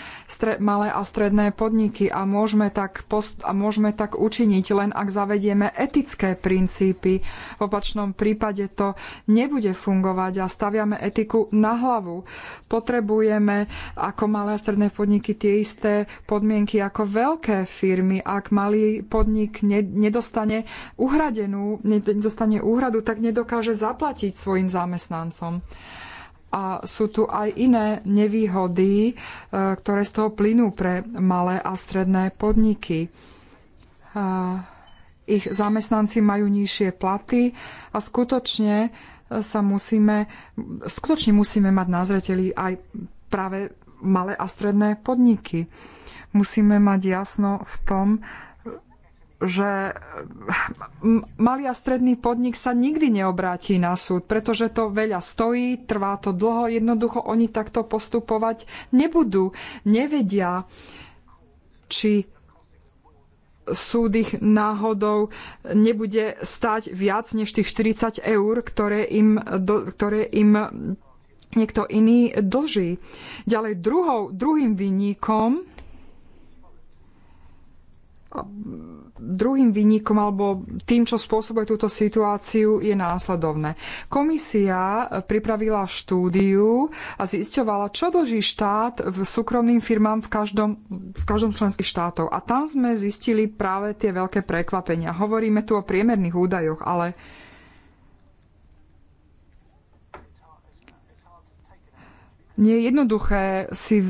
malé a stredné podniky a môžeme, tak a môžeme tak učiniť len ak zavedieme etické princípy. V opačnom prípade to nebude fungovať a staviame etiku na hlavu. Potrebujeme ako malé a stredné podniky tie isté podmienky ako veľké firmy. Ak malý podnik ne, ne nedostane uhradenú, nedostane úhradu, tak nedokáže zaplatiť svojim zamestnancom. A sú tu aj iné nevýhody, e, ktoré z toho plynú pre malé a stredné podniky. E, ich zamestnanci majú nižšie platy a skutočne e, sa musíme, skutočne musíme mať na zreteli aj práve malé a stredné podniky. Musíme mať jasno v tom, že malý a stredný podnik sa nikdy neobráti na súd, pretože to veľa stojí, trvá to dlho, jednoducho oni takto postupovať nebudú. Nevedia, či súd ich náhodou nebude stať viac než tých 40 eur, ktoré im, do, ktoré im niekto iný dlží. Ďalej druhou, druhým vinníkom druhým výnikom alebo tým, čo spôsobuje túto situáciu, je následovné. Komisia eh, pripravila štúdiu a zisťovala, čo dlží štát v súkromným firmám v každom, v každom členských štátov. A tam sme zistili práve tie veľké prekvapenia. Hovoríme tu o priemerných údajoch, ale nie je jednoduché si,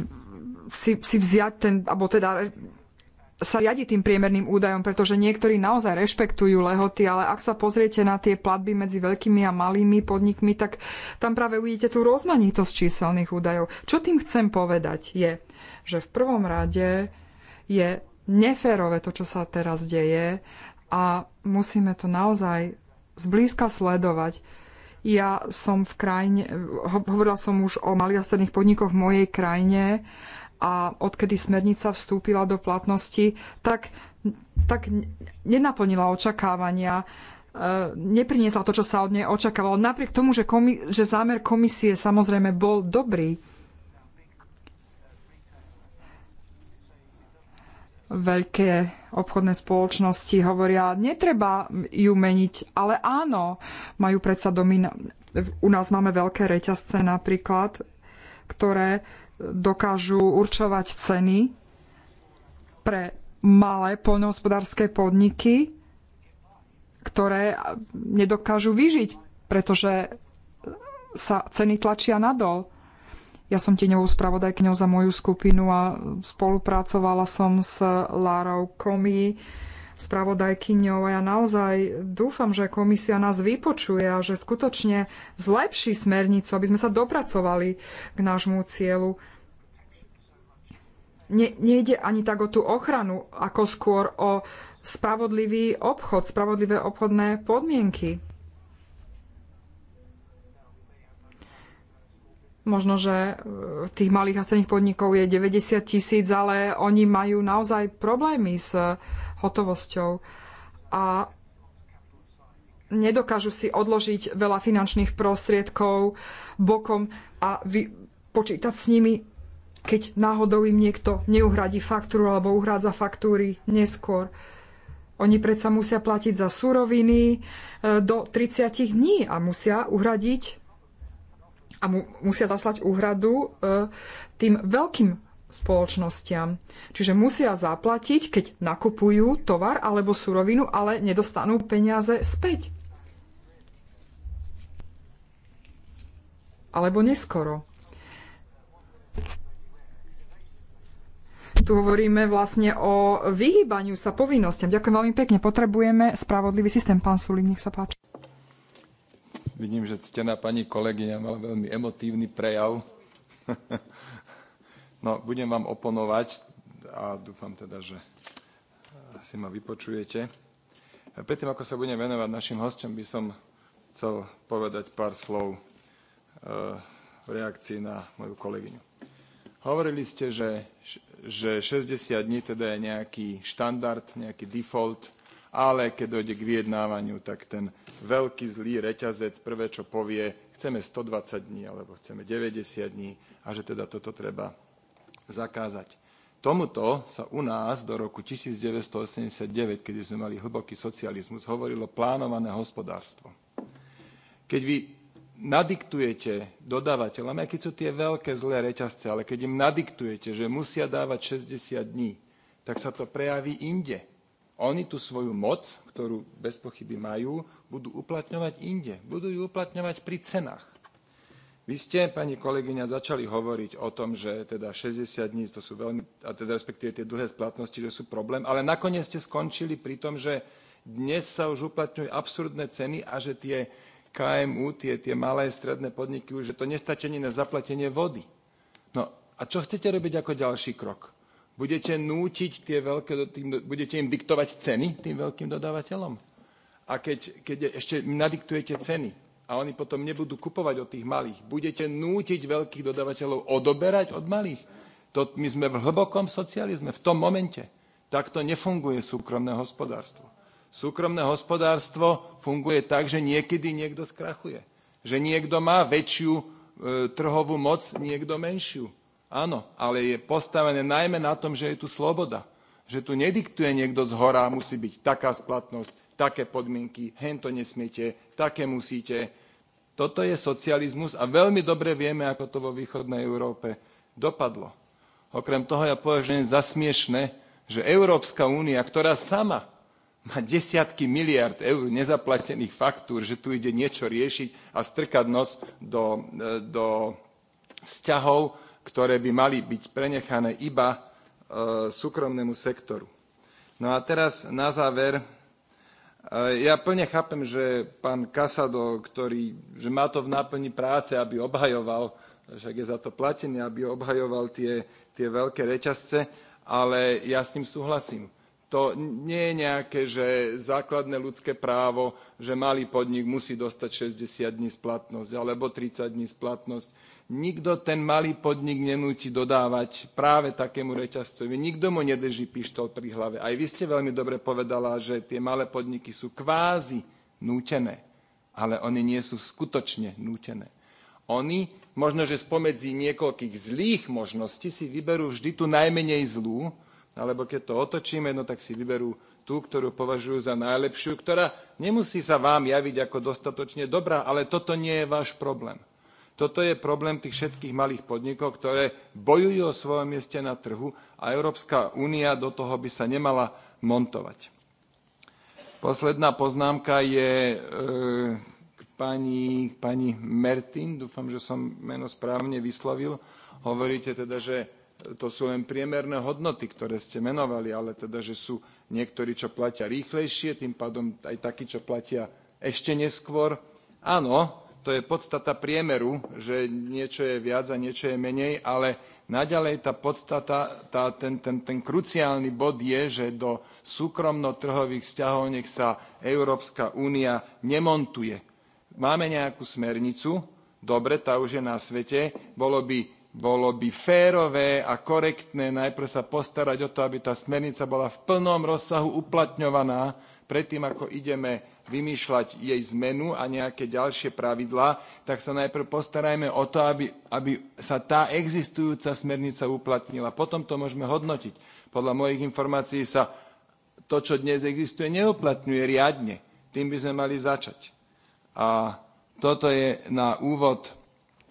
si, si vziať ten, alebo teda sa riadi tým priemerným údajom, pretože niektorí naozaj rešpektujú lehoty, ale ak sa pozriete na tie platby medzi veľkými a malými podnikmi, tak tam práve uvidíte tú rozmanitosť číselných údajov. Čo tým chcem povedať je, že v prvom rade je neférové to, čo sa teraz deje a musíme to naozaj zblízka sledovať. Ja som v krajine, hovorila som už o malých a stredných podnikoch v mojej krajine a odkedy smernica vstúpila do platnosti, tak, tak nenaplnila očakávania e, nepriniesla to, čo sa od nej očakávalo. Napriek tomu, že, komi- že zámer komisie samozrejme bol dobrý, veľké obchodné spoločnosti hovoria, netreba ju meniť, ale áno, majú predsa domina- u nás máme veľké reťazce napríklad, ktoré dokážu určovať ceny pre malé poľnohospodárske podniky, ktoré nedokážu vyžiť, pretože sa ceny tlačia nadol. Ja som tieňovou spravodajkňou za moju skupinu a spolupracovala som s Lárou Komi, spravodajkyňou a ja naozaj dúfam, že komisia nás vypočuje a že skutočne zlepší smernicu, aby sme sa dopracovali k nášmu cieľu. Ne, nejde ani tak o tú ochranu, ako skôr o spravodlivý obchod, spravodlivé obchodné podmienky. možno, že e, tých malých a stredných podnikov je 90 tisíc, ale oni majú naozaj problémy s hotovosťou a nedokážu si odložiť veľa finančných prostriedkov bokom a vy, počítať s nimi, keď náhodou im niekto neuhradí faktúru alebo uhrádza faktúry neskôr. Oni predsa musia platiť za suroviny e, do 30 dní a musia uhradiť a mu, musia zaslať úhradu e, tým veľkým spoločnostiam. Čiže musia zaplatiť, keď nakupujú tovar alebo surovinu, ale nedostanú peniaze späť. Alebo neskoro. Tu hovoríme vlastne o vyhýbaniu sa povinnostiam. Ďakujem veľmi pekne. Potrebujeme spravodlivý systém. Pán Sulík, nech sa páči. Vidím, že ctená pani kolegyňa mala veľmi emotívny prejav. [laughs] No, budem vám oponovať a dúfam teda, že si ma vypočujete. Predtým, ako sa budem venovať našim hostom, by som chcel povedať pár slov e, v reakcii na moju kolegyňu. Hovorili ste, že, že 60 dní teda je nejaký štandard, nejaký default, ale keď dojde k vyjednávaniu, tak ten veľký zlý reťazec prvé, čo povie, chceme 120 dní alebo chceme 90 dní a že teda toto treba zakázať. Tomuto sa u nás do roku 1989, kedy sme mali hlboký socializmus, hovorilo plánované hospodárstvo. Keď vy nadiktujete dodávateľom, aj keď sú tie veľké zlé reťazce, ale keď im nadiktujete, že musia dávať 60 dní, tak sa to prejaví inde. Oni tú svoju moc, ktorú bez pochyby majú, budú uplatňovať inde. Budú ju uplatňovať pri cenách. Vy ste, pani kolegyňa, začali hovoriť o tom, že teda 60 dní, to sú veľmi, a teda respektíve tie dlhé splatnosti, že sú problém, ale nakoniec ste skončili pri tom, že dnes sa už uplatňujú absurdné ceny a že tie KMU, tie, tie malé stredné podniky, už, že to nestačí ani na zaplatenie vody. No a čo chcete robiť ako ďalší krok? Budete nútiť tie veľké, tým, budete im diktovať ceny tým veľkým dodávateľom? A keď, keď ešte nadiktujete ceny, a oni potom nebudú kupovať od tých malých. Budete nútiť veľkých dodavateľov odoberať od malých. To, my sme v hlbokom socializme, v tom momente. Takto nefunguje súkromné hospodárstvo. Súkromné hospodárstvo funguje tak, že niekedy niekto skrachuje. Že niekto má väčšiu e, trhovú moc, niekto menšiu. Áno, ale je postavené najmä na tom, že je tu sloboda. Že tu nediktuje niekto z hora, musí byť taká splatnosť, také podmienky, hento nesmiete, také musíte. Toto je socializmus a veľmi dobre vieme, ako to vo východnej Európe dopadlo. Okrem toho ja považujem za smiešne, že Európska únia, ktorá sama má desiatky miliard eur nezaplatených faktúr, že tu ide niečo riešiť a strkať nos do, e, do vzťahov, ktoré by mali byť prenechané iba e, súkromnému sektoru. No a teraz na záver E, ja plne chápem, že pán Kasado, ktorý že má to v náplni práce, aby obhajoval, však je za to platený, aby obhajoval tie, tie veľké reťazce, ale ja s ním súhlasím. To nie je nejaké, že základné ľudské právo, že malý podnik musí dostať 60 dní splatnosť alebo 30 dní splatnosť Nikto ten malý podnik nenúti dodávať práve takému reťazcovi. Nikto mu nedrží pištol pri hlave. Aj vy ste veľmi dobre povedala, že tie malé podniky sú kvázi nútené, ale oni nie sú skutočne nútené. Oni, možno, že spomedzi niekoľkých zlých možností si vyberú vždy tú najmenej zlú, alebo keď to otočíme, no tak si vyberú tú, ktorú považujú za najlepšiu, ktorá nemusí sa vám javiť ako dostatočne dobrá, ale toto nie je váš problém. Toto je problém tých všetkých malých podnikov, ktoré bojujú o svojom mieste na trhu a Európska únia do toho by sa nemala montovať. Posledná poznámka je e, k pani, pani Mertin. Dúfam, že som meno správne vyslovil. Hovoríte teda, že to sú len priemerné hodnoty, ktoré ste menovali, ale teda, že sú niektorí, čo platia rýchlejšie, tým pádom aj takí, čo platia ešte neskôr. Áno, to je podstata priemeru, že niečo je viac a niečo je menej, ale naďalej tá podstata, tá, ten, ten, ten kruciálny bod je, že do súkromno-trhových vzťahov nech sa Európska únia nemontuje. Máme nejakú smernicu, dobre, tá už je na svete, bolo by bolo by férové a korektné najprv sa postarať o to, aby tá smernica bola v plnom rozsahu uplatňovaná, predtým ako ideme vymýšľať jej zmenu a nejaké ďalšie pravidlá, tak sa najprv postarajme o to, aby, aby sa tá existujúca smernica uplatnila. Potom to môžeme hodnotiť. Podľa mojich informácií sa to, čo dnes existuje, neuplatňuje riadne. Tým by sme mali začať. A toto je na úvod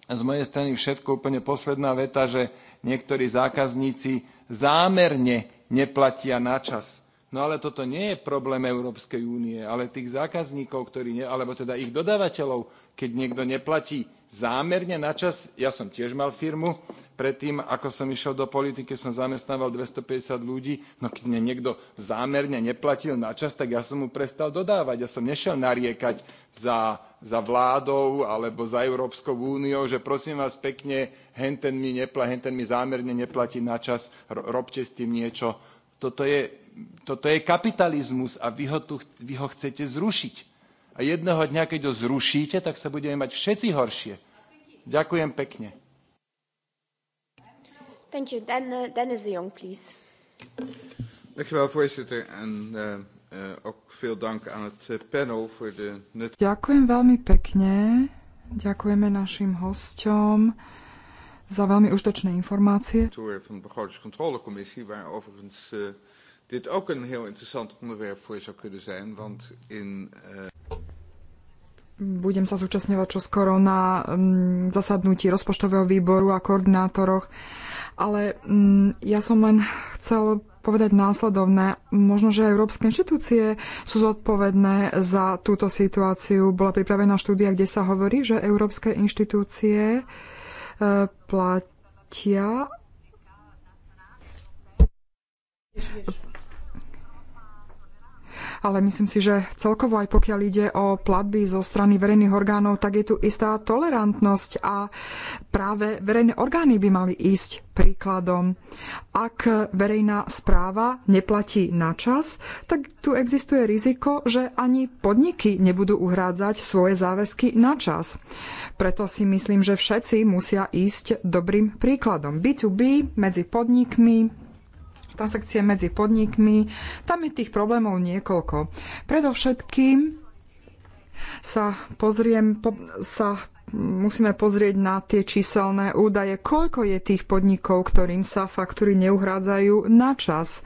z mojej strany všetko úplne posledná veta, že niektorí zákazníci zámerne neplatia na čas No ale toto nie je problém Európskej únie, ale tých zákazníkov, ktorí ne, alebo teda ich dodávateľov, keď niekto neplatí zámerne na čas. Ja som tiež mal firmu, predtým ako som išiel do politiky, som zamestnával 250 ľudí, no keď mne niekto zámerne neplatil na čas, tak ja som mu prestal dodávať. Ja som nešiel nariekať za, za vládou alebo za Európskou úniou, že prosím vás pekne, henten mi, nepla, henten mi zámerne neplatí na čas, robte s tým niečo. Toto je toto je kapitalizmus a vy ho, tu, vy ho chcete zrušiť. A jedného dňa, keď ho zrušíte, tak sa budeme mať všetci horšie. Ďakujem pekne. Thank you. Dan, uh, Dennis Jong, please. voorzitter. En uh, uh, ook veel dank aan het uh, panel voor de nut... Ďakujem veľmi pekne. Ďakujeme našim hosťom za veľmi užitočné informácie. ...van de waar overigens... Uh, dit ook een heel interessant onderwerp voor zou kunnen zijn, want in... Uh... Budem sa zúčastňovať čoskoro na um, zasadnutí rozpočtového výboru a koordinátoroch, ale um, ja som len chcel povedať následovné. Možno, že európske inštitúcie sú zodpovedné za túto situáciu. Bola pripravená štúdia, kde sa hovorí, že európske inštitúcie eh, platia ale myslím si, že celkovo aj pokiaľ ide o platby zo strany verejných orgánov, tak je tu istá tolerantnosť a práve verejné orgány by mali ísť príkladom. Ak verejná správa neplatí na čas, tak tu existuje riziko, že ani podniky nebudú uhrádzať svoje záväzky na čas. Preto si myslím, že všetci musia ísť dobrým príkladom. B2B medzi podnikmi, transakcie medzi podnikmi. Tam je tých problémov niekoľko. Predovšetkým sa pozriem, po, sa musíme pozrieť na tie číselné údaje, koľko je tých podnikov, ktorým sa faktúry neuhrádzajú na čas.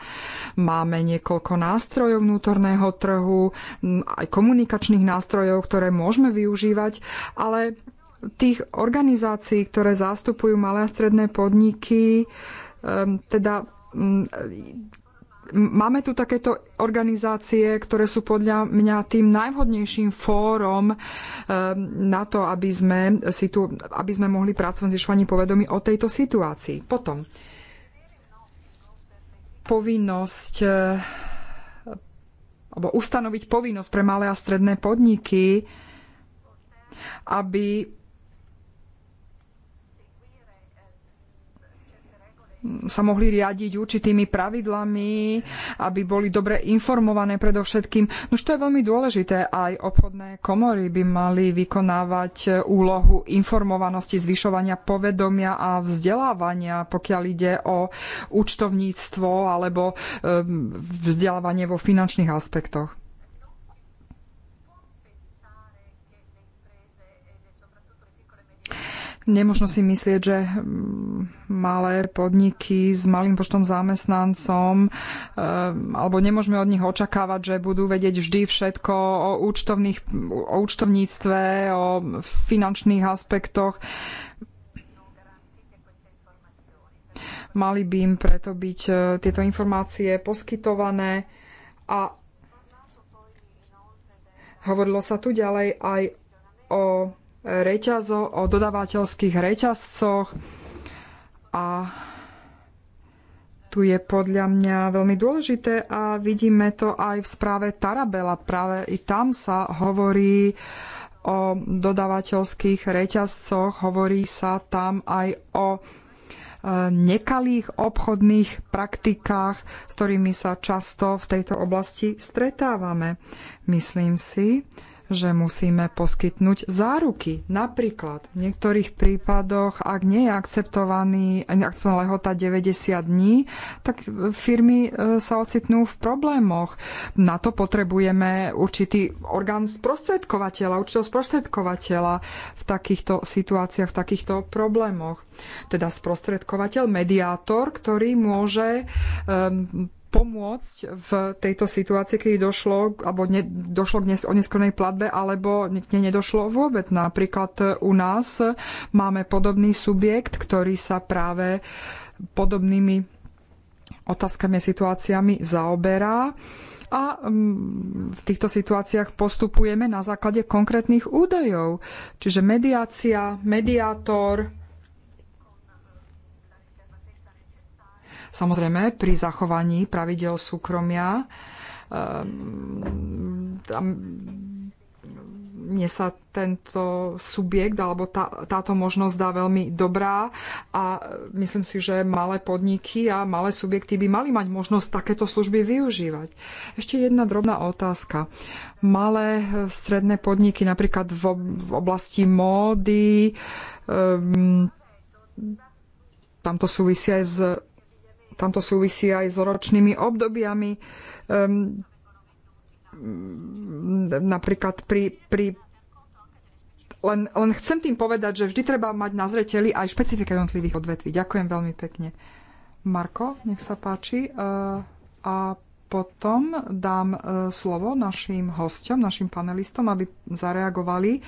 Máme niekoľko nástrojov vnútorného trhu, aj komunikačných nástrojov, ktoré môžeme využívať, ale tých organizácií, ktoré zastupujú malé a stredné podniky, teda Máme tu takéto organizácie, ktoré sú podľa mňa tým najvhodnejším fórom e, na to, aby sme, tu, aby sme mohli pracovať s zvyšovaním povedomí o tejto situácii. Potom povinnosť e, alebo ustanoviť povinnosť pre malé a stredné podniky, aby sa mohli riadiť určitými pravidlami, aby boli dobre informované predovšetkým. No to je veľmi dôležité. Aj obchodné komory by mali vykonávať úlohu informovanosti, zvyšovania povedomia a vzdelávania, pokiaľ ide o účtovníctvo alebo ehm, vzdelávanie vo finančných aspektoch. Nemôžno si myslieť, že hm, malé podniky s malým počtom zamestnancom, hm, alebo nemôžeme od nich očakávať, že budú vedieť vždy všetko o, účtovných, o účtovníctve, o finančných aspektoch. Mali by im preto byť hm, tieto informácie poskytované a hovorilo sa tu ďalej aj o reťazo, o dodávateľských reťazcoch a tu je podľa mňa veľmi dôležité a vidíme to aj v správe Tarabela. Práve i tam sa hovorí o dodávateľských reťazcoch, hovorí sa tam aj o e, nekalých obchodných praktikách, s ktorými sa často v tejto oblasti stretávame. Myslím si, že musíme poskytnúť záruky. Napríklad v niektorých prípadoch, ak nie je akceptovaný, akceptovaná lehota 90 dní, tak firmy e, sa ocitnú v problémoch. Na to potrebujeme určitý orgán sprostredkovateľa, určitého sprostredkovateľa v takýchto situáciách, v takýchto problémoch. Teda sprostredkovateľ, mediátor, ktorý môže um, pomôcť v tejto situácii, keď došlo, alebo ne, došlo k oneskornej platbe, alebo k nedošlo vôbec. Napríklad u nás máme podobný subjekt, ktorý sa práve podobnými otázkami a situáciami zaoberá a mm, v týchto situáciách postupujeme na základe konkrétnych údajov. Čiže mediácia, mediátor, Samozrejme, pri zachovaní pravidel súkromia ehm, tam, mne sa tento subjekt alebo tá, táto možnosť dá veľmi dobrá a myslím si, že malé podniky a malé subjekty by mali mať možnosť takéto služby využívať. Ešte jedna drobná otázka. Malé stredné podniky napríklad v, v oblasti módy, um, ehm, tamto súvisia súvisí aj s tam to súvisí aj s ročnými obdobiami. Um, napríklad pri, pri len, len chcem tým povedať, že vždy treba mať na zreteli aj špecifika jednotlivých odvetví. Ďakujem veľmi pekne. Marko, nech sa páči. Uh, a potom dám e, slovo našim hosťom, našim panelistom, aby zareagovali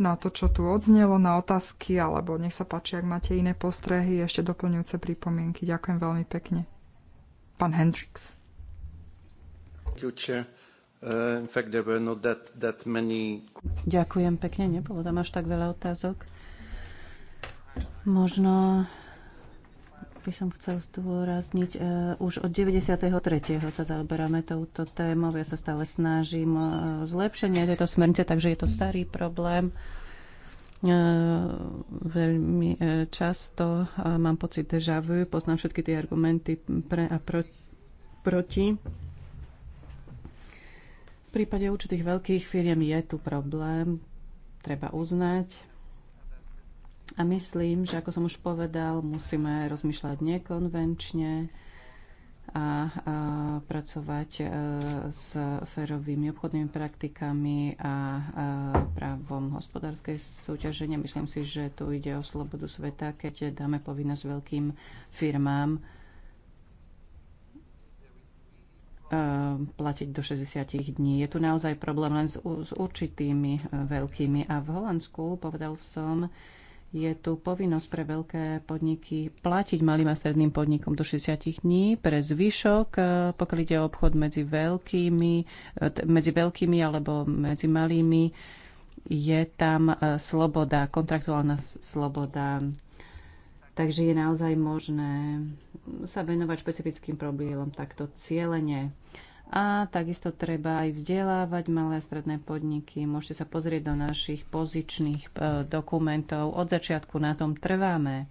na to, čo tu odznelo, na otázky, alebo nech sa páči, ak máte iné postrehy, ešte doplňujúce pripomienky. Ďakujem veľmi pekne. Pán Hendrix. Uh, Ďakujem pekne, nebolo tam až tak veľa otázok. Možno by som chcel zdôrazniť, e, už od 93. sa zaoberáme touto témou. Ja sa stále snažím e, zlepšenie tejto smernice, takže je to starý problém. E, veľmi často mám pocit deja vu, poznám všetky tie argumenty pre a proti. V prípade určitých veľkých firiem je tu problém, treba uznať a myslím, že ako som už povedal, musíme rozmýšľať nekonvenčne a, a pracovať e, s férovými obchodnými praktikami a, a právom hospodárskej súťaže. Myslím si, že tu ide o slobodu sveta, keď dáme povinnosť veľkým firmám e, platiť do 60 dní. Je tu naozaj problém len s, s určitými e, veľkými. A v Holandsku, povedal som, je tu povinnosť pre veľké podniky platiť malým a stredným podnikom do 60 dní. Pre zvyšok, e, pokiaľ ide o obchod medzi veľkými, e, medzi veľkými alebo medzi malými, je tam e, sloboda, kontraktuálna sloboda. Takže je naozaj možné sa venovať špecifickým problémom takto cieľene. A takisto treba aj vzdelávať malé a stredné podniky. Môžete sa pozrieť do našich pozičných e, dokumentov. Od začiatku na tom trváme.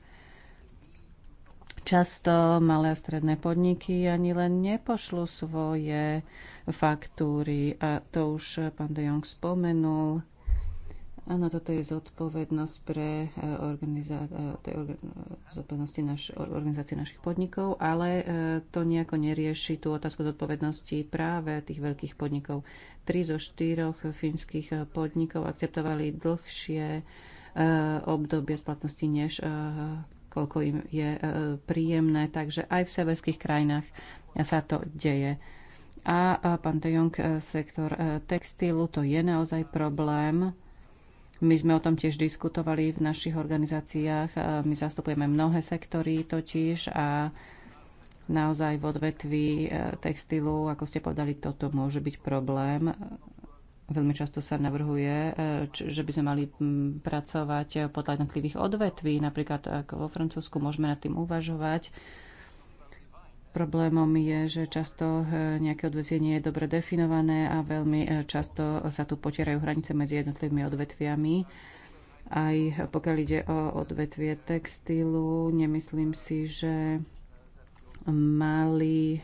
Často malé a stredné podniky ani len nepošlu svoje faktúry a to už pán De Jong spomenul. Áno, toto je zodpovednosť pre e, organizá- e, zodpovednosti naš- organizácie našich podnikov, ale e, to nejako nerieši tú otázku zodpovednosti práve tých veľkých podnikov. Tri zo štyroch fínskych podnikov akceptovali dlhšie obdobie splatnosti, než koľko im je príjemné. Takže aj v severských krajinách sa to deje. A pán Tejong, sektor textilu, to je naozaj problém my sme o tom tiež diskutovali v našich organizáciách. My zastupujeme mnohé sektory totiž a naozaj v odvetví e, textilu, ako ste povedali, toto môže byť problém. Veľmi často sa navrhuje, e, že by sme mali pracovať podľa jednotlivých odvetví. Napríklad e, vo Francúzsku môžeme nad tým uvažovať Problémom je, že často eh, nejaké odvetvie nie je dobre definované a veľmi eh, často sa tu potierajú hranice medzi jednotlivými odvetviami. Aj pokiaľ ide o odvetvie textilu, nemyslím si, že mali eh,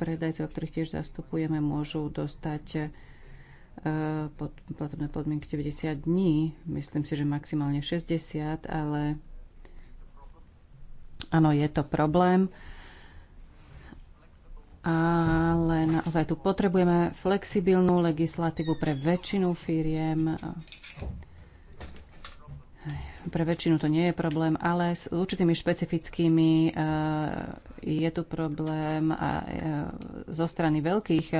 predajcov, ktorých tiež zastupujeme, môžu dostať potrebné podmienky 90 dní. Myslím si, že maximálne 60, ale áno, je to problém ale naozaj tu potrebujeme flexibilnú legislatívu pre väčšinu firiem. Pre väčšinu to nie je problém, ale s určitými špecifickými eh, je tu problém a e, zo strany veľkých e,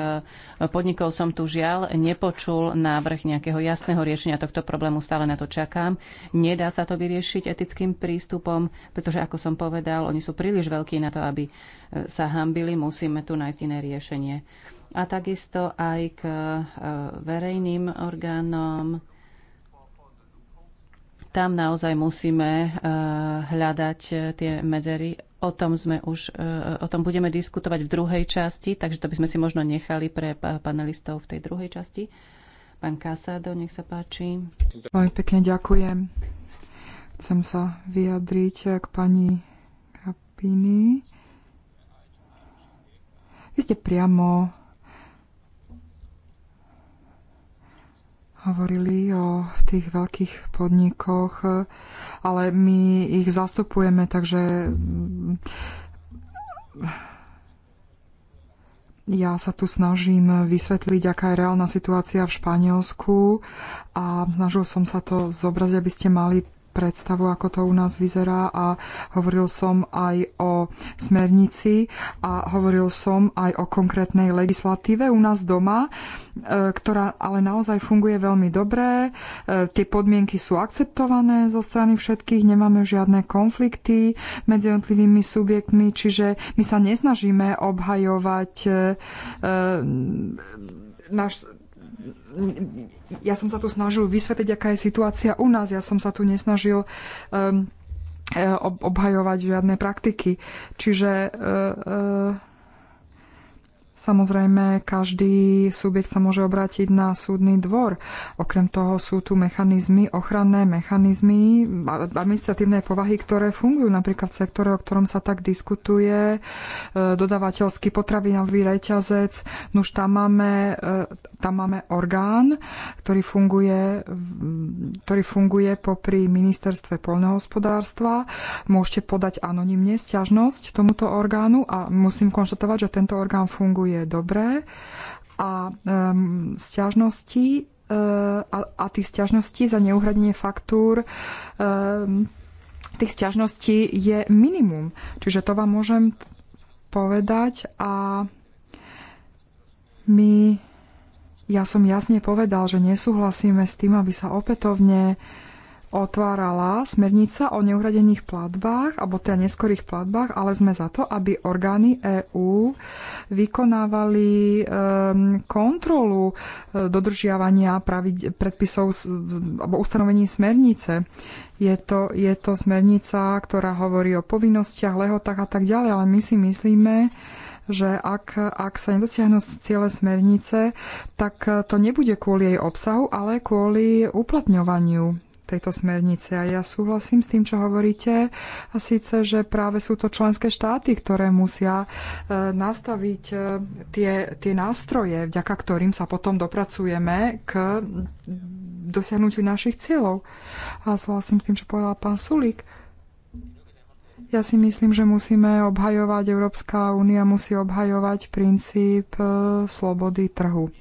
podnikov som tu žiaľ nepočul návrh nejakého jasného riešenia tohto problému, stále na to čakám. Nedá sa to vyriešiť etickým prístupom, pretože ako som povedal, oni sú príliš veľkí na to, aby e, sa hambili, musíme tu nájsť iné riešenie. A takisto aj k verejným orgánom, tam naozaj musíme eh, hľadať eh, tie medzery. O tom, sme už, eh, o tom budeme diskutovať v druhej časti, takže to by sme si možno nechali pre panelistov v tej druhej časti. Pán Kasado, nech sa páči. Veľmi pekne ďakujem. Chcem sa vyjadriť k pani Krapini. Vy ste priamo hovorili o tých veľkých podnikoch, ale my ich zastupujeme, takže mm, ja sa tu snažím vysvetliť, aká je reálna situácia v Španielsku a snažil som sa to zobraziť, aby ste mali predstavu, ako to u nás vyzerá a hovoril som aj o smernici a hovoril som aj o konkrétnej legislatíve u nás doma, e, ktorá ale naozaj funguje veľmi dobre. E, tie podmienky sú akceptované zo strany všetkých, nemáme žiadne konflikty medzi jednotlivými subjektmi, čiže my sa nesnažíme obhajovať e, náš ja som sa tu snažil vysvetliť, aká je situácia u nás. Ja som sa tu nesnažil um, obhajovať žiadne praktiky. Čiže uh, uh, Samozrejme, každý subjekt sa môže obrátiť na súdny dvor. Okrem toho sú tu mechanizmy, ochranné mechanizmy administratívnej povahy, ktoré fungujú napríklad v sektore, o ktorom sa tak diskutuje, e, dodávateľský potravinový reťazec. No už tam máme, e, tam máme orgán, ktorý funguje, ktorý funguje popri ministerstve poľnohospodárstva. Môžete podať anonimne stiažnosť tomuto orgánu a musím konštatovať, že tento orgán funguje je dobré a um, stiažnosti eh, a, a tých stiažností za neuhradenie faktúr tých stiažností je minimum. Čiže to vám môžem povedať a my ja som jasne povedal, že nesúhlasíme s tým, aby sa opätovne uh, otvárala smernica o neuhradených platbách, alebo teda neskorých platbách, ale sme za to, aby orgány EÚ vykonávali ehm, kontrolu e, dodržiavania predpisov alebo ustanovení smernice. Je to, je to smernica, ktorá hovorí o povinnostiach, lehotách a tak ďalej, ale my si myslíme, že ak, ak sa nedosiahnu ciele smernice, tak to nebude kvôli jej obsahu, ale kvôli uplatňovaniu tejto smernice. A ja súhlasím s tým, čo hovoríte, a síce, že práve sú to členské štáty, ktoré musia e, nastaviť e, tie, tie nástroje, vďaka ktorým sa potom dopracujeme k dosiahnutiu našich cieľov. A súhlasím s tým, čo povedal pán Sulík. Ja si myslím, že musíme obhajovať, Európska únia musí obhajovať princíp e, slobody trhu.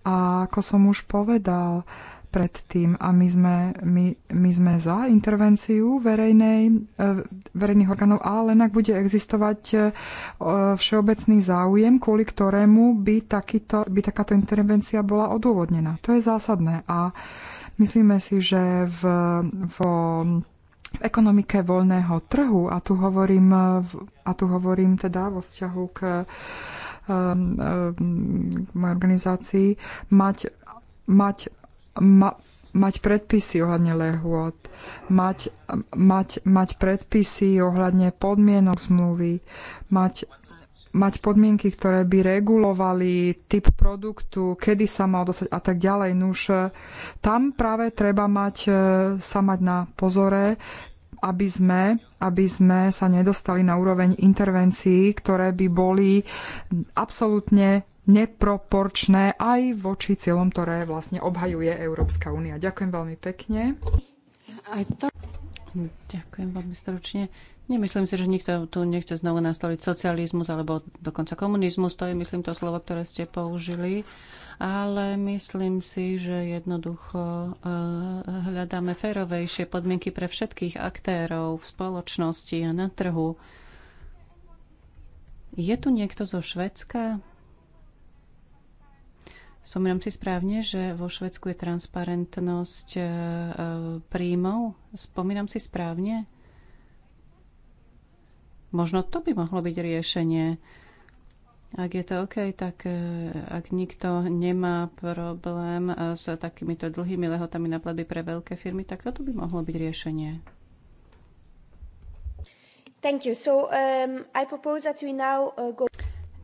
A ako som už povedal, uh, predtým a my sme, my, my sme za intervenciu verejnej, e, verejných orgánov, ale len ak bude existovať e, všeobecný záujem, kvôli ktorému by, takýto, by takáto intervencia bola odôvodnená. To je zásadné a myslíme si, že v, vo v ekonomike voľného trhu, a tu hovorím, e, a tu hovorím teda vo vzťahu k mojej organizácii mať, mať ma, mať predpisy ohľadne lehôd, mať, mať, mať predpisy ohľadne podmienok zmluvy, mať, mať podmienky, ktoré by regulovali typ produktu, kedy sa mal dostať a tak ďalej. Nuž, e, tam práve treba mať, e, sa mať na pozore, aby sme, aby sme sa nedostali na úroveň intervencií, ktoré by boli absolútne neproporčné aj voči cieľom, ktoré vlastne obhajuje Európska únia. Ďakujem veľmi pekne. Aj to... Ďakujem veľmi stručne. Nemyslím si, že nikto tu nechce znovu nastoliť socializmus alebo dokonca komunizmus. To je, myslím, to slovo, ktoré ste použili. Ale myslím si, že jednoducho eh, hľadáme férovejšie podmienky pre všetkých aktérov v spoločnosti a na trhu. Je tu niekto zo Švedska? Spomínam si správne, že vo Švedsku je transparentnosť e, e, príjmov. Spomínam si správne? Možno to by mohlo byť riešenie. Ak je to OK, tak e, ak nikto nemá problém s takýmito dlhými lehotami na platby pre veľké firmy, tak toto by mohlo byť riešenie. Thank you. So, um, I propose that we now uh, go...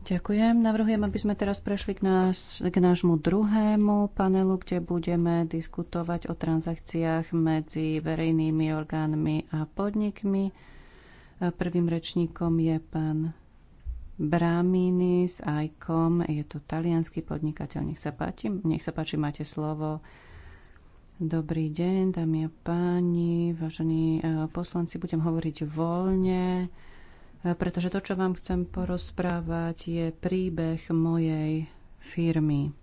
Ďakujem. Navrhujem, aby sme teraz prešli k, náš, k nášmu druhému panelu, kde budeme diskutovať o transakciách medzi verejnými orgánmi a podnikmi. E, prvým rečníkom je pán Bramini z ICOM. Je to talianský podnikateľ. Nech sa páči, nech sa páči máte slovo. Dobrý deň, dámy a páni, vážení e, poslanci, budem hovoriť voľne pretože to, čo vám chcem porozprávať, je príbeh mojej firmy.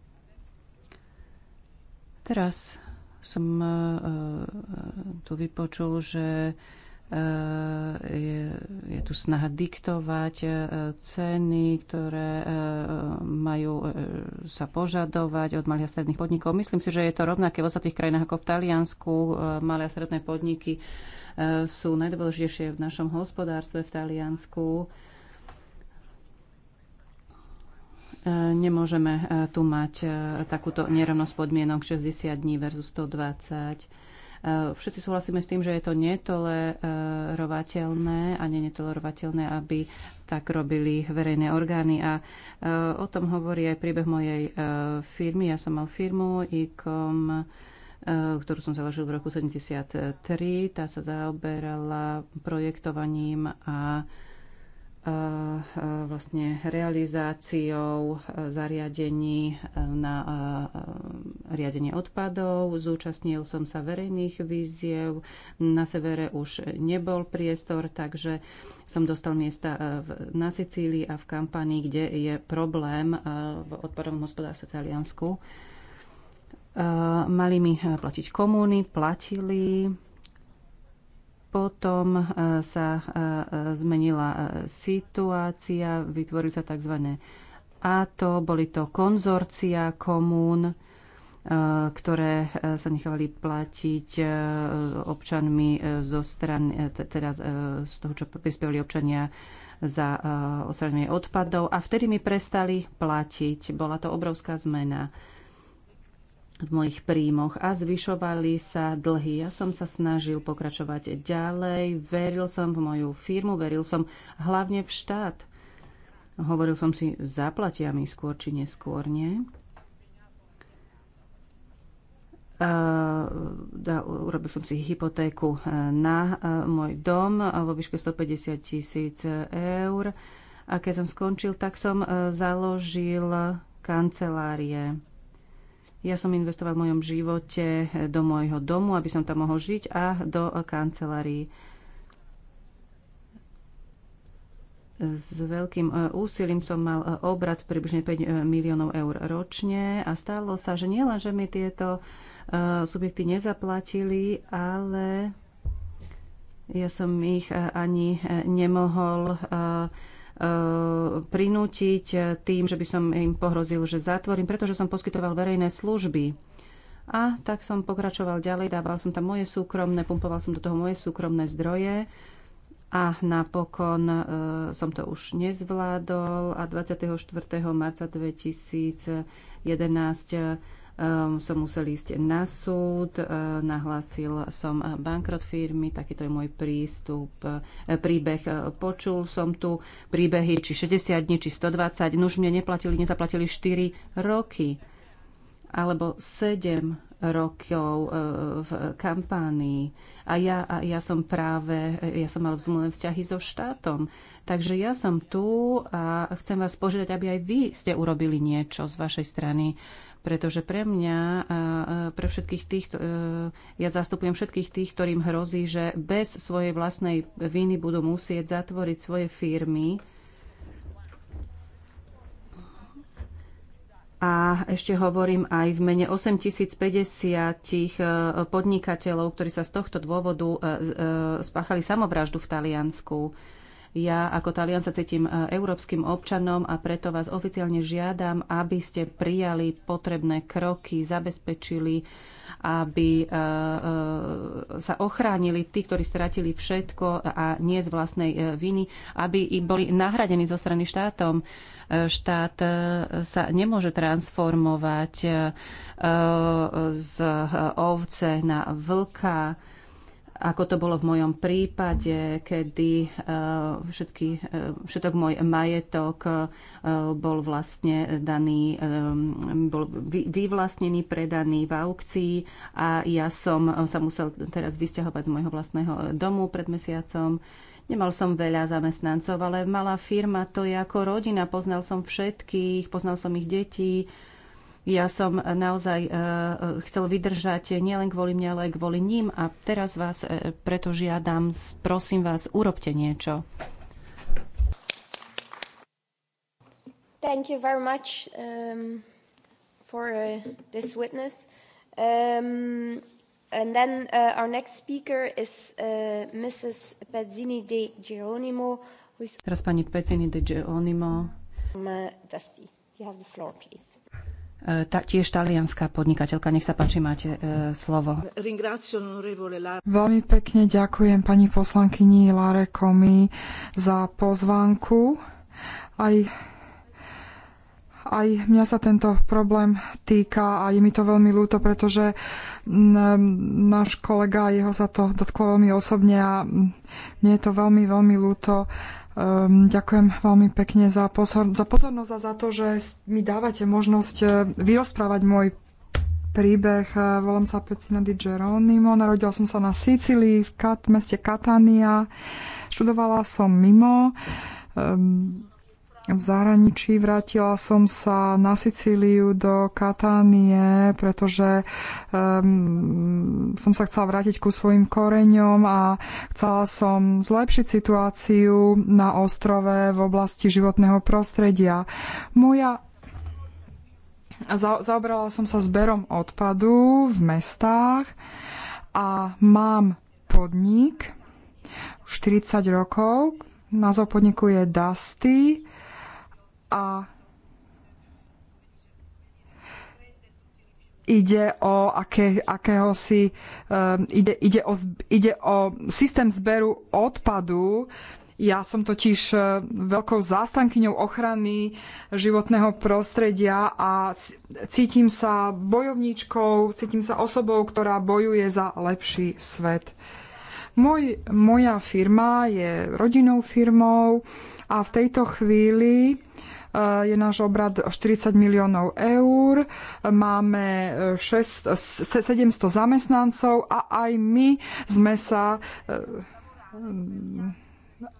Teraz som e, e, tu vypočul, že e, je, je tu snaha diktovať ceny, ktoré majú sa požadovať od malých a stredných podnikov. Myslím si, že je to rovnaké v ostatných krajinách ako v Taliansku. Malé a stredné podniky Eh, sú najdôležitejšie v našom hospodárstve v Taliansku. Eh, nemôžeme eh, tu mať takúto nerovnosť podmienok 60 dní versus 120. Všetci súhlasíme s tým, že je to netolerovateľné a nenetolerovateľné, aby tak robili verejné orgány. A o tom hovorí aj príbeh mojej firmy. Ja som mal firmu ICOM Eh, ktorú som založil v roku 1973, Tá sa zaoberala projektovaním a eh, eh, vlastne realizáciou zariadení na riadenie odpadov. Zúčastnil som sa verejných víziev. Na severe už nebol priestor, takže som dostal miesta na Sicílii a v kampanii, kde je problém v odpadovom hospodárstve v Taliansku. Eh, mali mi eh, platiť komúny, platili. Potom eh, sa zmenila situácia, vytvorili sa tzv. ATO, boli to konzorcia komún, ktoré sa nechávali platiť občanmi zo stran, teda z toho, čo prispievali občania za odstranenie odpadov a vtedy mi prestali platiť. Bola to obrovská zmena v mojich príjmoch a zvyšovali sa dlhy. Ja som sa snažil pokračovať ďalej, veril som v moju firmu, veril som hlavne v štát. Hovoril som si, zaplatia mi skôr či neskôr, nie? Uh, urobil som si hypotéku e, na e, môj dom vo výške 150 tisíc eur a keď som skončil, tak som e, založil kancelárie ja som investoval v mojom živote do môjho domu, aby som tam mohol žiť a do kancelárií. S veľkým e, úsilím som mal e, obrad približne 5 e, miliónov eur ročne a stalo sa, že nielen, že mi tieto subjekty nezaplatili, ale ja som ich ani nemohol Eh, prinútiť tým, že by som im pohrozil, že zatvorím, pretože som poskytoval verejné služby. A tak som pokračoval ďalej, dával som tam moje súkromné, pumpoval som do toho moje súkromné zdroje a napokon e, som to už nezvládol a 24. marca 2011 um, som musel ísť na súd, uh, nahlásil som bankrot firmy, takýto je môj prístup, uh, príbeh. Uh, počul som tu príbehy či 60 dní, či 120, nuž no mne neplatili, nezaplatili 4 roky alebo 7 rokov uh, v kampánii. A ja, a ja som práve, ja som mal vzmluvné vzťahy so štátom. Takže ja som tu a chcem vás požiadať, aby aj vy ste urobili niečo z vašej strany pretože pre mňa, eh, pre všetkých tých, eh, ja zastupujem všetkých tých, ktorým hrozí, že bez svojej vlastnej viny budú musieť zatvoriť svoje firmy. A ešte hovorím aj v mene 8050 eh, podnikateľov, ktorí sa z tohto dôvodu spáchali samovraždu v Taliansku. Ja ako Talian sa cítim e, európskym občanom a preto vás oficiálne žiadam, aby ste prijali potrebné kroky, zabezpečili, aby e, e, sa ochránili tí, ktorí stratili všetko a nie z vlastnej viny, aby im boli nahradení zo strany štátom. Štát sa nemôže transformovať z ovce na vlka, ako to bolo v mojom prípade, kedy e, všetky, e, všetok môj majetok e, bol vlastne daný, bol vyvlastnený, predaný v aukcii a ja som sa musel teraz vysťahovať z môjho vlastného domu pred mesiacom. Nemal som veľa zamestnancov, ale malá firma to je ako rodina. Poznal som všetkých, poznal som ich detí, ja som naozaj e, e, chcel vydržať nielen kvôli mne, ale aj kvôli ním a teraz vás e, preto žiadam, prosím vás, urobte niečo. Thank you very much um, for uh, this witness. Um, and then uh, our next speaker is uh, Mrs. Pezzini de Geronimo. Who's... Teraz pani Pezzini de Geronimo. uh, Dusty, you have the floor, please. E, tiež talianská podnikateľka. Nech sa páči, máte e, slovo. Veľmi pekne ďakujem pani poslankyni Lare Komi za pozvánku. Aj, aj mňa sa tento problém týka a je mi to veľmi ľúto, pretože náš kolega, jeho sa to dotklo veľmi osobne a mne je to veľmi, veľmi ľúto. Um, ďakujem veľmi pekne za, pozor- za pozornosť a za to, že mi dávate možnosť eh, vyrozprávať môj príbeh. Eh, volám sa Pecina di Geronimo, narodil som sa na Sicílii, v kat- meste Catania. Študovala som mimo. Um, v zahraničí. Vrátila som sa na Sicíliu do Katánie, pretože um, som sa chcela vrátiť ku svojim koreňom a chcela som zlepšiť situáciu na ostrove v oblasti životného prostredia. Moja za, zaobrala som sa zberom odpadu v mestách a mám podnik 40 rokov. Názov podniku je Dusty a ide o, aké, akéhosi, um, ide, ide, o, ide o systém zberu odpadu. Ja som totiž e, veľkou zástankyňou ochrany životného prostredia a cítim sa bojovníčkou, cítim sa osobou, ktorá bojuje za lepší svet. Moj, moja firma je rodinnou firmou a v tejto chvíli uh, Eh, je náš obrad 40 miliónov eur, máme 6, eh, 700 zamestnancov a aj my sme sa eh,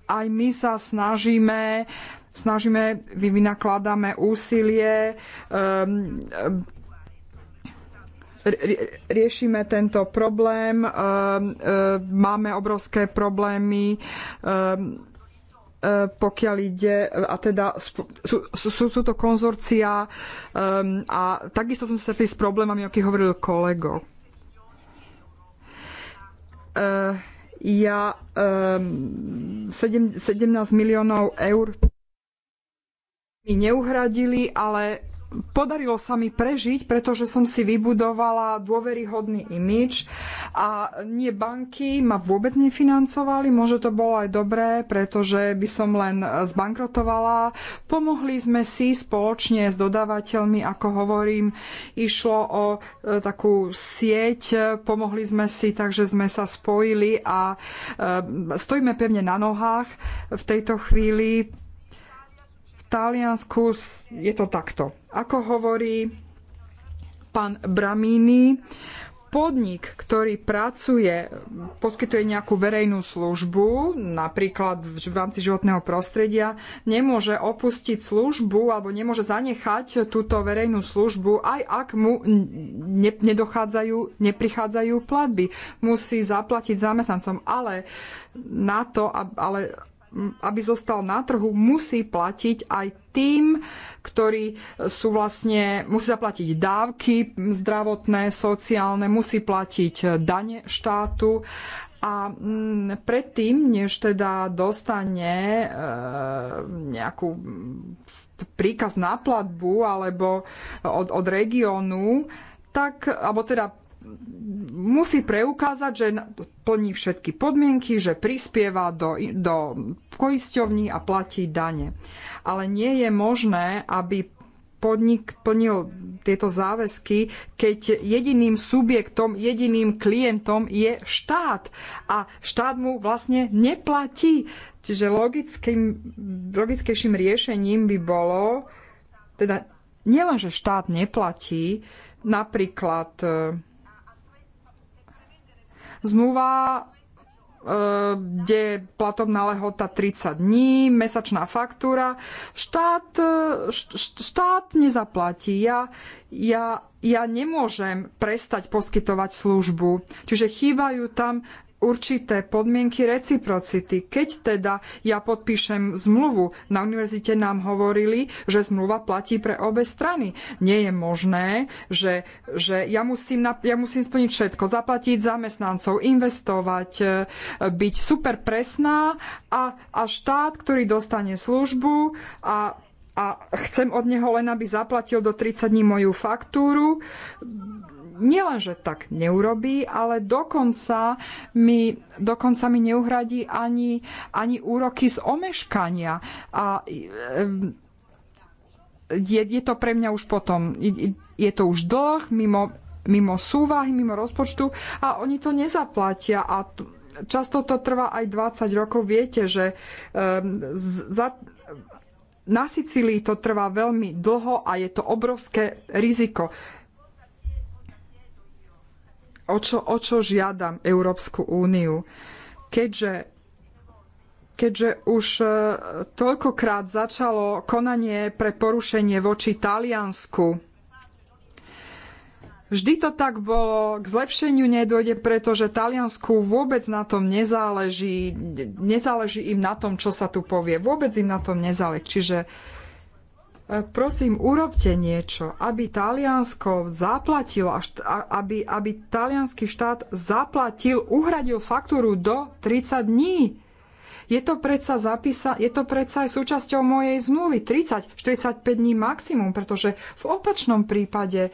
aj my sa snažíme snažíme, vynakladáme úsilie, um, riešime tento problém, um, um, máme obrovské problémy E, pokiaľ ide, e, a teda sú, sú, sú to konzorcia um, a takisto sme sa stretli s problémami, o akých hovoril kolego. Uh, ja um, 7, 17 miliónov eur mi neuhradili, ale podarilo sa mi prežiť, pretože som si vybudovala dôveryhodný imič a nie banky ma vôbec nefinancovali, možno to bolo aj dobré, pretože by som len zbankrotovala. Pomohli sme si spoločne s dodávateľmi, ako hovorím, išlo o e, takú sieť, pomohli sme si, takže sme sa spojili a e, stojíme pevne na nohách v tejto chvíli Taliansku je to takto. Ako hovorí pán Bramini, podnik, ktorý pracuje, poskytuje nejakú verejnú službu, napríklad v rámci životného prostredia, nemôže opustiť službu alebo nemôže zanechať túto verejnú službu, aj ak mu ne, nedochádzajú, neprichádzajú platby. Musí zaplatiť zamestnancom, ale na to, ale aby zostal na trhu, musí platiť aj tým, ktorí sú vlastne, musí zaplatiť dávky zdravotné, sociálne, musí platiť dane štátu a mm, predtým, než teda dostane e, nejakú príkaz na platbu alebo od, od regiónu, tak, alebo teda musí preukázať, že plní všetky podmienky, že prispieva do, do poisťovní a platí dane. Ale nie je možné, aby podnik plnil tieto záväzky, keď jediným subjektom, jediným klientom je štát. A štát mu vlastne neplatí. Čiže logickým, logickejším riešením by bolo, teda nielenže štát neplatí, napríklad e, Zmluva e, kde je platobná lehota 30 dní, mesačná faktúra. Štát, e, štát nezaplatí. Ja, ja, ja nemôžem prestať poskytovať službu. Čiže chýbajú tam určité podmienky reciprocity. Keď teda ja podpíšem zmluvu, na univerzite nám hovorili, že zmluva platí pre obe strany. Nie je možné, že, že ja, musím, ja musím splniť všetko, zaplatiť zamestnancov, investovať, e, byť super presná a, a štát, ktorý dostane službu a a chcem od neho len, aby zaplatil do 30 dní moju faktúru, nielenže tak neurobí, ale dokonca mi, dokonca mi neuhradí ani, ani úroky z omeškania. A e, je, je to pre mňa už potom, je, to už dlh, mimo, mimo súvahy, mimo rozpočtu a oni to nezaplatia a často to trvá aj 20 rokov. Viete, že um, za, na Sicílii to trvá veľmi dlho a je to obrovské riziko o čo, o čo žiadam Európsku úniu. Keďže keďže už e, toľkokrát začalo konanie pre porušenie voči Taliansku. Vždy to tak bolo, k zlepšeniu nedôjde, pretože Taliansku vôbec na tom nezáleží, nezáleží im na tom, čo sa tu povie. Vôbec im na tom nezáleží. Čiže E, prosím, urobte niečo, aby Taliansko zaplatilo, aby, aby talianský štát zaplatil, uhradil faktúru do 30 dní. Je to predsa, zapisa, je to predsa aj súčasťou mojej zmluvy 30-45 dní maximum, pretože v opačnom prípade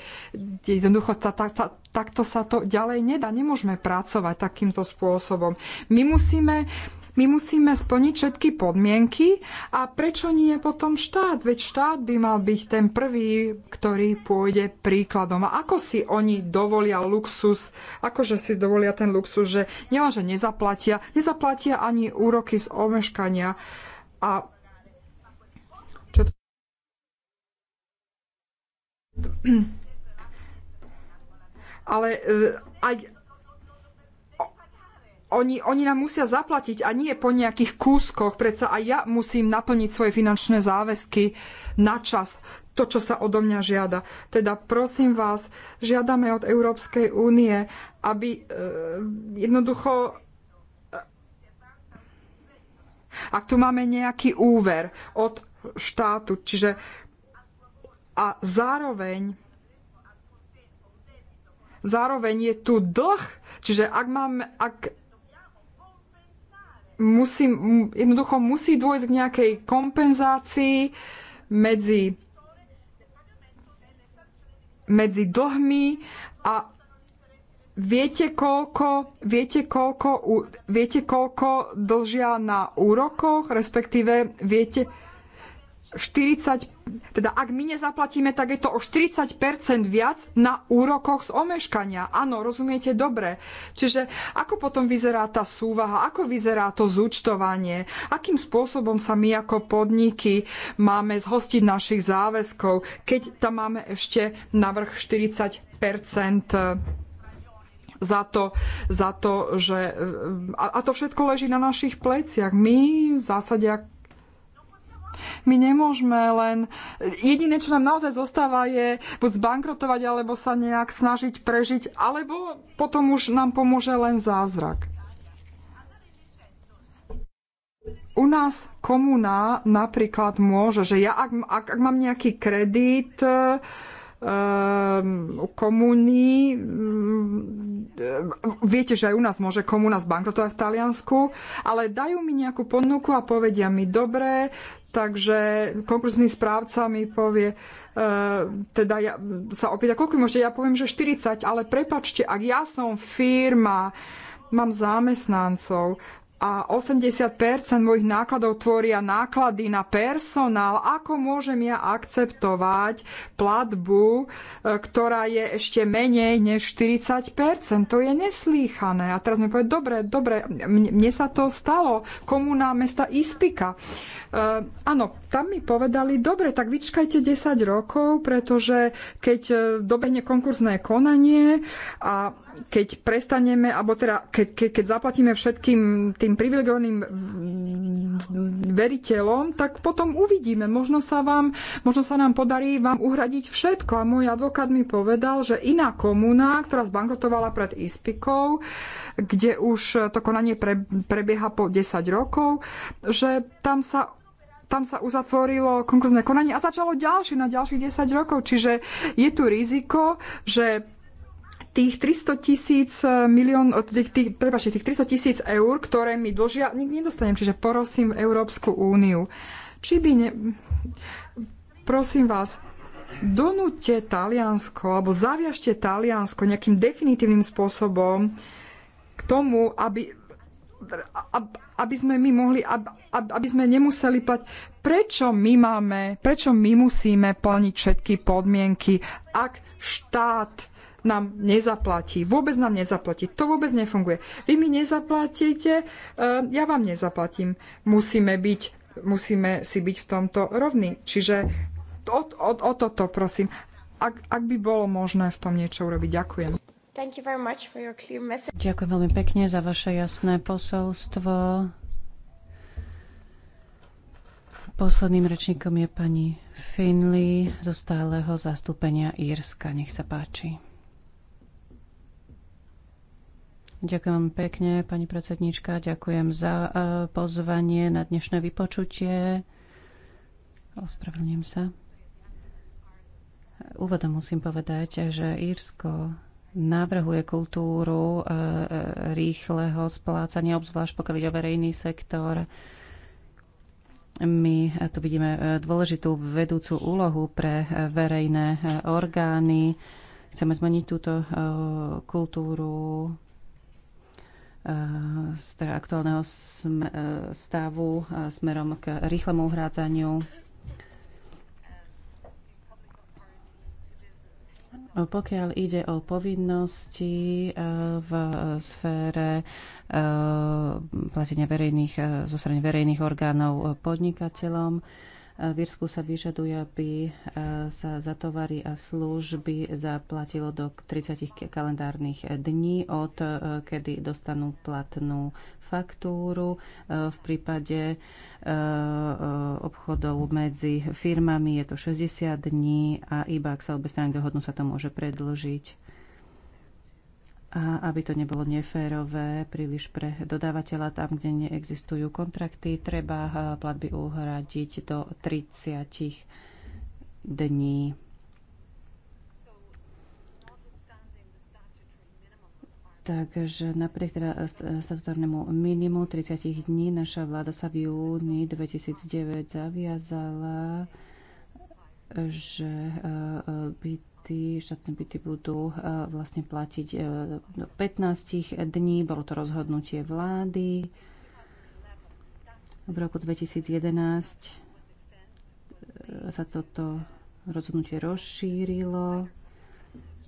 jednoducho tá, tá, tá, takto sa to ďalej nedá. Nemôžeme pracovať takýmto spôsobom. My musíme my musíme splniť všetky podmienky a prečo nie potom štát? Veď štát by mal byť ten prvý, ktorý pôjde príkladom. A ako si oni dovolia luxus, akože si dovolia ten luxus, že nielenže nezaplatia, nezaplatia ani úroky z omeškania. A čo to... Ale e, aj, oni, oni nám musia zaplatiť a nie po nejakých kúskoch. Predsa aj ja musím naplniť svoje finančné záväzky na čas. To, čo sa odo mňa žiada. Teda prosím vás, žiadame od Európskej únie, aby e, jednoducho e, ak tu máme nejaký úver od štátu, čiže a zároveň zároveň je tu dlh, čiže ak, máme, ak, musí, jednoducho musí dôjsť k nejakej kompenzácii medzi, medzi dlhmi a viete koľko, viete, koľko, viete koľko dlžia na úrokoch, respektíve viete, 40, teda ak my nezaplatíme, tak je to o 40% viac na úrokoch z omeškania. Áno, rozumiete dobre. Čiže ako potom vyzerá tá súvaha, ako vyzerá to zúčtovanie, akým spôsobom sa my ako podniky máme zhostiť našich záväzkov, keď tam máme ešte navrh 40% za to, za to, že... A, a to všetko leží na našich pleciach. My v zásade my nemôžeme len... Jediné, čo nám naozaj zostáva, je buď zbankrotovať, alebo sa nejak snažiť prežiť, alebo potom už nám pomôže len zázrak. U nás komuna napríklad môže, že ja ak, ak, ak mám nejaký kredit, uh, Ehm, komúny. Mm, viete, že aj u nás môže komúna zbankrotovať v Taliansku, ale dajú mi nejakú ponuku a povedia mi, dobre, takže konkursný správca mi povie, e, teda ja sa opýta, koľko môžete, ja poviem, že 40, ale prepačte, ak ja som firma, mám zamestnancov, a 80 mojich nákladov tvoria náklady na personál, ako môžem ja akceptovať platbu, e, ktorá je ešte menej než 40 To je neslýchané. A teraz mi povie, dobre, dobre, mne sa to stalo, komuná mesta Ispika. Eh, áno, tam mi povedali, dobre, tak vyčkajte 10 rokov, pretože keď eh, dobehne konkurzné konanie a keď prestaneme, alebo teda keď, ke, keď zaplatíme všetkým tým privilegovaným mm, veriteľom, tak potom uvidíme. Možno sa, vám, možno sa nám podarí vám uhradiť všetko. A môj advokát mi povedal, že iná komuna, ktorá zbankrotovala pred Ispikou, kde už to konanie pre, prebieha po 10 rokov, že tam sa tam sa uzatvorilo konkurzné konanie a začalo ďalšie na ďalších 10 rokov. Čiže je tu riziko, že tých 300 tisíc milión, tých, tých, prepáčte, tých 300 tisíc eur, ktoré mi dlžia, nikdy nedostanem. Čiže porosím Európsku úniu. Či by ne... Prosím vás, donúte Taliansko, alebo zaviažte Taliansko nejakým definitívnym spôsobom k tomu, aby aby sme my mohli, aby sme nemuseli plať. Prečo my máme, prečo my musíme plniť všetky podmienky, ak štát nám nezaplatí, vôbec nám nezaplatí. To vôbec nefunguje. Vy mi nezaplatíte, e, ja vám nezaplatím. Musíme byť, musíme si byť v tomto rovní. Čiže o, o, o toto prosím. Ak, ak by bolo možné v tom niečo urobiť, ďakujem. Ďakujem veľmi pekne za vaše jasné posolstvo. Posledným rečníkom je pani Finley zo stáleho zastúpenia Írska. Nech sa páči. Ďakujem pekne, pani predsednička. Ďakujem za eh, pozvanie na dnešné vypočutie. Ospravedlňujem sa. Úvodom musím povedať, že Írsko navrhuje kultúru e, e, rýchleho splácania, obzvlášť pokiaľ ide o verejný sektor. My tu vidíme e, dôležitú vedúcu úlohu pre verejné orgány. Chceme zmeniť túto kultúru z teda aktuálneho stavu smerom k rýchlemu uhrádzaniu Pokiaľ ide o povinnosti e, v sfére e, platenia verejných, e, zo strany verejných orgánov podnikateľom, v Irsku sa vyžaduje, aby sa za tovary a služby zaplatilo do 30 kalendárnych dní, od kedy dostanú platnú faktúru e, v prípade e, e, obchodov medzi firmami. Je to 60 dní a iba ak sa obe strany dohodnú, sa to môže predlžiť a aby to nebolo neférové príliš pre dodávateľa, tam, kde neexistujú kontrakty, treba platby uhradiť do 30 dní. Takže napriek teda e, e, statutárnemu minimu 30 dní naša vláda sa v júni 2009 zaviazala, že e, byty, štátne byty budú vlastne platiť do 15 dní. Bolo to rozhodnutie vlády. V roku 2011 sa toto rozhodnutie rozšírilo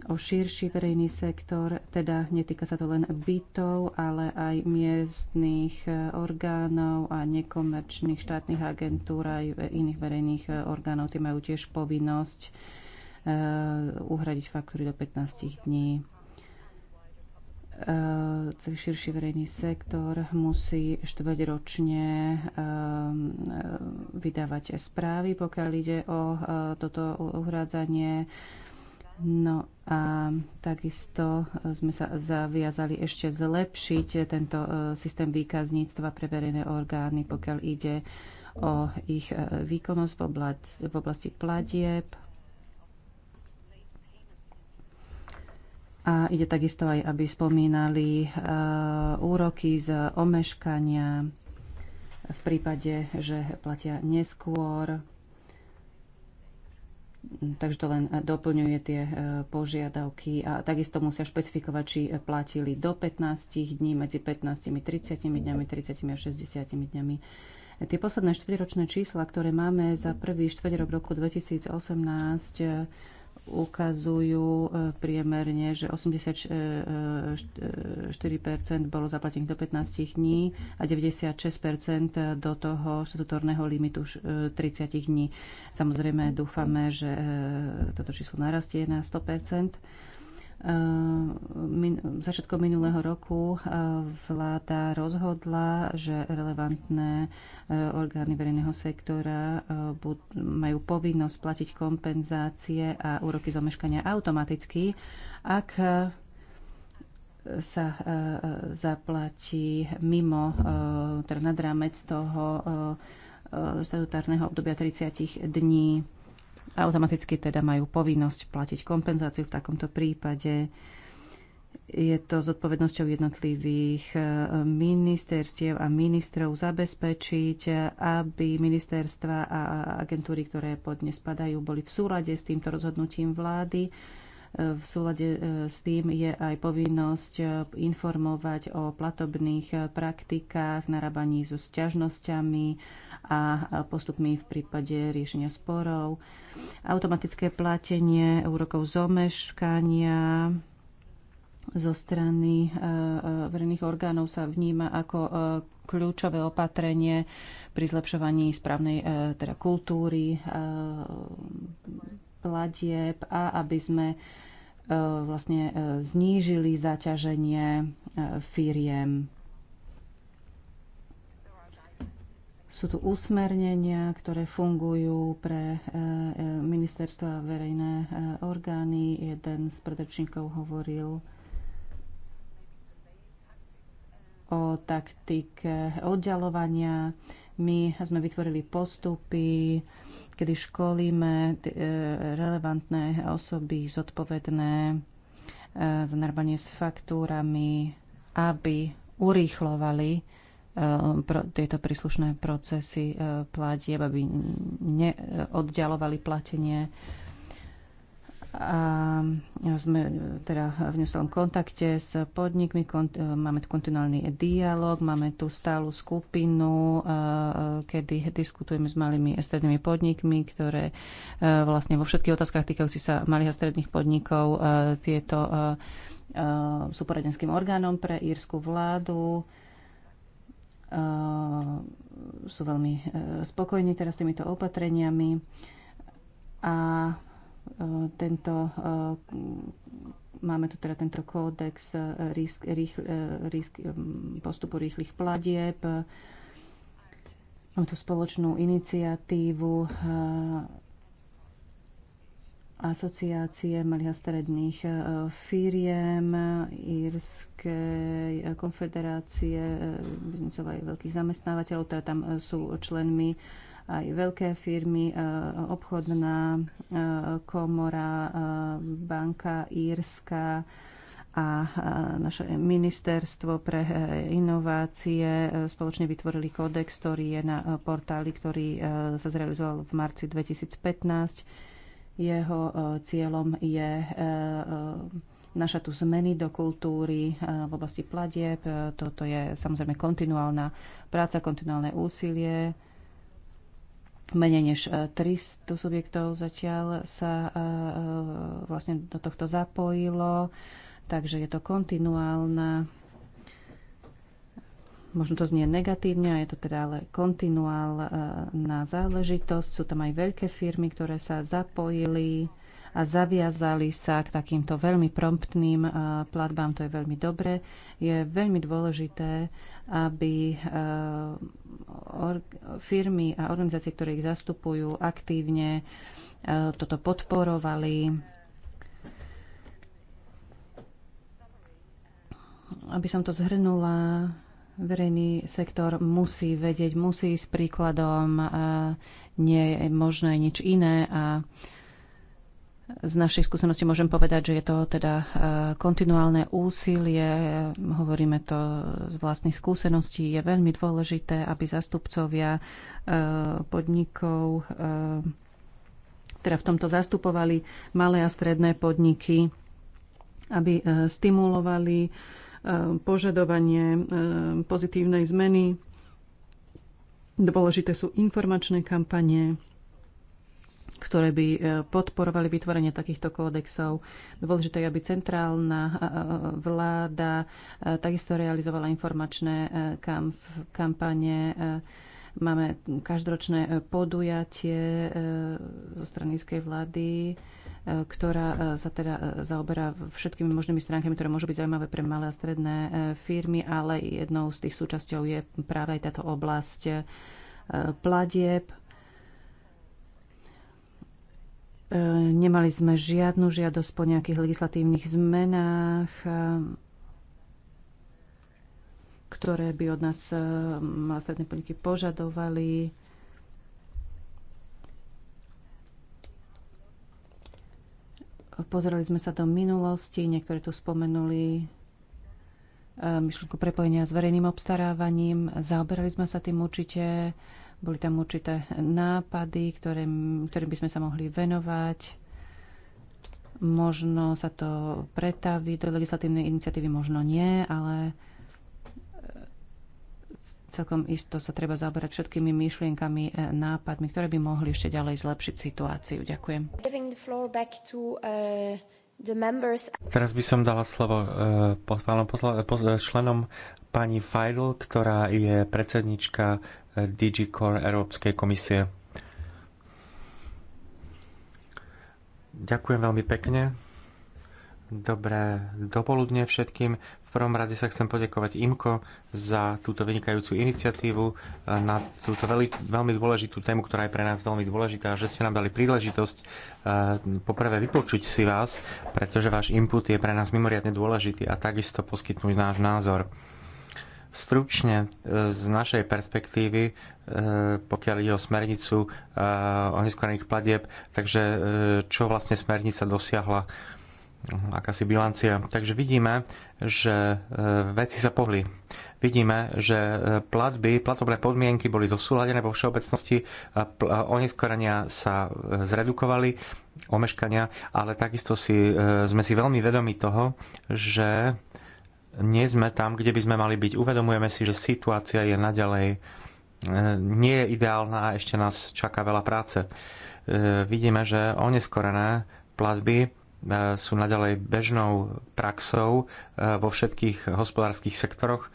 o širší verejný sektor, teda netýka sa to len bytov, ale aj miestných e, orgánov a nekomerčných štátnych agentúr aj iných verejných e, orgánov. Tie majú tiež povinnosť e, uhradiť faktúry do 15 dní. Celý širší verejný sektor musí štvrťročne ročne vydávať správy, pokiaľ ide o toto uhrádzanie No a takisto e, sme sa zaviazali ešte zlepšiť tento e, systém výkazníctva pre verejné orgány, pokiaľ ide o ich e, výkonnosť v oblasti, v oblasti platieb. A ide takisto aj, aby spomínali úroky z omeškania v prípade, že platia neskôr takže to len doplňuje tie e, požiadavky a takisto musia špecifikovať, či platili do 15 dní, medzi 15, 30 dňami, 30 a 60 dňami. Tie posledné štvrťročné čísla, ktoré máme za prvý rok roku 2018, ukazujú e, priemerne, že 84% bolo zaplatených do 15 dní a 96% do toho štatutorného limitu 30 e, dní. Samozrejme dúfame, že e, toto číslo narastie na 100%. Eh, min, začiatkom minulého roku eh, vláda rozhodla, že relevantné eh, orgány verejného sektora majú povinnosť platiť kompenzácie a úroky zomeškania automaticky, ak sa zaplatí mimo, teda nad rámec toho statutárneho obdobia 30 dní automaticky teda majú povinnosť platiť kompenzáciu v takomto prípade. Je to zodpovednosťou jednotlivých eh, ministerstiev a ministrov zabezpečiť, aby ministerstva a agentúry, ktoré pod ne spadajú, boli v súlade s týmto rozhodnutím vlády v súlade e, s tým je aj povinnosť e, informovať o platobných e, praktikách, narábaní so sťažnosťami a postupmi v prípade riešenia sporov. Automatické platenie úrokov zomeškania zo strany verejných orgánov sa vníma ako kľúčové opatrenie pri zlepšovaní správnej teda kultúry platieb a aby sme e, vlastne e, znížili zaťaženie e, firiem. Sú tu usmernenia, ktoré fungujú pre ministerstva a verejné orgány. Jeden z predrečníkov hovoril o taktike oddalovania my sme vytvorili postupy, kedy školíme e, relevantné osoby zodpovedné e, za narbanie s faktúrami, aby urýchlovali e, tieto príslušné procesy platieb, aby neoddialovali platenie a sme teda v neustálom kontakte s podnikmi, kont- e, máme tu kontinuálny dialog, máme tu stálu skupinu, e, e, kedy diskutujeme s malými a strednými podnikmi, ktoré vlastne vo všetkých otázkach týkajúci sa malých a stredných podnikov tieto sú poradenským orgánom pre írsku vládu sú veľmi spokojní teraz s týmito opatreniami a Eh, tento, eh, máme tu teda tento kódex eh, risk, rýchl, risk, postupu rýchlych platieb, máme tu spoločnú iniciatívu asociácie malých a stredných firiem, Írskej konfederácie biznicovej veľkých zamestnávateľov, teda tam sú členmi aj veľké firmy, e, obchodná e, komora, e, banka Írska a naše ministerstvo pre inovácie spoločne vytvorili kódex, ktorý je na portáli, ktorý sa zrealizoval v marci 2015. Jeho cieľom je naša tu zmeny do kultúry v oblasti pladieb. Toto je samozrejme kontinuálna práca, kontinuálne úsilie menej než 300 e, subjektov zatiaľ sa e, e, vlastne do tohto zapojilo, takže je to kontinuálna možno to znie negatívne, a je to teda ale kontinuálna záležitosť. Sú tam aj veľké firmy, ktoré sa zapojili a zaviazali sa k takýmto veľmi promptným platbám. To je veľmi dobre. Je veľmi dôležité, aby eh, firmy a organizácie, ktoré ich zastupujú, aktívne eh, toto podporovali. Aby som to zhrnula, verejný sektor musí vedieť, musí s príkladom, eh, nie je možné nič iné a z našich skúseností môžem povedať, že je to teda e, kontinuálne úsilie, hovoríme to z vlastných skúseností, je veľmi dôležité, aby zastupcovia e, podnikov, e, teda v tomto zastupovali malé a stredné podniky, aby stimulovali požadovanie pozitívnej zmeny. Dôležité sú informačné kampanie, ktoré by e, podporovali vytvorenie takýchto kódexov. Dôležité je, aby centrálna e, e, vláda takisto realizovala informačné kampane. Máme každoročné podujatie zo strany vlády, ktorá sa teda zaoberá všetkými možnými stránkami, ktoré môžu byť zaujímavé pre malé a stredné firmy, ale jednou z tých súčasťov je práve aj táto oblasť platieb E, nemali sme žiadnu žiadosť po nejakých legislatívnych zmenách, e, ktoré by od nás e, malé stredné podniky požadovali. Pozerali sme sa do minulosti, niektorí tu spomenuli myšlienku prepojenia s verejným obstarávaním. Zaoberali sme sa tým určite boli tam určité nápady, ktorým, ktorým by sme sa mohli venovať. Možno sa to pretaví do legislatívnej iniciatívy, možno nie, ale e, celkom isto sa treba zaoberať všetkými myšlienkami, e, nápadmi, ktoré by mohli ešte ďalej zlepšiť situáciu. Ďakujem. E, Teraz by som dala slovo pánom členom pani Feidl, ktorá je predsednička DigiCore Európskej komisie. Ďakujem veľmi pekne. Dobré dopoludne všetkým. V prvom rade sa chcem poďakovať IMKO za túto vynikajúcu iniciatívu eh, na túto veľmi, veľmi dôležitú tému, ktorá je pre nás veľmi dôležitá, že ste nám dali príležitosť eh, poprvé vypočuť si vás, pretože váš input je pre nás mimoriadne dôležitý a takisto poskytnúť náš názor. Stručne e, z našej perspektívy, e, pokiaľ ide o smernicu e, o neskorených platieb, takže čo vlastne smernica dosiahla, akási bilancia. Takže vidíme, že veci sa pohli. Vidíme, že platby, platobné podmienky boli zosúladené vo všeobecnosti, oneskorenia sa zredukovali, omeškania, ale takisto si, sme si veľmi vedomi toho, že nie sme tam, kde by sme mali byť. Uvedomujeme si, že situácia je naďalej e, nie je ideálna a ešte nás čaká veľa práce. E, vidíme, že oneskorené platby e, sú naďalej bežnou praxou vo všetkých hospodárskych sektoroch,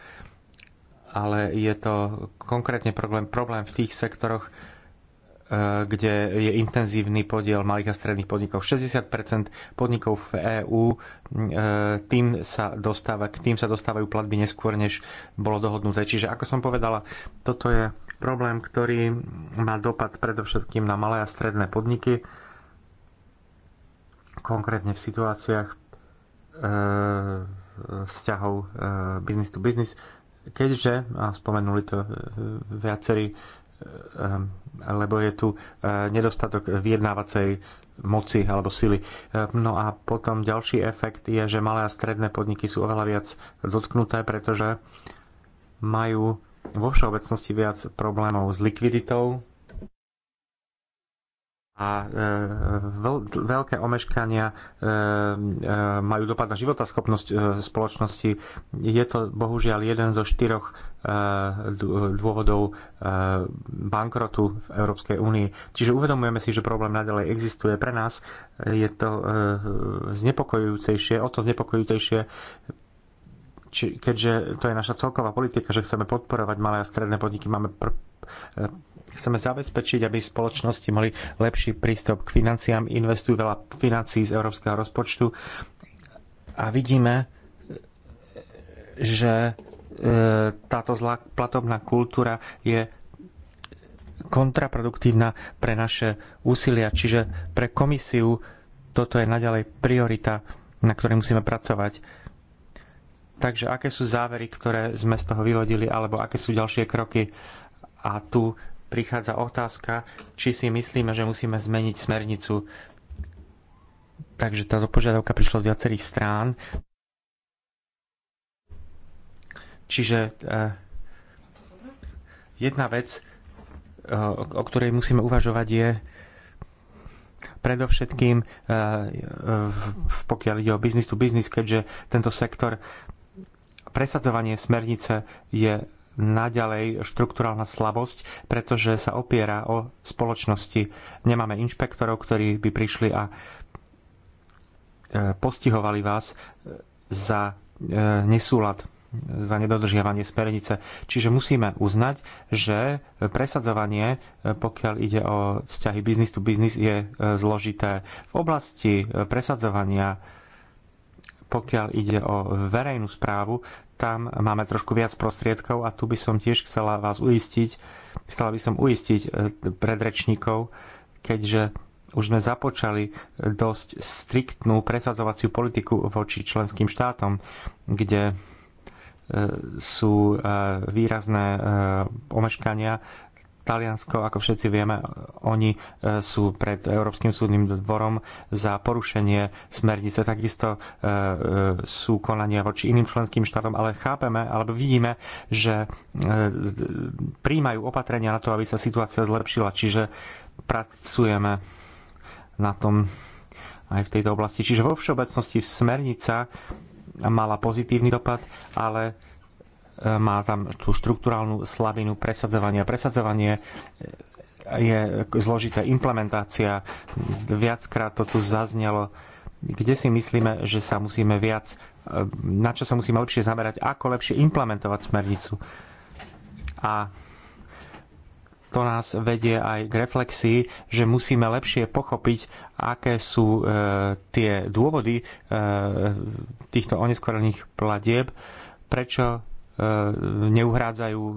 ale je to konkrétne problém, problém v tých sektoroch, E, kde je intenzívny podiel malých a stredných podnikov. 60 podnikov v EÚ, e, tým sa dostáva, k tým sa dostávajú platby neskôr, než bolo dohodnuté. Čiže ako som povedala, toto je problém, ktorý má dopad predovšetkým na malé a stredné podniky, konkrétne v situáciách e, vzťahov business to business, keďže, a spomenuli to viacerí, Ehm, lebo je tu e, nedostatok vyjednávacej moci alebo sily. Ehm, no a potom ďalší efekt je, že malé a stredné podniky sú oveľa viac dotknuté, pretože majú vo všeobecnosti viac problémov s likviditou, a e, veľké omeškania e, e, majú dopad na schopnosť spoločnosti. Je to bohužiaľ jeden zo štyroch dôvodov bankrotu v Európskej únii. Čiže uvedomujeme si, že problém nadalej existuje. Pre nás je to znepokojujúcejšie, o to znepokojujúcejšie, či, keďže to je naša celková politika, že chceme podporovať malé a stredné podniky, máme pr- Chceme zabezpečiť, aby spoločnosti mali lepší prístup k financiám, investujú veľa financií z európskeho rozpočtu a vidíme, že e, táto zlá platobná kultúra je kontraproduktívna pre naše úsilia. Čiže pre komisiu toto je naďalej priorita, na ktorej musíme pracovať. Takže aké sú závery, ktoré sme z toho vyvodili, alebo aké sú ďalšie kroky? A tu prichádza otázka, či si myslíme, že musíme zmeniť smernicu. Takže táto požiadavka prišla z viacerých strán. Čiže eh, jedna vec, eh, o ktorej musíme uvažovať, je predovšetkým, eh, v, pokiaľ ide o business to business, keďže tento sektor presadzovanie smernice je naďalej štrukturálna slabosť, pretože sa opiera o spoločnosti. Nemáme inšpektorov, ktorí by prišli a e, postihovali vás e, za e, nesúlad, za nedodržiavanie smernice. Čiže musíme uznať, že presadzovanie, pokiaľ ide o vzťahy business to business, je zložité. V oblasti presadzovania pokiaľ ide o verejnú správu, tam máme trošku viac prostriedkov a tu by som tiež chcela vás uistiť, chcela by som uistiť e, predrečníkov, keďže už sme započali dosť striktnú presadzovaciu politiku voči členským štátom, kde e, sú e, výrazné omeškania Taliansko, ako všetci vieme, oni e, sú pred Európskym súdnym dvorom za porušenie smernice. Takisto e, e, sú konania voči iným členským štátom, ale chápeme alebo vidíme, že príjmajú opatrenia na to, aby sa situácia zlepšila. Čiže pracujeme na tom aj v tejto oblasti. Čiže vo všeobecnosti smernica mala pozitívny dopad, ale má tam tú štruktúrálnu slabinu presadzovania. Presadzovanie je zložitá implementácia. Viackrát to tu zaznelo. Kde si myslíme, že sa musíme viac, na čo sa musíme lepšie zamerať, ako lepšie implementovať smernicu. A to nás vedie aj k reflexii, že musíme lepšie pochopiť, aké sú e, tie dôvody e, týchto oneskorených platieb, prečo E, neuhrádzajú e,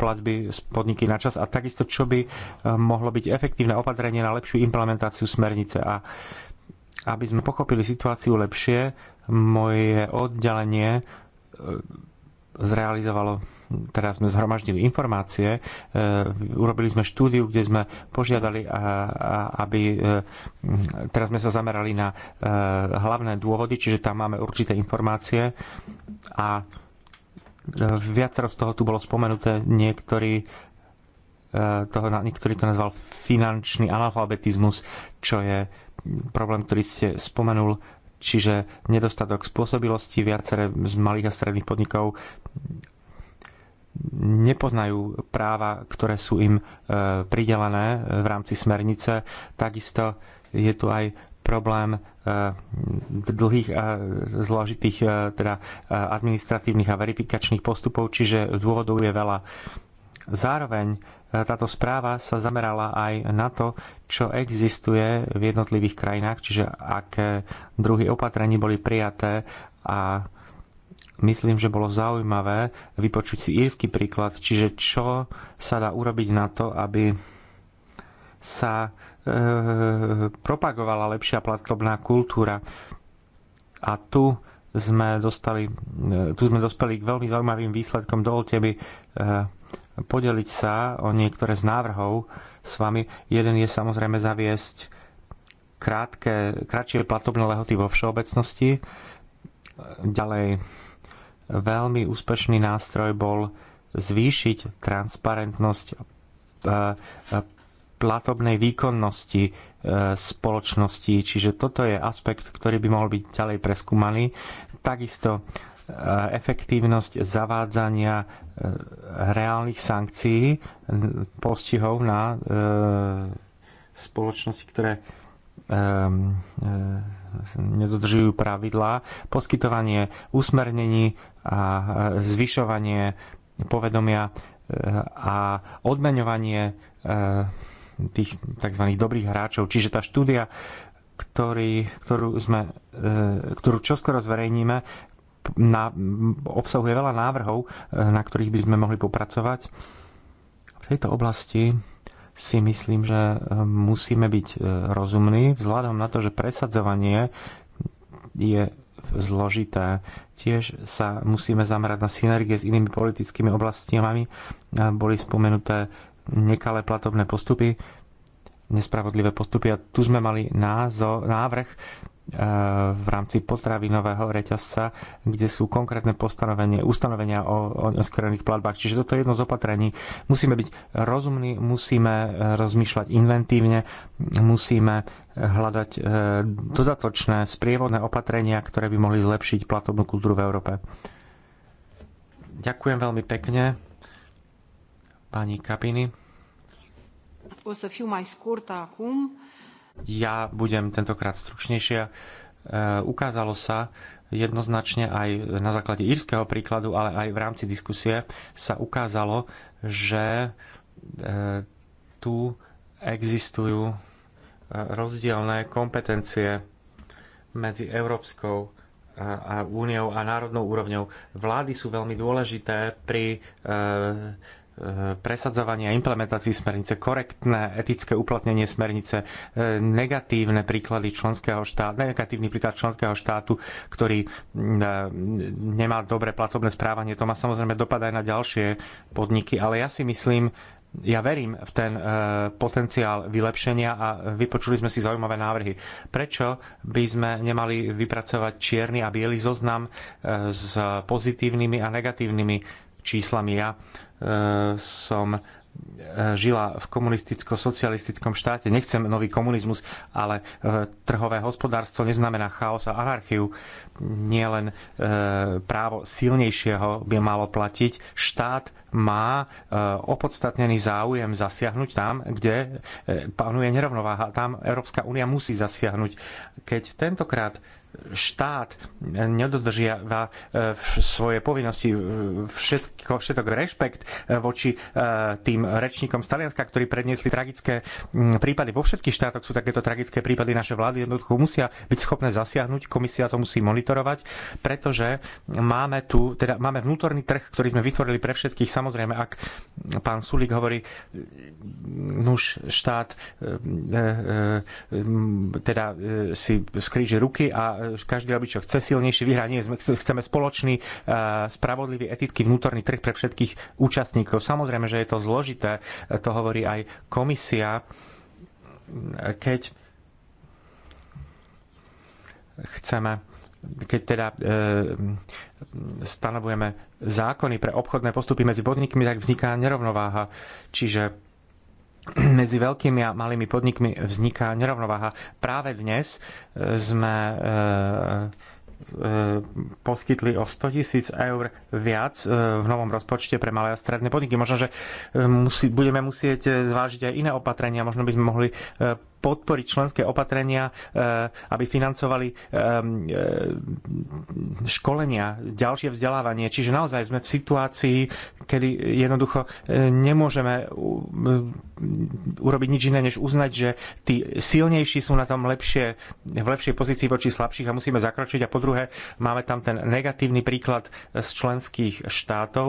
platby podniky na čas a takisto, čo by e, mohlo byť efektívne opatrenie na lepšiu implementáciu smernice. A aby sme pochopili situáciu lepšie, moje oddelenie zrealizovalo teraz sme zhromaždili informácie, urobili sme štúdiu, kde sme požiadali, aby teraz sme sa zamerali na hlavné dôvody, čiže tam máme určité informácie a Viacero z toho tu bolo spomenuté, niektorí, e, toho, niektorí to nazval finančný analfabetizmus, čo je problém, ktorý ste spomenul, čiže nedostatok spôsobilosti, viaceré z malých a stredných podnikov nepoznajú práva, ktoré sú im e, pridelené e, v rámci smernice. Takisto je tu aj problém eh, dlhých a eh, zložitých eh, teda administratívnych a verifikačných postupov, čiže dôvodov je veľa. Zároveň táto správa sa zamerala aj na to, čo existuje v jednotlivých krajinách, čiže aké druhy opatrení boli prijaté a myslím, že bolo zaujímavé vypočuť si írsky príklad, čiže čo sa dá urobiť na to, aby sa e, propagovala lepšia platobná kultúra. A tu sme, dostali, e, tu sme dospeli k veľmi zaujímavým výsledkom. Dovolte mi e, podeliť sa o niektoré z návrhov s vami. Jeden je samozrejme zaviesť krátke, kratšie platobné lehoty vo všeobecnosti. Ďalej, veľmi úspešný nástroj bol zvýšiť transparentnosť e, e, platobnej výkonnosti e, spoločnosti. Čiže toto je aspekt, ktorý by mohol byť ďalej preskúmaný. Takisto e, efektívnosť zavádzania e, reálnych sankcií, postihov na spoločnosti, ktoré nedodržujú pravidlá, poskytovanie usmernení a zvyšovanie povedomia a odmeňovanie tých tzv. dobrých hráčov. Čiže tá štúdia, ktorý, ktorú, sme, e, ktorú čoskoro zverejníme, na, obsahuje veľa návrhov, e, na ktorých by sme mohli popracovať. V tejto oblasti si myslím, že e, musíme byť rozumní, vzhľadom na to, že presadzovanie je zložité. Tiež sa musíme zamerať na synergie s inými politickými oblastiami. Boli spomenuté nekalé platobné postupy, nespravodlivé postupy. A tu sme mali názor, návrh e, v rámci potravinového reťazca, kde sú konkrétne postanovenie, ustanovenia o, o skrených platbách. Čiže toto je jedno z opatrení. Musíme byť rozumní, musíme e, rozmýšľať inventívne, musíme hľadať e, dodatočné sprievodné opatrenia, ktoré by mohli zlepšiť platobnú kultúru v Európe. Ďakujem veľmi pekne. Pani Kapiny. O să fiu mai acum. Ja budem tentokrát stručnejšia. E, ukázalo sa jednoznačne aj na základe írskeho príkladu, ale aj v rámci diskusie sa ukázalo, že e, tu existujú e, rozdielne kompetencie medzi Európskou a úniou a národnou úrovňou. Vlády sú veľmi dôležité pri E, presadzovanie a implementácii smernice, korektné etické uplatnenie smernice, e, negatívne príklady členského štátu, negatívny príklad členského štátu, ktorý e, nemá dobre platobné správanie. To má samozrejme dopad aj na ďalšie podniky, ale ja si myslím, ja verím v ten potenciál vylepšenia a vypočuli sme si zaujímavé návrhy. Prečo by sme nemali vypracovať čierny a biely zoznam s pozitívnymi a negatívnymi číslami. Ja e, som e, žila v komunisticko-socialistickom štáte. Nechcem nový komunizmus, ale e, trhové hospodárstvo neznamená chaos a anarchiu. nielen e, právo silnejšieho by malo platiť. Štát má opodstatnený záujem zasiahnuť tam, kde panuje nerovnováha. Tam Európska únia musí zasiahnuť. Keď tentokrát štát nedodržiava e, svoje povinnosti, e, všetko, všetok rešpekt e, voči tým rečníkom z Talianska, ktorí predniesli tragické prípady. Vo všetkých štátoch sú takéto tragické prípady. Naše vlády jednoducho musia byť schopné zasiahnuť, komisia to musí monitorovať, pretože máme tu, teda máme vnútorný trh, ktorý sme vytvorili pre všetkých. Samozrejme, ak pán Sulik hovorí, nuž štát teda si skríži ruky a E, každý robí, čo chce, silnejší vyhrá. Nie, chceme spoločný, e, spravodlivý, etický vnútorný trh pre všetkých účastníkov. Samozrejme, že je to zložité, e, to hovorí aj komisia, keď chceme keď teda e, stanovujeme zákony pre obchodné postupy medzi podnikmi, tak vzniká nerovnováha. Čiže [clears throat] medzi veľkými a malými podnikmi vzniká nerovnováha. Práve dnes e, sme e, e, poskytli o 100 tisíc eur viac v novom rozpočte pre malé a stredné podniky. Možno, že musí, budeme musieť zvážiť aj iné opatrenia, možno by sme mohli podporiť členské opatrenia, e, aby financovali e, školenia, ďalšie vzdelávanie. Čiže naozaj sme v situácii, kedy jednoducho e, nemôžeme urobiť nič iné, než uznať, že tí silnejší sú na tom lepšie, v lepšej pozícii voči slabších a musíme zakročiť. A po druhé, máme tam ten negatívny príklad z členských štátov,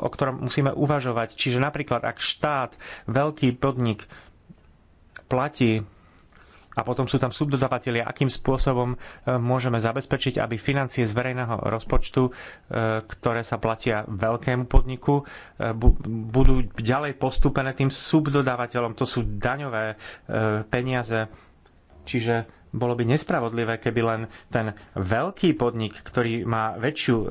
o ktorom musíme uvažovať. Čiže napríklad, ak štát, veľký podnik platí a potom sú tam subdodavatelia, akým spôsobom e, môžeme zabezpečiť, aby financie z verejného rozpočtu, e, ktoré sa platia veľkému podniku, e, budú ďalej postúpené tým subdodavateľom. To sú daňové peniaze. Čiže bolo by nespravodlivé, keby len ten veľký podnik, ktorý má väčšiu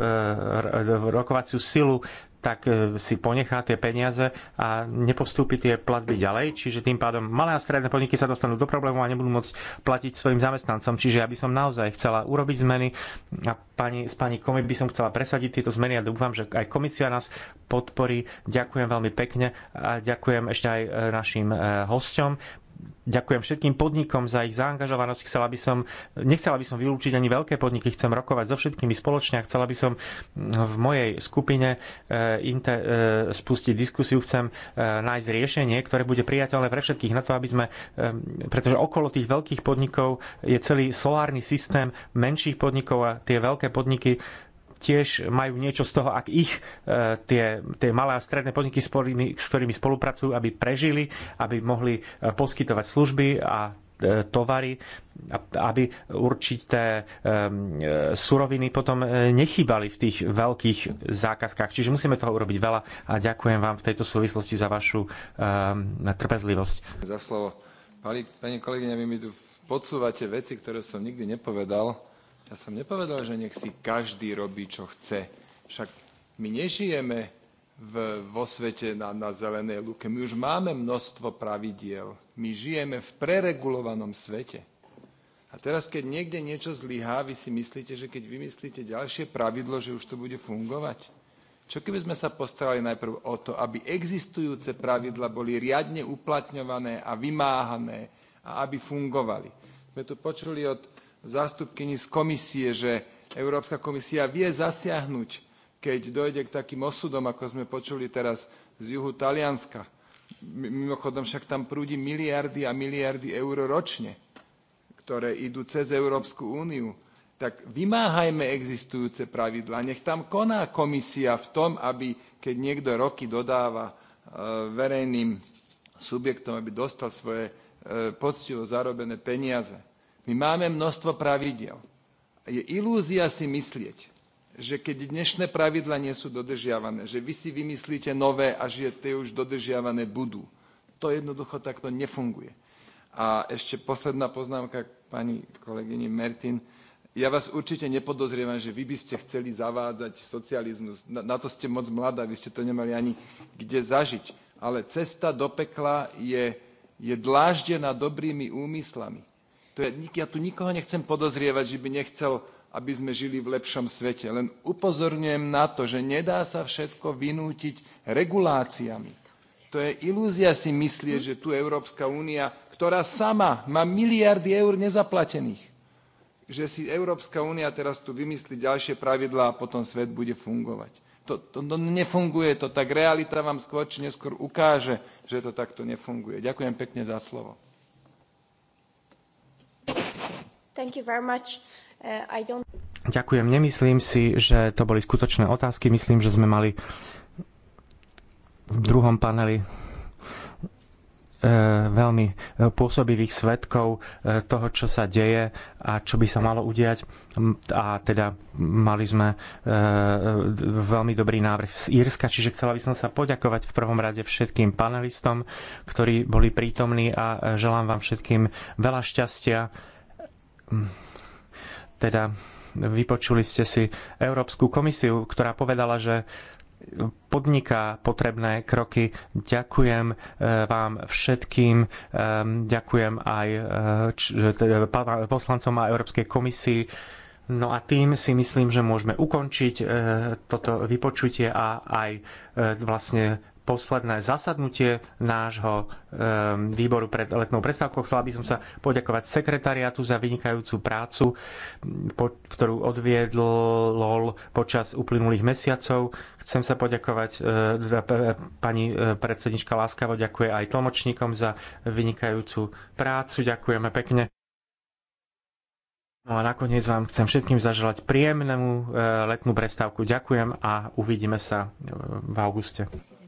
rokovaciu silu, tak e, si ponechá tie peniaze a nepostúpi tie platby ďalej. Čiže tým pádom malé a stredné podniky sa dostanú do problému a nebudú môcť platiť svojim zamestnancom. Čiže ja by som naozaj chcela urobiť zmeny a pani, s pani Komi by som chcela presadiť tieto zmeny a dúfam, že aj komisia nás podporí. Ďakujem veľmi pekne a ďakujem ešte aj e, našim e, hosťom. Ďakujem všetkým podnikom za ich zaangažovanosť. Chcela by som, nechcela by som vylúčiť ani veľké podniky, chcem rokovať so všetkými spoločne a chcela by som v mojej skupine e, e, spustiť diskusiu, chcem e, nájsť riešenie, ktoré bude priateľné pre všetkých na to, aby sme, pretože okolo tých veľkých podnikov je celý solárny systém menších podnikov a tie veľké podniky tiež majú niečo z toho, ak ich e, tie, tie malé a stredné podniky, s ktorými, s ktorými spolupracujú, aby prežili, aby mohli e, poskytovať služby a e, tovary, aby určité suroviny potom nechýbali v tých veľkých zákazkách. Čiže musíme toho urobiť veľa a ďakujem vám v tejto súvislosti za vašu trpezlivosť. Za slovo. Pani, pani kolegyňa, vy mi tu podsúvate veci, ktoré som nikdy nepovedal. Ja som nepovedal, že nech si každý robí, čo chce. Však my nežijeme v, vo svete na, na zelenej luke. My už máme množstvo pravidiel. My žijeme v preregulovanom svete. A teraz, keď niekde niečo zlyhá, vy si myslíte, že keď vymyslíte ďalšie pravidlo, že už to bude fungovať? Čo keby sme sa postarali najprv o to, aby existujúce pravidla boli riadne uplatňované a vymáhané a aby fungovali? Sme tu počuli od zástupkyni z komisie, že Európska komisia vie zasiahnuť, keď dojde k takým osudom, ako sme počuli teraz z juhu Talianska. Mimochodom však tam prúdi miliardy a miliardy eur ročne, ktoré idú cez Európsku úniu. Tak vymáhajme existujúce pravidlá. Nech tam koná komisia v tom, aby keď niekto roky dodáva e, verejným subjektom, aby dostal svoje e, poctivo zarobené peniaze. My máme množstvo pravidiel. Je ilúzia si myslieť, že keď dnešné pravidla nie sú dodržiavané, že vy si vymyslíte nové a že tie už dodržiavané budú. To jednoducho takto nefunguje. A ešte posledná poznámka k pani kolegyni Mertin. Ja vás určite nepodozrievam, že vy by ste chceli zavádzať socializmus. Na, na to ste moc mladá, vy ste to nemali ani kde zažiť. Ale cesta do pekla je, je dláždená dobrými úmyslami. To je, ja tu nikoho nechcem podozrievať, že by nechcel, aby sme žili v lepšom svete. Len upozorňujem na to, že nedá sa všetko vynútiť reguláciami. To je ilúzia si myslie, že tu Európska únia, ktorá sama má miliardy eur nezaplatených, že si Európska únia teraz tu vymyslí ďalšie pravidlá a potom svet bude fungovať. To, to, to nefunguje to tak. Realita vám skôr či neskôr ukáže, že to takto nefunguje. Ďakujem pekne za slovo. Uh, Ďakujem. Nemyslím si, že to boli skutočné otázky. Myslím, že sme mali v druhom paneli eh, veľmi eh, pôsobivých svetkov eh, toho, čo sa deje a čo by sa malo udiať. A teda mali sme veľmi dobrý návrh z Írska, čiže chcela by som sa poďakovať v prvom rade všetkým panelistom, ktorí boli prítomní a želám vám všetkým veľa šťastia teda vypočuli ste si Európsku komisiu, ktorá povedala, že podniká potrebné kroky. Ďakujem eh, vám všetkým, eh, ďakujem aj eh, teda poslancom a Európskej komisii. No a tým si myslím, že môžeme ukončiť toto vypočutie a aj vlastne posledné zasadnutie nášho ehm, výboru pred letnou predstavkou. Chcela by som sa poďakovať sekretariatu za vynikajúcu prácu, ktorú odviedol počas uplynulých mesiacov. Chcem sa poďakovať, e, pani e, predsednička láskavo ďakuje aj tlmočníkom za vynikajúcu prácu. Ďakujeme pekne. No a nakoniec vám chcem všetkým zaželať príjemnú e, letnú prestávku. Ďakujem a uvidíme sa v auguste.